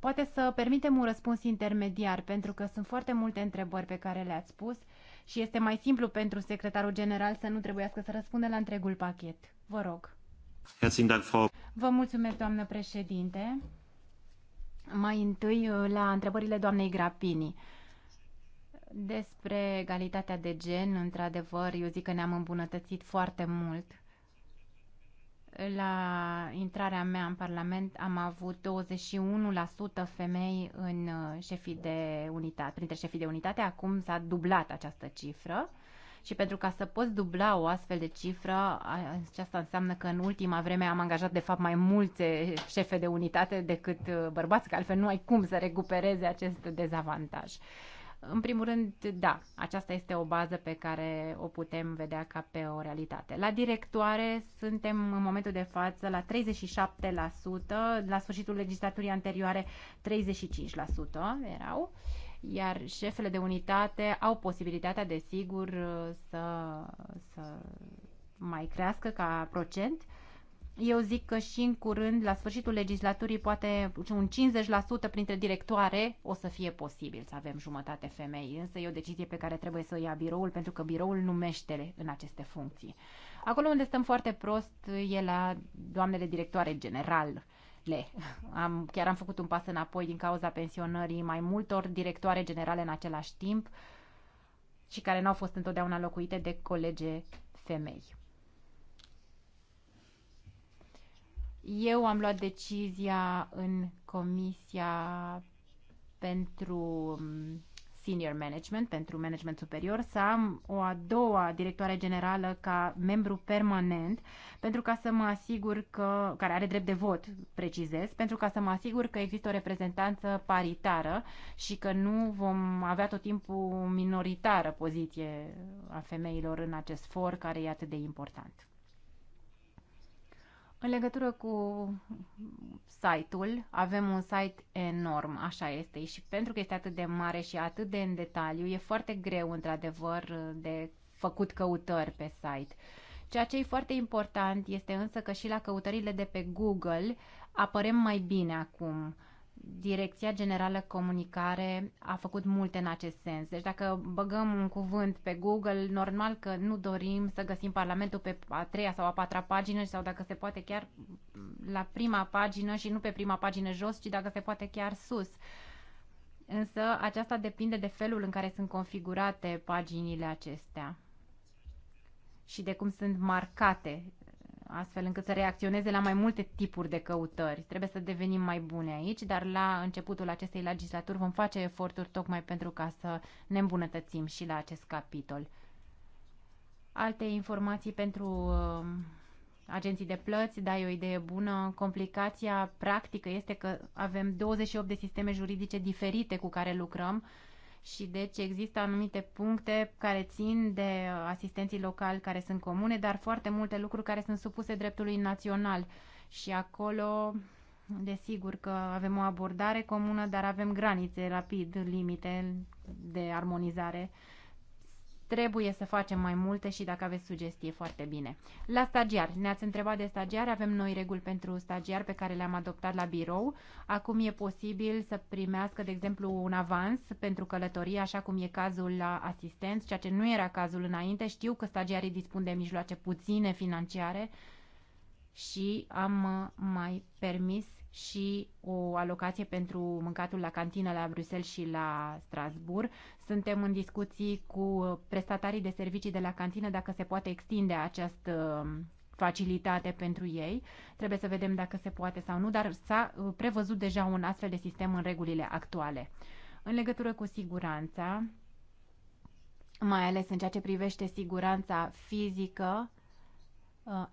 Poate să permitem un răspuns intermediar, pentru că sunt foarte multe întrebări pe care le-ați pus și este mai simplu pentru secretarul general să nu trebuiască să răspundă la întregul pachet. Vă rog. Vă mulțumesc, doamnă președinte. Mai întâi uh, la întrebările doamnei Grapini. Despre egalitatea de gen, într-adevăr, eu zic că ne-am îmbunătățit foarte mult la intrarea mea în Parlament am avut 21% femei în uh, șefii de unitate, printre șefii de unitate, acum s-a dublat această cifră. Și pentru ca să poți dubla o astfel de cifră, aceasta înseamnă că în ultima vreme am angajat de fapt mai multe șefe de unitate decât uh, bărbați, că altfel nu ai cum să recupereze acest dezavantaj. Uh, în primul rând, da, aceasta este o bază pe care o putem vedea ca pe o realitate. La directoare suntem în momentul de față la 37%, la sfârșitul legislaturii anterioare 35% erau, iar șefele de unitate au posibilitatea, desigur, să, să mai crească ca procent eu zic că și în curând, la sfârșitul legislaturii, poate un 50% printre directoare o să fie posibil să avem jumătate femei, însă e o decizie pe care trebuie să o ia biroul, pentru că biroul numește în aceste funcții. Acolo unde stăm foarte prost e la doamnele directoare general. Le. Am, chiar am făcut un pas înapoi din cauza pensionării mai multor directoare generale în același timp și care n-au fost întotdeauna locuite de colege femei. Eu am luat decizia în comisia pentru um, senior management, pentru management superior, să am o a doua directoare generală ca membru permanent, pentru ca să mă asigur că, care are drept de vot, precizez, pentru ca să mă asigur că există o reprezentanță paritară și că nu vom avea tot timpul minoritară poziție a femeilor în acest for care e atât de important. În legătură cu site-ul, avem un site enorm, așa este, și pentru că este atât de mare și atât de în detaliu, e foarte greu, într-adevăr, de făcut căutări pe site. Ceea ce e foarte important este însă că și la căutările de pe Google apărem mai bine acum. Direcția Generală Comunicare a făcut multe în acest sens. Deci dacă băgăm un cuvânt pe Google, normal că nu dorim să găsim Parlamentul pe a treia sau a patra pagină sau dacă se poate chiar la prima pagină și nu pe prima pagină jos, ci dacă se poate chiar sus. Însă aceasta depinde de felul în care sunt configurate paginile acestea și de cum sunt marcate astfel încât să reacționeze la mai multe tipuri de căutări. Trebuie să devenim mai bune aici, dar la începutul acestei legislaturi vom face eforturi tocmai pentru ca să ne îmbunătățim și la acest capitol. Alte informații pentru um, agenții de plăți, dai o idee bună. Complicația practică este că avem 28 de sisteme juridice diferite cu care lucrăm și deci există anumite puncte care țin de uh, asistenții locali care sunt comune, dar foarte multe lucruri care sunt supuse dreptului național și acolo desigur că avem o abordare comună, dar avem granițe rapid, limite de armonizare Trebuie să facem mai multe și dacă aveți sugestii, foarte bine. La stagiar, ne-ați întrebat de stagiar, avem noi reguli pentru stagiar pe care le-am adoptat la birou. Acum e posibil să primească, de exemplu, un avans pentru călătorie, așa cum e cazul la asistenți, ceea ce nu era cazul înainte. Știu că stagiarii dispun de mijloace puține financiare și am uh, mai permis și o alocație pentru mâncatul la cantină la Bruxelles și la Strasbourg. Suntem în discuții cu prestatarii de servicii de la cantină dacă se poate extinde această facilitate pentru ei. Trebuie să vedem dacă se poate sau nu, dar s-a uh, prevăzut deja un astfel de sistem în regulile actuale. În legătură cu siguranța, mai ales în ceea ce privește siguranța fizică, uh,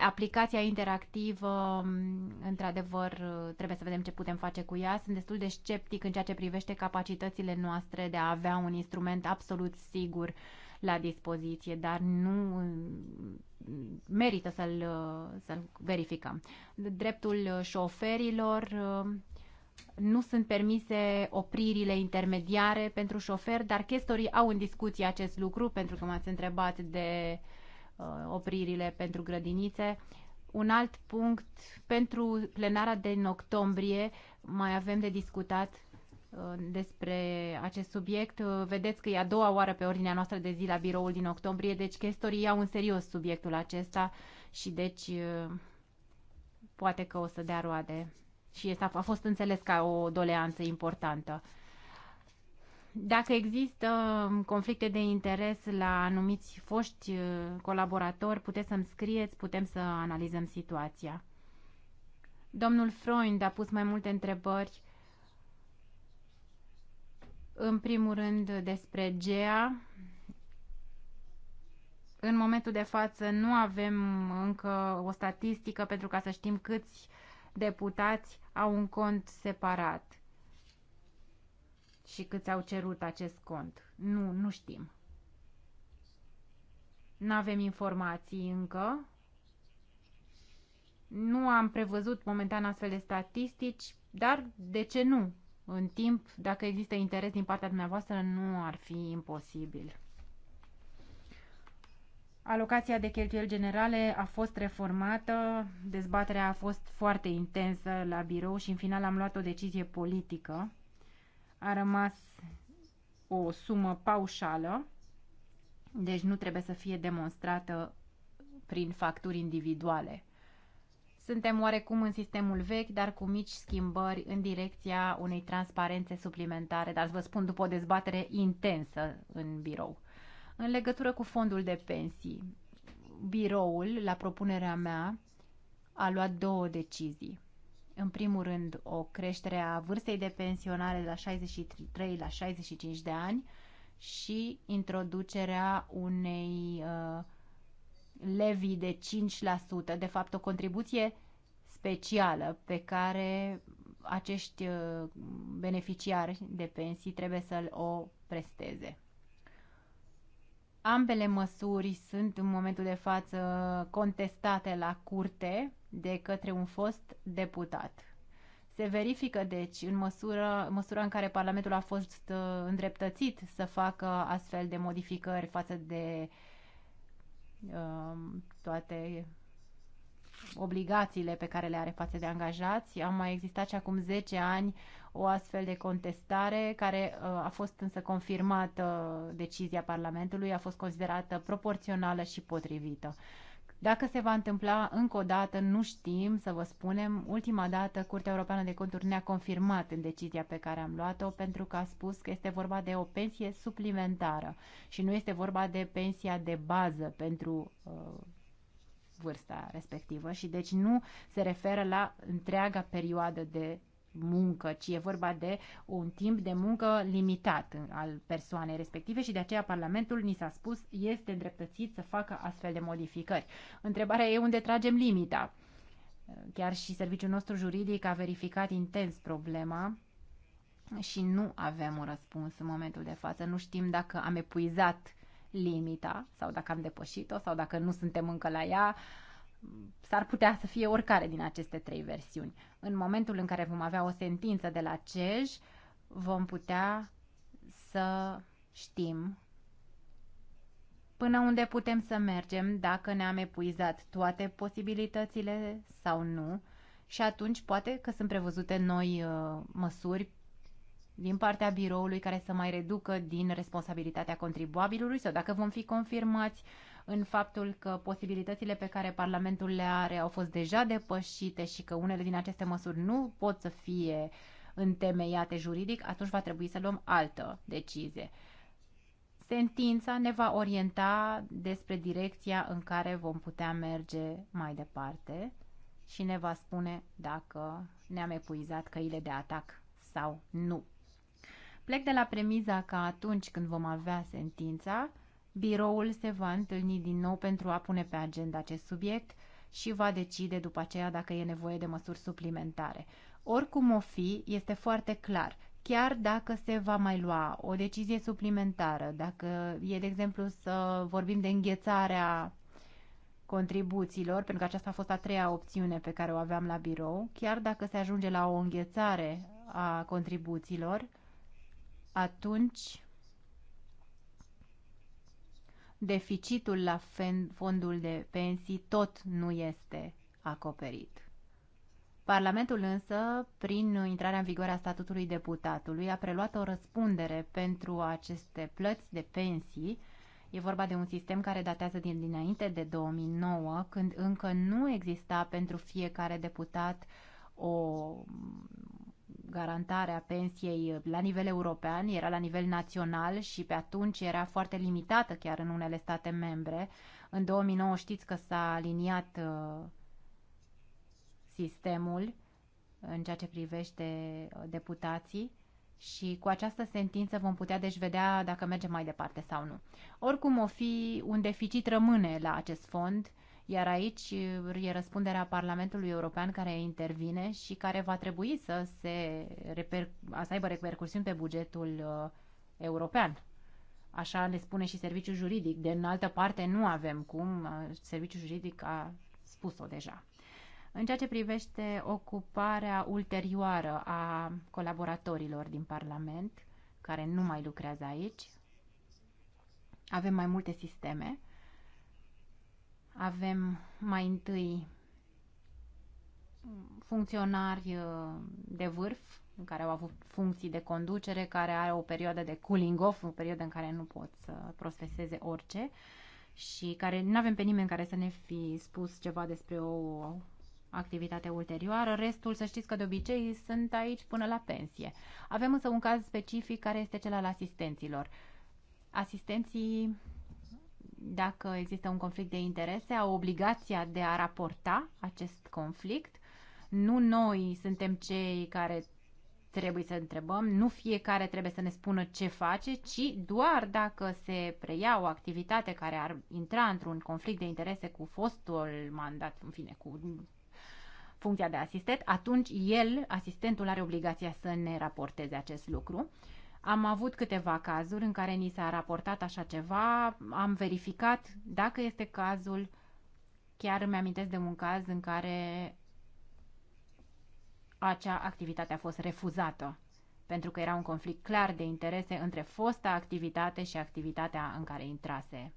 aplicația interactivă, mm, într-adevăr, trebuie să vedem ce putem face cu ea. Sunt destul de sceptic în ceea ce privește capacitățile noastre de a avea un instrument absolut sigur la dispoziție, dar nu mm, merită să-l, să verificăm. Dreptul șoferilor, mm, nu sunt permise opririle intermediare pentru șofer, dar chestorii au în discuție acest lucru, pentru că m-ați întrebat de uh, Uh, opririle pentru grădinițe. Un alt punct, pentru plenara din octombrie mai avem de discutat uh, despre acest subiect. Uh, vedeți că e a doua oară pe ordinea noastră de zi la biroul din octombrie, deci chestorii iau în serios subiectul acesta și deci poate că o să dea roade. Și a fost înțeles ca o doleanță importantă. Dacă există um, conflicte de interes la anumiți foști uh, colaboratori, puteți să-mi scrieți, putem să analizăm situația. Domnul Freund a pus mai multe întrebări. În primul rând despre GEA. În momentul de față nu avem încă o statistică pentru ca să știm câți deputați au un cont separat și câți au cerut acest cont. Nu, nu știm. Nu avem informații încă. Nu am prevăzut momentan astfel de statistici, dar de ce nu? În timp, dacă există interes din partea dumneavoastră, nu ar fi imposibil. Alocația de cheltuieli generale a fost reformată, dezbaterea a fost foarte intensă la birou și în final am luat o decizie politică a rămas o sumă paușală, deci nu trebuie să fie demonstrată prin facturi individuale. Suntem oarecum în sistemul vechi, dar cu mici schimbări în direcția unei transparențe suplimentare, dar vă spun după o dezbatere intensă în birou. În legătură cu fondul de pensii, biroul, la propunerea mea, a luat două decizii în primul rând, o creștere a vârstei de pensionare de la 63 la 65 de ani și introducerea unei uh, levii de 5%, de fapt o contribuție specială pe care acești uh, beneficiari de pensii trebuie să o presteze. Ambele măsuri sunt în momentul de față contestate la curte de către un fost deputat. Se verifică, deci, în măsură, măsura în care Parlamentul a fost ă, îndreptățit să facă astfel de modificări față de uh, toate obligațiile pe care le are față de angajați. A mai existat și acum 10 ani o astfel de contestare care ă, a fost însă confirmată decizia Parlamentului, a fost considerată proporțională și potrivită. Dacă se va întâmpla încă o dată, nu știm, să vă spunem, ultima dată Curtea Europeană de Conturi ne-a confirmat în decizia pe care am luat-o pentru că a spus că este vorba de o pensie suplimentară și nu este vorba de pensia de bază pentru uh, vârsta respectivă și deci nu se referă la întreaga perioadă de muncă, ci e vorba de un timp de muncă limitat al persoanei respective și de aceea Parlamentul, ni s-a spus, este îndreptățit să facă astfel de modificări. Întrebarea e unde tragem limita. Chiar și serviciul nostru juridic a verificat intens problema și nu avem un răspuns în momentul de față. Nu știm dacă am epuizat limita sau dacă am depășit-o sau dacă nu suntem încă la ea. Uh, s-ar putea să fie oricare din aceste trei versiuni. În momentul în care vom avea o sentință de la CEJ, vom putea să știm până unde putem să mergem, dacă ne-am epuizat toate posibilitățile sau nu, și atunci poate că sunt prevăzute noi uh, măsuri din partea biroului care să mai reducă din responsabilitatea contribuabilului sau dacă vom fi confirmați uh, în faptul că posibilitățile pe care Parlamentul le are au fost deja depășite și că unele din aceste măsuri nu pot să fie întemeiate juridic, atunci va trebui să luăm altă decizie. Sentința ne va orienta despre direcția în care vom putea merge mai departe și ne va spune dacă ne-am epuizat căile de atac sau nu. Plec de la premiza că atunci când vom avea sentința, Biroul se va întâlni din nou pentru a pune pe agenda acest subiect și va decide după aceea dacă e nevoie de măsuri suplimentare. Oricum o fi, este foarte clar, chiar dacă se va mai lua o decizie suplimentară, dacă e, de exemplu, să vorbim de înghețarea contribuțiilor, pentru că aceasta a fost a treia opțiune pe care o aveam la birou, chiar dacă se ajunge la o înghețare a contribuțiilor, atunci deficitul la fondul de pensii tot nu este acoperit. Parlamentul însă, prin intrarea în vigoare a statutului deputatului, a preluat o răspundere pentru aceste plăți de pensii. E vorba de un sistem care datează din dinainte de 2009, când încă nu exista pentru fiecare deputat o, garantarea pensiei la nivel european, era la nivel național și pe atunci era foarte limitată chiar în unele state membre. În 2009 știți că s-a aliniat uh, sistemul în ceea ce privește uh, deputații și cu această sentință vom putea deci vedea dacă mergem mai departe sau nu. Oricum o fi, un deficit rămâne la acest fond iar aici e răspunderea Parlamentului European care intervine și care va trebui să, se reper, să aibă repercursiuni pe bugetul uh, european. Așa ne spune și serviciul juridic. De în altă parte nu avem cum. Uh, serviciul juridic a spus-o deja. În ceea ce privește ocuparea ulterioară a colaboratorilor din Parlament, care nu mai lucrează aici, avem mai multe sisteme avem mai întâi funcționari uh, de vârf care au avut funcții de conducere, care are o perioadă de cooling off, o perioadă în care nu pot să proceseze orice și care nu avem pe nimeni care să ne fi spus ceva despre o activitate ulterioară. Restul, să știți că de obicei sunt aici până la pensie. Avem însă un caz specific care este cel al asistenților. Asistenții dacă există un conflict de interese, au obligația de a raporta acest conflict. Nu noi suntem cei care trebuie să întrebăm, nu fiecare trebuie să ne spună ce face, ci doar dacă se preia o activitate care ar intra într-un conflict de interese cu fostul mandat, în fine, cu funcția de asistent, atunci el, asistentul, are obligația să ne raporteze acest lucru am avut câteva cazuri în care ni s-a raportat așa ceva, am verificat dacă este cazul. Chiar îmi amintesc de un caz în care acea activitate a fost refuzată, pentru că era un conflict clar de interese între fosta activitate și activitatea în care intrase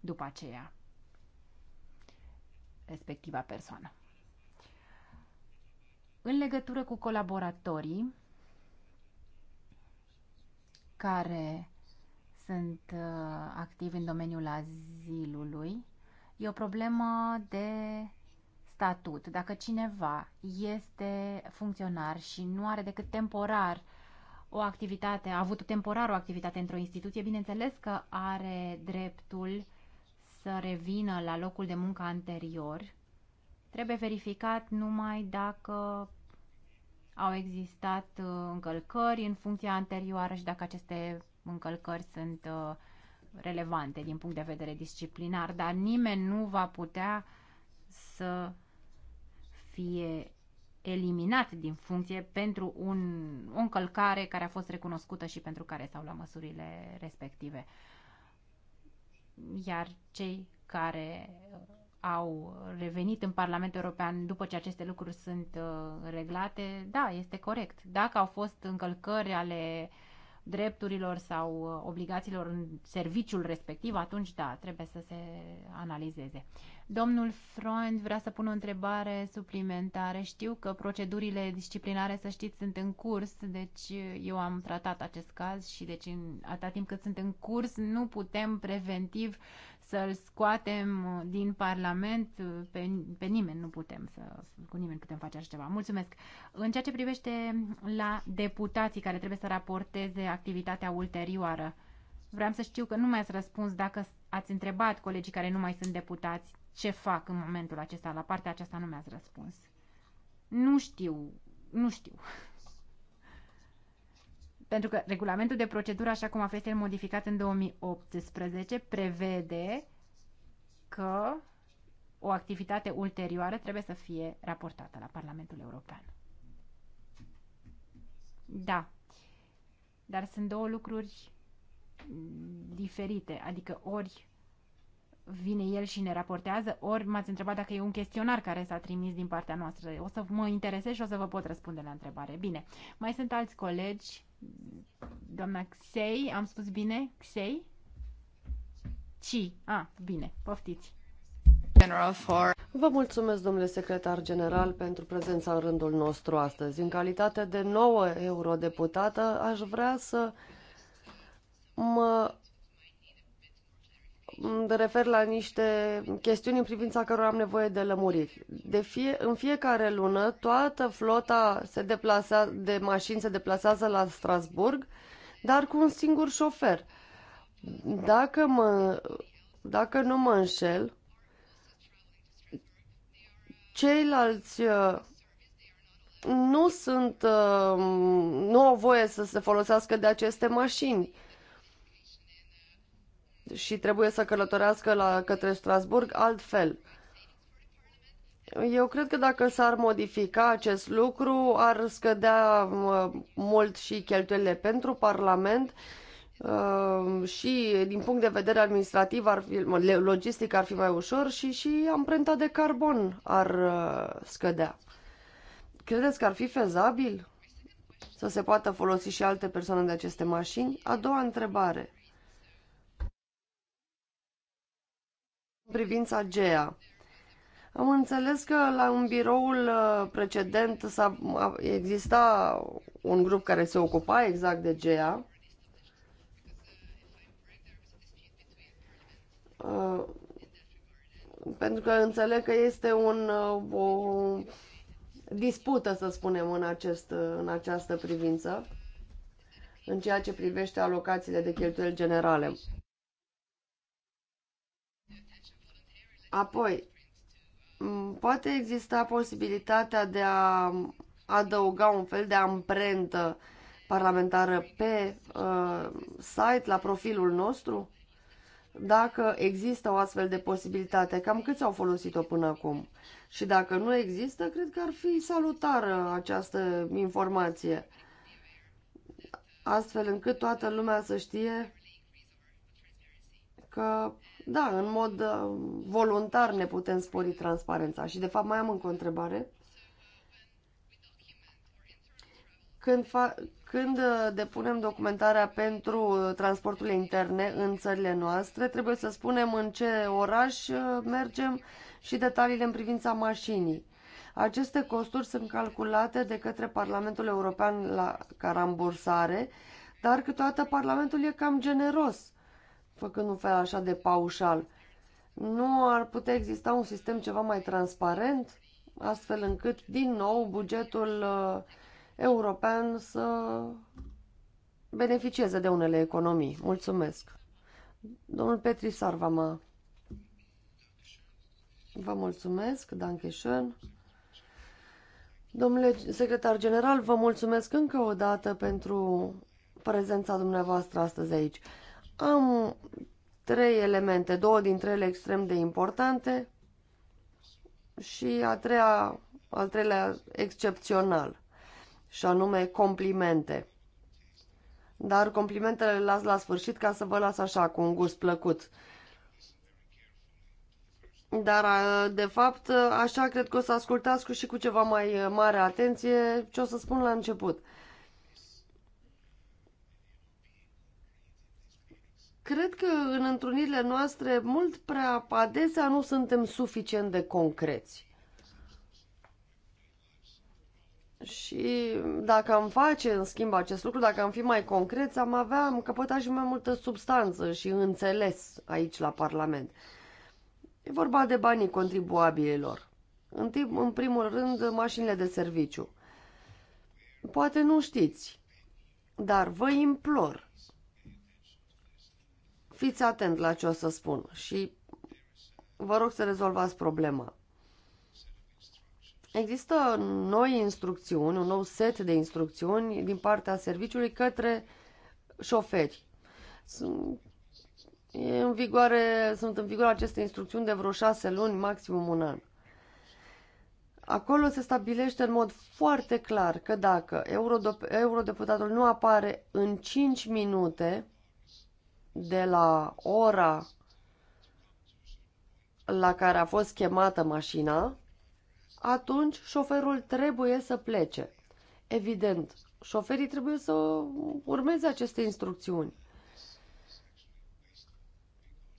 după aceea respectiva persoană. În legătură cu colaboratorii, care sunt uh, activi în domeniul azilului. E o problemă de statut. Dacă cineva este funcționar și nu are decât temporar o activitate, a avut temporar o activitate într-o instituție, bineînțeles că are dreptul să revină la locul de muncă anterior. Trebuie verificat numai dacă au existat uh, încălcări în funcția anterioară și dacă aceste încălcări sunt uh, relevante din punct de vedere disciplinar, dar nimeni nu va putea să fie eliminat din funcție pentru un, o încălcare care a fost recunoscută și pentru care s-au luat măsurile respective. Iar cei care uh, au revenit în Parlamentul European după ce aceste lucruri sunt uh, reglate, da, este corect. Dacă au fost încălcări ale drepturilor sau uh, obligațiilor în serviciul respectiv, atunci da, trebuie să se analizeze. Domnul Freund vrea să pună o întrebare suplimentare. Știu că procedurile disciplinare, să știți, sunt în curs, deci uh, eu am tratat acest caz și deci în atâta timp cât sunt în curs nu putem preventiv uh, să-l scoatem uh, din Parlament, uh, pe, pe nimeni nu putem să, cu nimeni putem face așa ceva. Mulțumesc. În ceea ce privește la deputații care trebuie să raporteze activitatea ulterioară, vreau să știu că nu mai ați răspuns dacă ați întrebat colegii care nu mai sunt deputați ce fac în momentul acesta, la partea aceasta nu mi-ați răspuns. Nu știu, nu știu. <laughs> pentru că regulamentul de procedură, așa cum a fost el modificat în 2018, prevede că o activitate ulterioară trebuie să fie raportată la Parlamentul European. Da, dar sunt două lucruri diferite, adică ori vine el și ne raportează, ori m-ați întrebat dacă e un chestionar care s-a trimis din partea noastră. O să mă interesez și o să vă pot răspunde la întrebare. Bine, mai sunt alți colegi doamna Xei, am spus bine? Xei? Ci. Ah, bine, poftiți. General Vă mulțumesc, domnule secretar general, pentru prezența în rândul nostru astăzi. În calitate de nouă eurodeputată, aș vrea să mă de refer la niște chestiuni în privința cărora am nevoie de lămuriri. De fie, în fiecare lună, toată flota se deplasa, de mașini se deplasează la Strasburg, dar cu un singur șofer. Dacă, mă, dacă nu mă înșel, ceilalți uh, nu sunt, uh, nu au voie să se folosească de aceste mașini și trebuie să călătorească la, către Strasburg altfel. Eu cred că dacă s-ar modifica acest lucru, ar scădea mult și cheltuielile pentru Parlament uh, și din punct de vedere administrativ, ar fi, logistic ar fi mai ușor și și amprenta de carbon ar uh, scădea. Credeți că ar fi fezabil să se poată folosi și alte persoane de aceste mașini? A doua întrebare. privința GEA. Am înțeles că la un biroul uh, precedent s-a, exista un grup care se ocupa exact de GEA. Uh, pentru că înțeleg că este un, uh, o dispută, să spunem, în, acest, în această privință, în ceea ce privește alocațiile de cheltuieli generale. Apoi, poate exista posibilitatea de a adăuga un fel de amprentă parlamentară pe uh, site, la profilul nostru? Dacă există o astfel de posibilitate, cam câți au folosit-o până acum? Și dacă nu există, cred că ar fi salutară această informație, astfel încât toată lumea să știe că da, în mod uh, voluntar ne putem spori transparența. Și, de fapt, mai am încă o întrebare. Când, când uh, depunem documentarea pentru uh, transporturile interne în țările noastre, trebuie să spunem în ce oraș mergem și detaliile în privința mașinii. Aceste costuri sunt calculate de către Parlamentul European la, carambursare, rambursare, dar câteodată Parlamentul e cam generos făcând un fel așa de paușal. Nu ar putea exista un sistem ceva mai transparent, astfel încât, din nou, bugetul uh, european să beneficieze de unele economii. Mulțumesc. Domnul Petri Sarvama. Vă mulțumesc, Dankeschön. Domnule secretar general, vă mulțumesc încă o dată pentru prezența dumneavoastră astăzi aici. Am trei elemente, două dintre ele extrem de importante și a treia, al treilea excepțional, și anume complimente. Dar complimentele le las la sfârșit ca să vă las așa, cu un gust plăcut. Dar, de fapt, așa cred că o să ascultați cu și cu ceva mai mare atenție ce o să spun la început. Cred că în întrunirile noastre mult prea adesea nu suntem suficient de concreți. Și dacă am face, în schimb, acest lucru, dacă am fi mai concreți, am avea, am căpăta și mai multă substanță și înțeles aici la Parlament. E vorba de banii contribuabililor. În, timp, în primul rând, mașinile de serviciu. Poate nu știți, dar vă implor Fiți atent la ce o să spun și vă rog să rezolvați problema. Există noi instrucțiuni, un nou set de instrucțiuni din partea serviciului către șoferi. Sunt, e în vigoare, sunt în vigoare aceste instrucțiuni de vreo șase luni, maximum un an. Acolo se stabilește în mod foarte clar că dacă eurodeputatul nu apare în 5 minute, de la ora la care a fost chemată mașina, atunci șoferul trebuie să plece. Evident, șoferii trebuie să urmeze aceste instrucțiuni.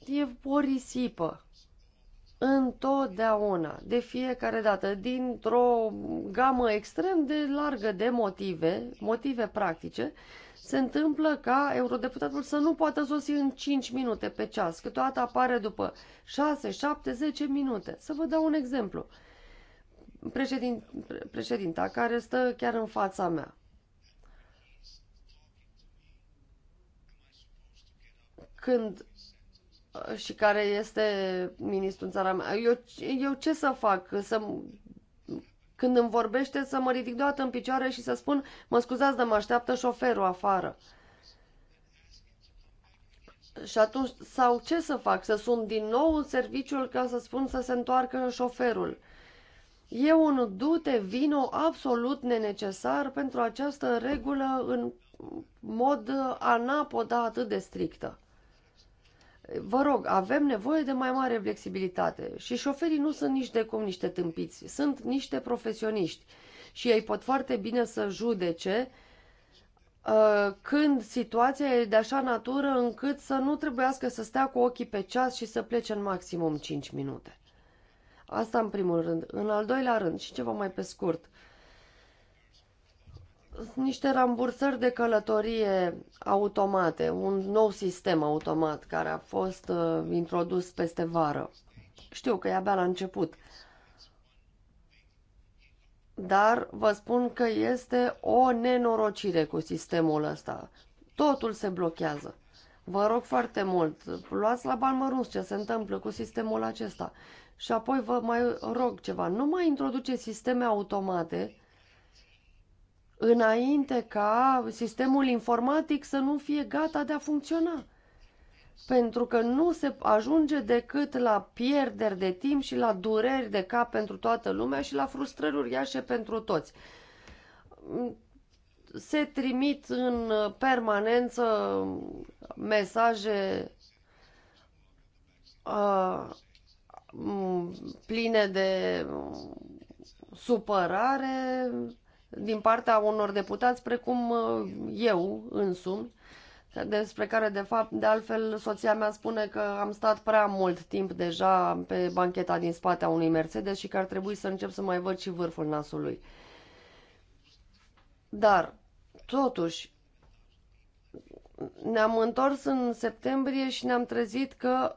E o risipă. Întotdeauna, de fiecare dată, dintr-o gamă extrem de largă de motive, motive practice, se întâmplă ca eurodeputatul să nu poată sosi în 5 minute pe ceas, câteodată apare după 6, 7, 10 minute. Să vă dau un exemplu. Președin, președinta care stă chiar în fața mea. Când și care este ministrul în țara mea. Eu, eu ce să fac? Să când îmi vorbește să mă ridic deodată în picioare și să spun, mă scuzați, dar mă așteaptă șoferul afară. Și atunci, sau ce să fac? Să sun din nou în serviciul ca să spun să se întoarcă șoferul. E un dute vino absolut nenecesar pentru această regulă în mod anapoda atât de strictă. Vă rog, avem nevoie de mai mare flexibilitate și șoferii nu sunt nici de cum niște tâmpiți, sunt niște profesioniști și ei pot foarte bine să judece uh, când situația e de așa natură încât să nu trebuiască să stea cu ochii pe ceas și să plece în maximum 5 minute. Asta în primul rând. În al doilea rând, și ceva mai pe scurt, uh, sunt niște rambursări de călătorie automate, un nou sistem automat care a fost uh, introdus peste vară. Știu că e abia la început. Dar vă spun că este o nenorocire cu sistemul ăsta. Totul se blochează. Vă rog foarte mult, luați la bani mărunți ce se întâmplă cu sistemul acesta. Și apoi vă mai rog ceva, nu mai introduce sisteme automate înainte ca sistemul informatic să nu fie gata de a funcționa. Pentru că nu se ajunge decât la pierderi de timp și la dureri de cap pentru toată lumea și la frustrări uriașe pentru toți. Se trimit în permanență mesaje uh, pline de supărare, din partea unor deputați precum uh, eu însumi, despre care de fapt, de altfel, soția mea spune că am stat prea mult timp deja pe bancheta din spatea unui Mercedes și că ar trebui să încep să mai văd și vârful nasului. Dar, totuși, ne-am întors în septembrie și ne-am trezit că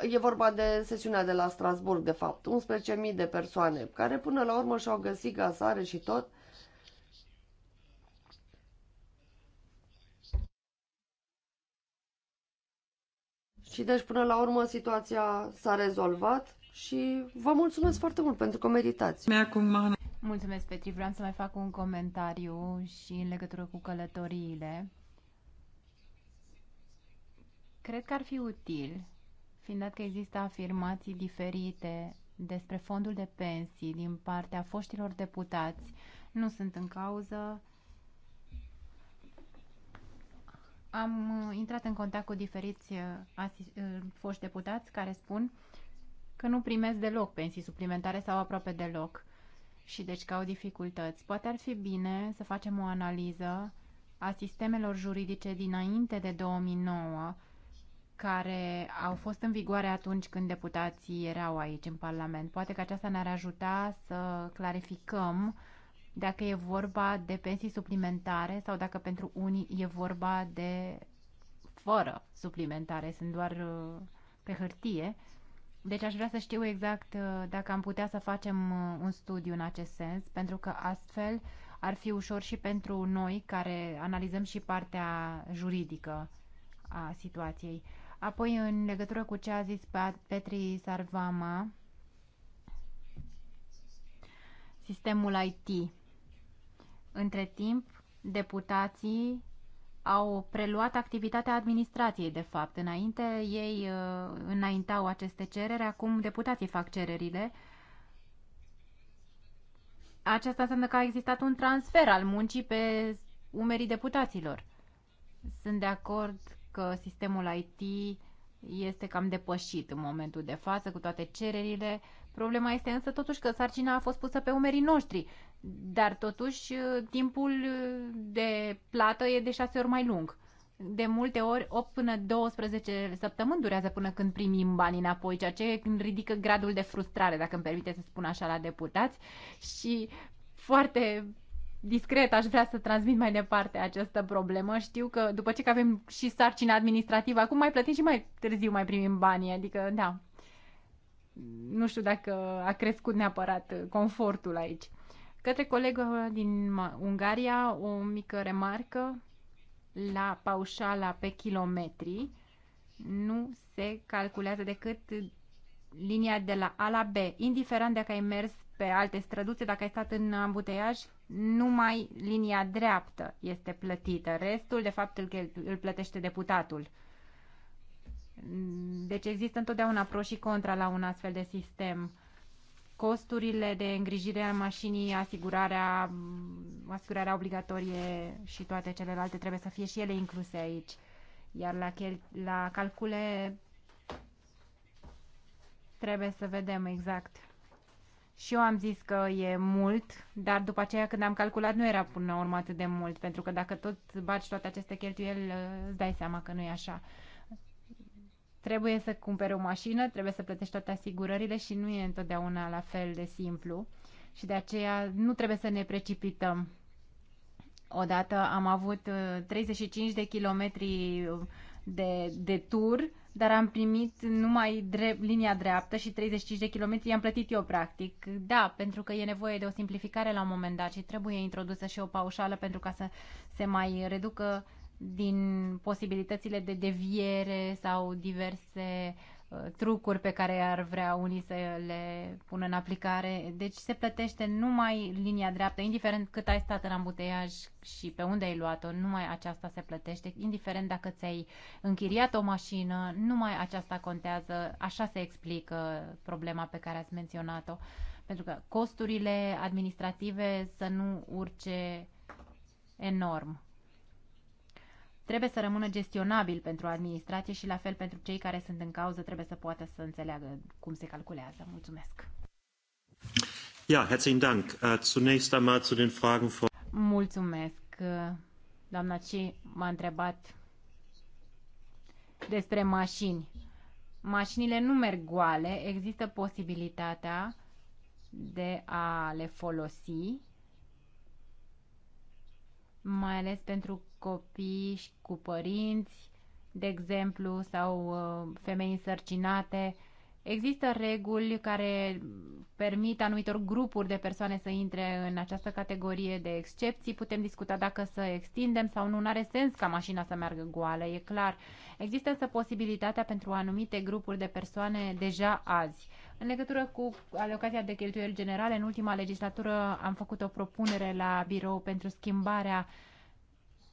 E vorba de sesiunea de la Strasburg, de fapt, 11.000 de persoane, care până la urmă și-au găsit gazare și tot. Și deci până la urmă situația s-a rezolvat și vă mulțumesc foarte mult pentru că meritați. Mulțumesc, Petri. Vreau să mai fac un comentariu și în legătură cu călătoriile. Cred că ar fi util fiind dat că există afirmații diferite despre fondul de pensii din partea foștilor deputați, nu sunt în cauză. Am uh, intrat în contact cu diferiți uh, uh, foști deputați care spun că nu primesc deloc pensii suplimentare sau aproape deloc și deci că au dificultăți. Poate ar fi bine să facem o analiză a sistemelor juridice dinainte de 2009 care au fost în vigoare atunci când deputații erau aici în Parlament. Poate că aceasta ne-ar ajuta să clarificăm dacă e vorba de pensii suplimentare sau dacă pentru unii e vorba de fără suplimentare, sunt doar uh, pe hârtie. Deci aș vrea să știu exact uh, dacă am putea să facem uh, un studiu în acest sens, pentru că astfel ar fi ușor și pentru noi care analizăm și partea juridică a situației. Apoi, în legătură cu ce a zis Petri Sarvama, sistemul IT. Între timp, deputații au preluat activitatea administrației, de fapt. Înainte ei uh, înaintau aceste cereri, acum deputații fac cererile. Aceasta înseamnă că a existat un transfer al muncii pe umerii deputaților. Sunt de acord că sistemul IT este cam depășit în momentul de față cu toate cererile. Problema este însă totuși că sarcina a fost pusă pe umerii noștri, dar totuși uh, timpul uh, de plată e de șase ori mai lung. De multe ori 8 până 12 săptămâni durează până când primim banii înapoi, ceea ce ridică gradul de frustrare, dacă îmi permite să spun așa, la deputați și foarte discret aș vrea să transmit mai departe această problemă. Știu că după ce că avem și sarcina administrativă, acum mai plătim și mai târziu mai primim banii, adică da. Nu știu dacă a crescut neapărat confortul aici. Către colegă din Ungaria, o mică remarcă la paușala pe kilometri nu se calculează decât linia de la A la B, indiferent dacă ai mers pe alte străduțe, dacă ai stat în ambuteiaj, numai linia dreaptă este plătită. Restul, de fapt, îl, îl plătește deputatul. Deci există întotdeauna pro și contra la un astfel de sistem. Costurile de îngrijire a mașinii, asigurarea, asigurarea obligatorie și toate celelalte trebuie să fie și ele incluse aici. Iar la, la calcule trebuie să vedem exact și eu am zis că e mult, dar după aceea când am calculat nu era până la urmă atât de mult, pentru că dacă tot baci toate aceste cheltuieli, îți dai seama că nu e așa. Trebuie să cumperi o mașină, trebuie să plătești toate asigurările și nu e întotdeauna la fel de simplu. Și de aceea nu trebuie să ne precipităm. Odată am avut 35 uh, de kilometri uh, de, de tur dar am primit numai dre- linia dreaptă și 35 de kilometri am plătit eu practic. Da, pentru că e nevoie de o simplificare la un moment dat și trebuie introdusă și o paușală pentru ca să se mai reducă din posibilitățile de deviere sau diverse uh, trucuri pe care ar vrea unii să le pună în aplicare. Deci se plătește numai linia dreaptă, indiferent cât ai stat în ambuteiaj și pe unde ai luat-o, numai aceasta se plătește, indiferent dacă ți-ai închiriat o mașină, numai aceasta contează, așa se explică problema pe care ați menționat-o, pentru că costurile administrative să nu urce enorm trebuie să rămână gestionabil pentru administrație și la fel pentru cei care sunt în cauză trebuie să poată să înțeleagă cum se calculează. Mulțumesc! Ja, herzlichen Dank. Äh, zunächst einmal zu den Fragen von... Mulțumesc. Doamna Ci m-a întrebat despre mașini. Mașinile nu merg goale, există posibilitatea de a le folosi, mai ales pentru copii cu părinți, de exemplu, sau uh, femei însărcinate. Există reguli care permit anumitor grupuri de persoane să intre în această categorie de excepții. Putem discuta dacă să extindem sau nu. N-are sens ca mașina să meargă goală, e clar. Există însă posibilitatea pentru anumite grupuri de persoane deja azi. În legătură cu alocația de cheltuieli generale, în ultima legislatură am făcut o propunere la birou pentru schimbarea uh,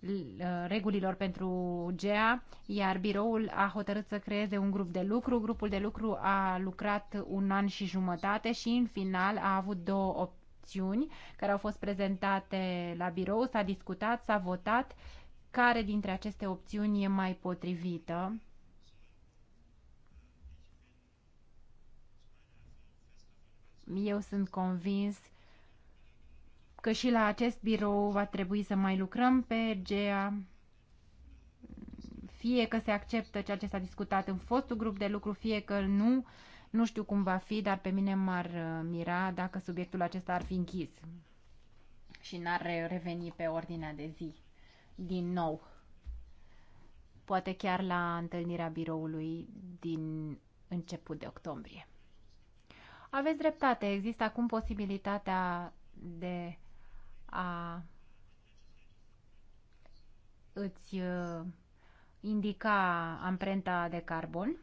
Uh, regulilor pentru GEA, iar biroul a hotărât să creeze un grup de lucru. Grupul de lucru a lucrat un an și jumătate și în final a avut două opțiuni care au fost prezentate la birou, s-a discutat, s-a votat care dintre aceste opțiuni e mai potrivită. Eu sunt convins că și la acest birou va trebui să mai lucrăm pe GEA, fie că se acceptă ceea ce s-a discutat în fostul grup de lucru, fie că nu, nu știu cum va fi, dar pe mine m-ar uh, mira dacă subiectul acesta ar fi închis și n-ar reveni pe ordinea de zi din nou. Poate chiar la întâlnirea biroului din început de octombrie. Aveți dreptate, există acum posibilitatea de a îți uh, indica amprenta de carbon,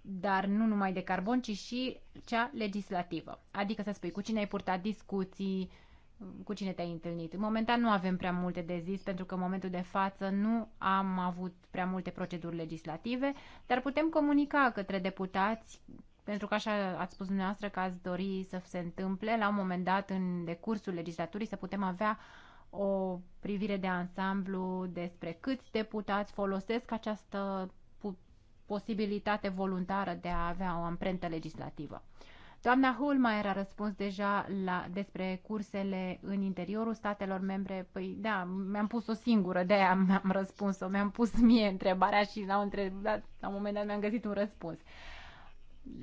dar nu numai de carbon, ci și cea legislativă. Adică să spui cu cine ai purtat discuții, cu cine te-ai întâlnit. Momentan nu avem prea multe de zis, pentru că în momentul de față nu am avut prea multe proceduri legislative, dar putem comunica către deputați pentru că așa ați spus dumneavoastră că ați dori să se întâmple la un moment dat în decursul legislaturii să putem avea o privire de ansamblu despre câți deputați folosesc această posibilitate voluntară de a avea o amprentă legislativă. Doamna Hulmaier a răspuns deja la, despre cursele în interiorul statelor membre. Păi da, mi-am pus o singură, de-aia mi-am răspuns-o. Mi-am pus mie întrebarea și la un, la un moment dat mi-am găsit un răspuns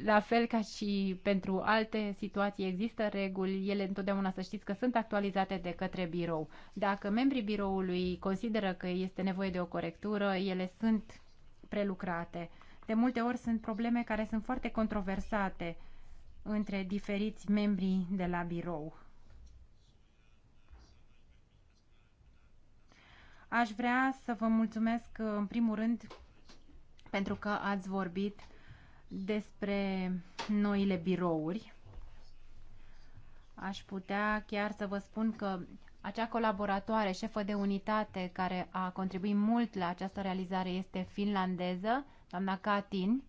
la fel ca și pentru alte situații există reguli, ele întotdeauna să știți că sunt actualizate de către birou. Dacă membrii biroului consideră că este nevoie de o corectură, ele sunt prelucrate. De multe ori sunt probleme care sunt foarte controversate între diferiți membri de la birou. Aș vrea să vă mulțumesc în primul rând pentru că ați vorbit despre noile birouri, aș putea chiar să vă spun că acea colaboratoare, șefă de unitate, care a contribuit mult la această realizare este finlandeză, doamna Katin,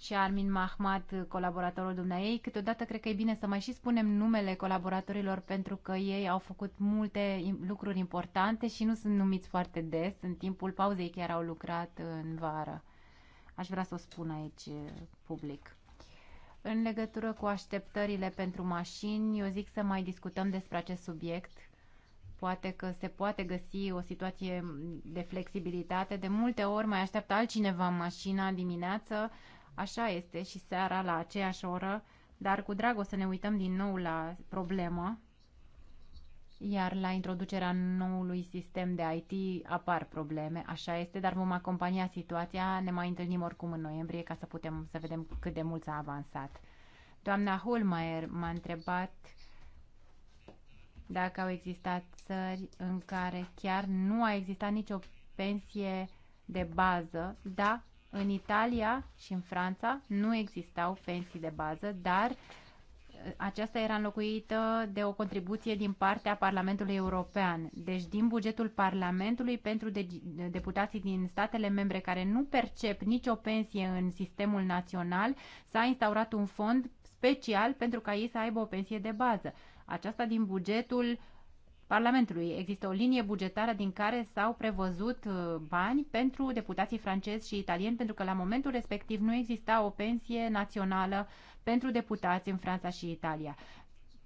și Armin Mahmat, colaboratorul dumneai. Câteodată cred că e bine să mai și spunem numele colaboratorilor pentru că ei au făcut multe lucruri importante și nu sunt numiți foarte des. În timpul pauzei chiar au lucrat în vară. Aș vrea să o spun aici public. În legătură cu așteptările pentru mașini, eu zic să mai discutăm despre acest subiect. Poate că se poate găsi o situație de flexibilitate. De multe ori mai așteaptă altcineva mașina dimineață, așa este, și seara la aceeași oră, dar cu drag o să ne uităm din nou la problemă iar la introducerea noului sistem de IT apar probleme, așa este, dar vom acompania situația, ne mai întâlnim oricum în noiembrie ca să putem să vedem cât de mult s-a avansat. Doamna Holmeier m-a întrebat dacă au existat țări în care chiar nu a existat nicio pensie de bază, da, în Italia și în Franța nu existau pensii de bază, dar aceasta era înlocuită de o contribuție din partea Parlamentului European, deci din bugetul Parlamentului pentru de- deputații din statele membre care nu percep nicio pensie în sistemul național, s-a instaurat un fond special pentru ca ei să aibă o pensie de bază. Aceasta din bugetul Parlamentului. Există o linie bugetară din care s-au prevăzut uh, bani pentru deputații francezi și italieni, pentru că la momentul respectiv nu exista o pensie națională uh, pentru deputați în Franța și Italia.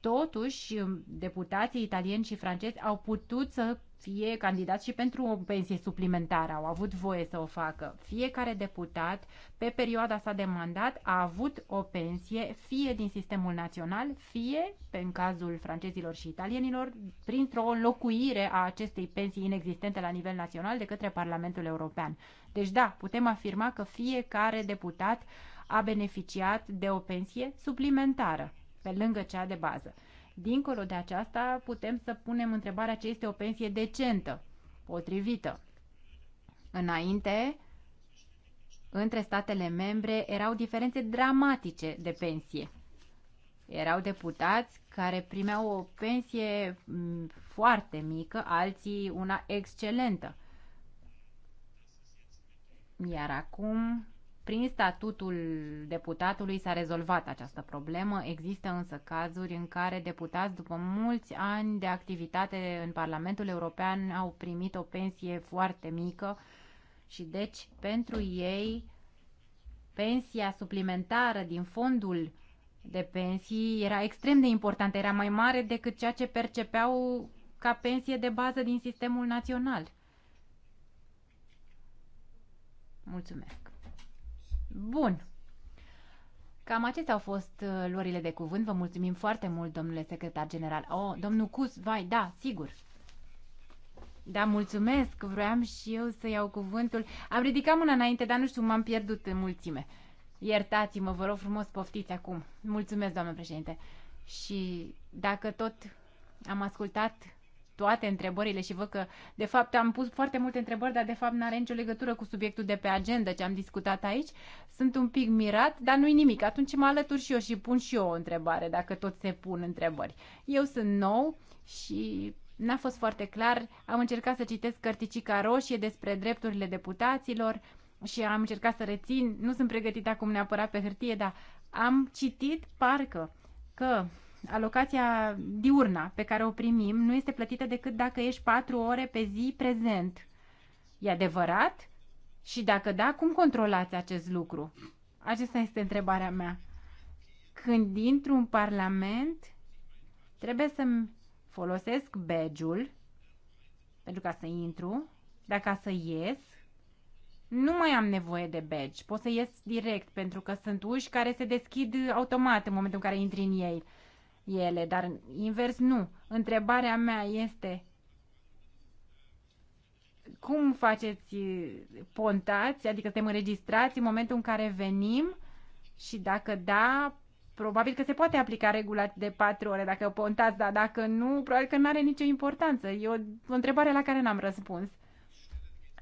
Totuși, deputații italieni și francezi au putut să fie candidați și pentru o pensie suplimentară, au avut voie să o facă. Fiecare deputat, pe perioada sa de mandat, a avut o pensie fie din sistemul național, fie, în cazul francezilor și italienilor, printr-o înlocuire a acestei pensii inexistente la nivel național de către Parlamentul European. Deci da, putem afirma că fiecare deputat a beneficiat de o pensie suplimentară pe lângă cea de bază. Dincolo de aceasta, putem să punem întrebarea ce este o pensie decentă, potrivită. Înainte, între statele membre erau diferențe dramatice de pensie. Erau deputați care primeau o pensie mm, foarte mică, alții una excelentă. Iar acum prin statutul deputatului s-a rezolvat această problemă, există însă cazuri în care deputați după mulți ani de activitate în Parlamentul European au primit o pensie foarte mică și deci pentru ei pensia suplimentară din fondul de pensii era extrem de importantă, era mai mare decât ceea ce percepeau ca pensie de bază din sistemul național. Mulțumesc! Bun. Cam acestea au fost uh, luările de cuvânt. Vă mulțumim foarte mult, domnule secretar general. Oh, domnul Cus, vai, da, sigur. Da, mulțumesc. Vroiam și eu să iau cuvântul. Am ridicat mâna înainte, dar nu știu, m-am pierdut în mulțime. Iertați-mă, vă rog frumos, poftiți acum. Mulțumesc, doamnă președinte. Și dacă tot am ascultat toate întrebările și văd că, de fapt, am pus foarte multe întrebări, dar, de fapt, n-are nicio legătură cu subiectul de pe agenda ce am discutat aici. Sunt un pic mirat, dar nu-i nimic. Atunci mă alătur și eu și pun și eu o întrebare, dacă tot se pun întrebări. Eu sunt nou și n-a fost foarte clar. Am încercat să citesc cărticica roșie despre drepturile deputaților și am încercat să rețin. Nu sunt pregătită acum neapărat pe hârtie, dar am citit parcă că alocația diurna pe care o primim nu este plătită decât dacă ești 4 ore pe zi prezent. E adevărat? Și dacă da, cum controlați acest lucru? Aceasta este întrebarea mea. Când intru în Parlament, trebuie să-mi folosesc badge-ul pentru ca să intru, dar ca să ies, nu mai am nevoie de badge. Pot să ies direct pentru că sunt uși care se deschid automat în momentul în care intri în ei ele, dar invers nu. Întrebarea mea este cum faceți uh, pontați, adică suntem înregistrați în momentul în care venim și dacă da, probabil că se poate aplica regula de patru ore dacă pontați, dar dacă nu, probabil că nu are nicio importanță. E o, o întrebare la care n-am răspuns.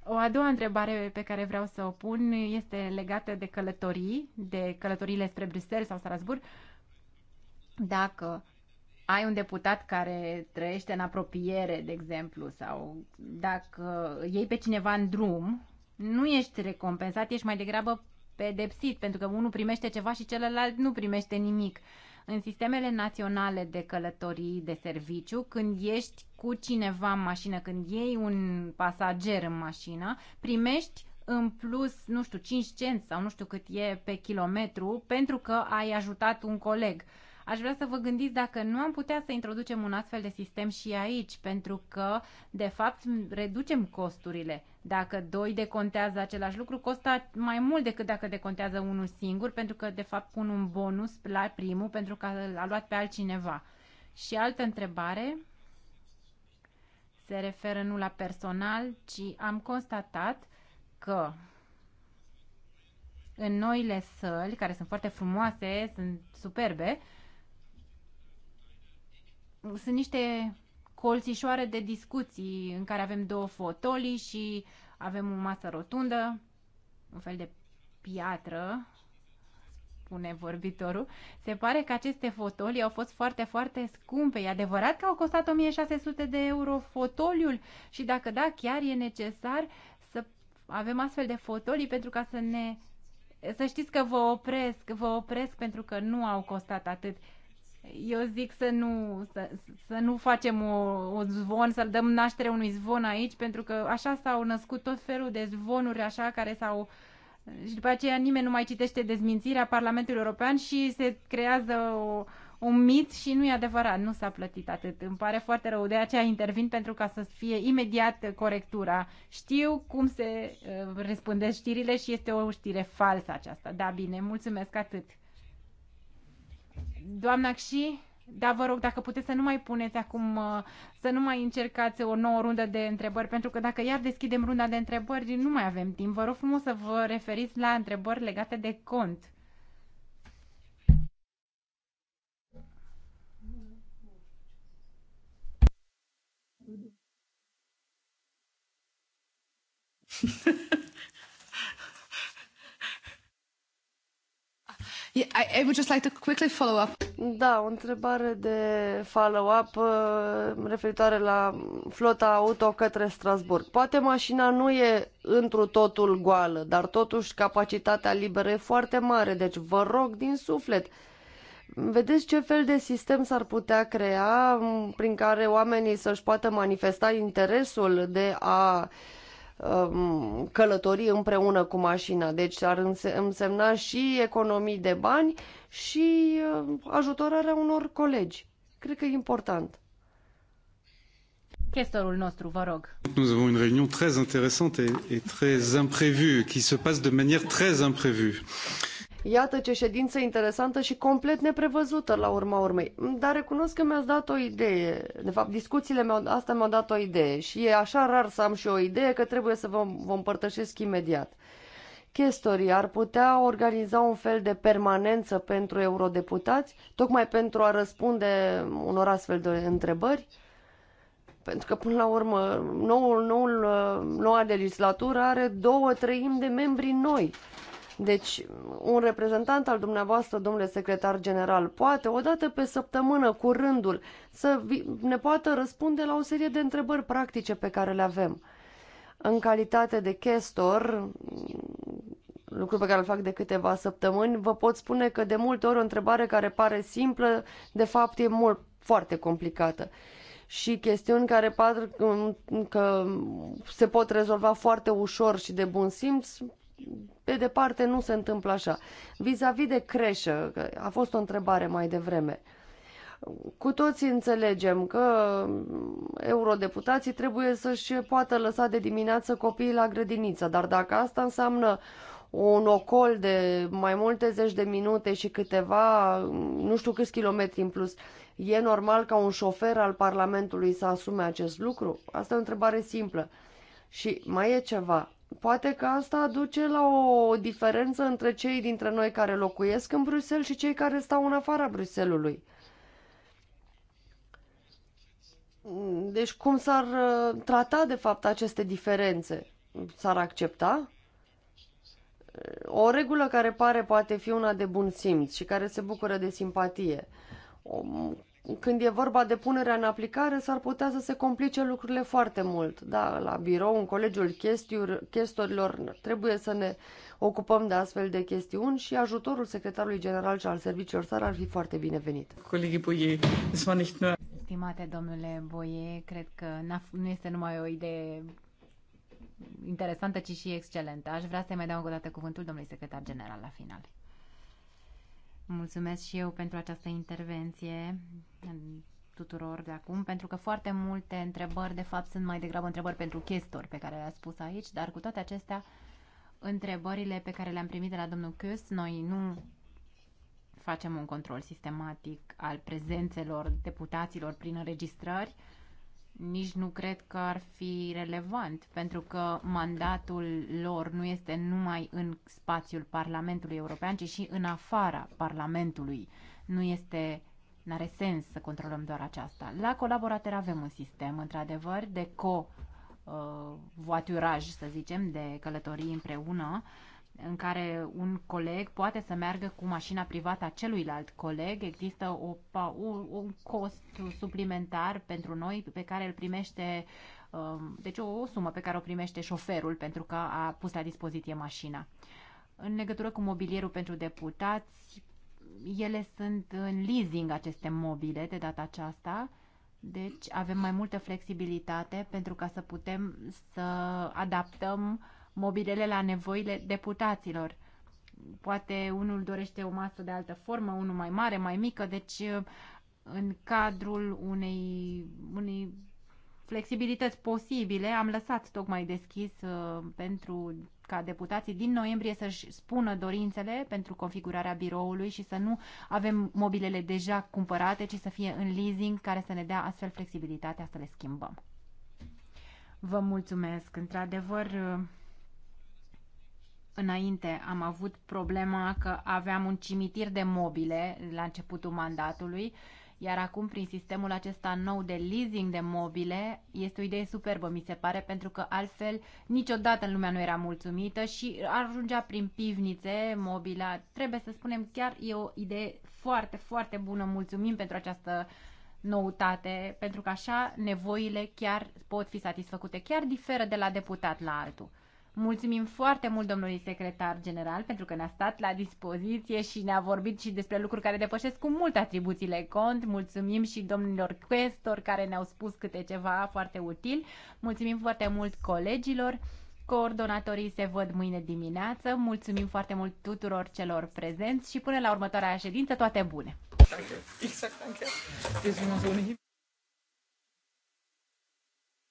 O a doua întrebare pe care vreau să o pun este legată de călătorii, de călătorile spre Bruxelles sau Strasburg. Uh, dacă ai un deputat care trăiește în apropiere, de exemplu, sau dacă iei pe cineva în drum, nu ești recompensat, ești mai degrabă pedepsit, pentru că unul primește ceva și celălalt nu primește nimic. În sistemele naționale de călătorii, de serviciu, când ești cu cineva în mașină, când iei un pasager în mașină, primești în plus, nu știu, 5 cenți sau nu știu cât e pe kilometru pentru că ai ajutat un coleg. Uh, Aș vrea să vă gândiți dacă nu am putea să introducem un astfel de sistem și aici, pentru că, de fapt, reducem costurile. Dacă doi decontează același lucru, costă mai mult decât dacă decontează unul singur, pentru că, de fapt, pun un bonus la primul pentru că l a luat pe altcineva. Și altă întrebare se referă nu la personal, ci am constatat că în noile săli, care sunt foarte frumoase, sunt superbe, uh, sunt niște colțișoare de discuții în care avem două fotolii și avem o masă rotundă, un fel de piatră, spune vorbitorul. Se pare că aceste fotolii au fost foarte, foarte scumpe. E adevărat că au costat 1600 de euro fotoliul și dacă da, chiar e necesar să avem astfel de fotolii pentru ca să ne... Să știți că vă opresc, vă opresc pentru că nu au costat atât. Eu zic să nu, să, să nu facem o, o zvon, să-l dăm naștere unui zvon aici, pentru că așa s-au născut tot felul de zvonuri așa care s-au... Și după aceea nimeni nu mai citește dezmințirea Parlamentului European și se creează o, un mit și nu e adevărat, nu s-a plătit atât. Îmi pare foarte rău, de aceea intervin pentru ca să fie imediat corectura. Știu cum se uh, răspândesc știrile și este o știre falsă aceasta. Da, bine, mulțumesc atât. Doamna și da, vă rog, dacă puteți să nu mai puneți acum, uh, să nu mai încercați o nouă rundă de întrebări, pentru că dacă iar deschidem runda de întrebări, nu mai avem timp. Vă rog frumos să vă referiți la întrebări legate de cont. <laughs> I would just like to quickly follow up. Da, o întrebare de follow-up uh, referitoare la flota auto către Strasburg. Poate mașina nu e întru totul goală, dar totuși capacitatea liberă e foarte mare, deci vă rog din suflet, Vedeți ce fel de sistem s-ar putea crea prin care oamenii să-și poată manifesta interesul de a uh, Um, călători împreună cu mașina. Deci ar însemna și economii de bani și um, ajutorarea unor colegi. Cred că e important. Chestorul nostru, vă rog. Nous avons une réunion très intéressante et, et très imprévue qui se passe de manière très imprévue. Euh, Iată ce ședință interesantă și complet neprevăzută la urma urmei. Dar recunosc că mi-ați dat o idee. De fapt, discuțiile mea, astea asta mi-au dat o idee și e așa rar să am și o idee că trebuie să vă, vă împărtășesc imediat. Chestorii ar putea organiza un fel de permanență pentru eurodeputați, tocmai pentru a răspunde unor astfel de întrebări? Pentru că, până la urmă, noul, noul, noua legislatură are două treimi de membri noi deci, un reprezentant al dumneavoastră, domnule secretar general, poate o dată pe săptămână, cu rândul, să ne poată răspunde la o serie de întrebări practice pe care le avem. În calitate de chestor, lucru pe care îl fac de câteva săptămâni, vă pot spune că de multe ori o întrebare care pare simplă, de fapt e mult, foarte complicată și chestiuni care par că se pot rezolva foarte ușor și de bun simț, pe departe nu se întâmplă așa. Vis-a-vis -vis de creșă, a fost o întrebare mai devreme, cu toții înțelegem că eurodeputații trebuie să-și poată lăsa de dimineață copiii la grădiniță, dar dacă asta înseamnă un ocol de mai multe zeci de minute și câteva, nu știu câți kilometri în plus, e normal ca un șofer al Parlamentului să asume acest lucru? Asta e o întrebare simplă. Și mai e ceva. Poate că asta duce la o diferență între cei dintre noi care locuiesc în Bruxelles și cei care stau în afara Bruxellesului. Deci cum s-ar uh, trata de fapt aceste diferențe? S-ar accepta? O regulă care pare poate fi una de bun simț și care se bucură de simpatie când e vorba de punerea în aplicare, s-ar putea să se complice lucrurile foarte mult. Da, la birou, în colegiul chestorilor, trebuie să ne ocupăm de astfel de chestiuni și ajutorul secretarului general și al serviciilor sale ar fi foarte binevenit. Colegii Boie, Stimate domnule Boie, cred că nu este numai o idee interesantă, ci și excelentă. Aș vrea să-i mai dau încă o dată cuvântul domnului secretar general la final. Mulțumesc și eu pentru această intervenție tuturor de acum, pentru că foarte multe întrebări, de fapt, sunt mai degrabă întrebări pentru chestori pe care le-a spus aici, dar cu toate acestea, întrebările pe care le-am primit de la domnul Cus, noi nu facem un control sistematic al prezențelor deputaților prin înregistrări, nici nu cred că ar fi relevant, pentru că mandatul lor nu este numai în spațiul Parlamentului European, ci și în afara Parlamentului. Nu este nu are sens să controlăm doar aceasta. La colaborator avem un sistem, într-adevăr, de co-voaturaj, uh, să zicem, de călătorii împreună în care un coleg poate să meargă cu mașina privată a celuilalt coleg. Există o, o, un cost suplimentar pentru noi pe care îl primește, um, deci o, o sumă pe care o primește șoferul pentru că a pus la dispoziție mașina. În legătură cu mobilierul pentru deputați, ele sunt în leasing aceste mobile de data aceasta. Deci avem mai multă flexibilitate pentru ca să putem să adaptăm uh, mobilele la nevoile deputaților. Poate unul dorește o masă de altă formă, unul mai mare, mai mică, deci uh, în cadrul unei, unei flexibilități posibile am lăsat tocmai deschis uh, pentru ca deputații din noiembrie să-și spună dorințele pentru configurarea biroului și să nu avem mobilele deja cumpărate, ci să fie în leasing care să ne dea astfel flexibilitatea să le schimbăm. Vă mulțumesc! Într-adevăr, uh, înainte am avut problema că aveam un cimitir de mobile la începutul mandatului, iar acum prin sistemul acesta nou de leasing de mobile este o idee superbă, mi se pare, pentru că altfel niciodată lumea nu era mulțumită și ajungea prin pivnițe mobila. Trebuie să spunem chiar e o idee foarte, foarte bună. Mulțumim pentru această noutate, pentru că așa nevoile chiar pot fi satisfăcute, chiar diferă de la deputat la altul. Mulțumim foarte mult domnului secretar general pentru că ne-a stat la dispoziție și ne-a vorbit și despre lucruri care depășesc cu mult atribuțiile cont. Mulțumim și domnilor questor care ne-au spus câte ceva foarte util. Mulțumim foarte mult colegilor. Coordonatorii se văd mâine dimineață. Mulțumim foarte mult tuturor celor prezenți și până la următoarea ședință toate bune! Exact, exact, exact. Deci,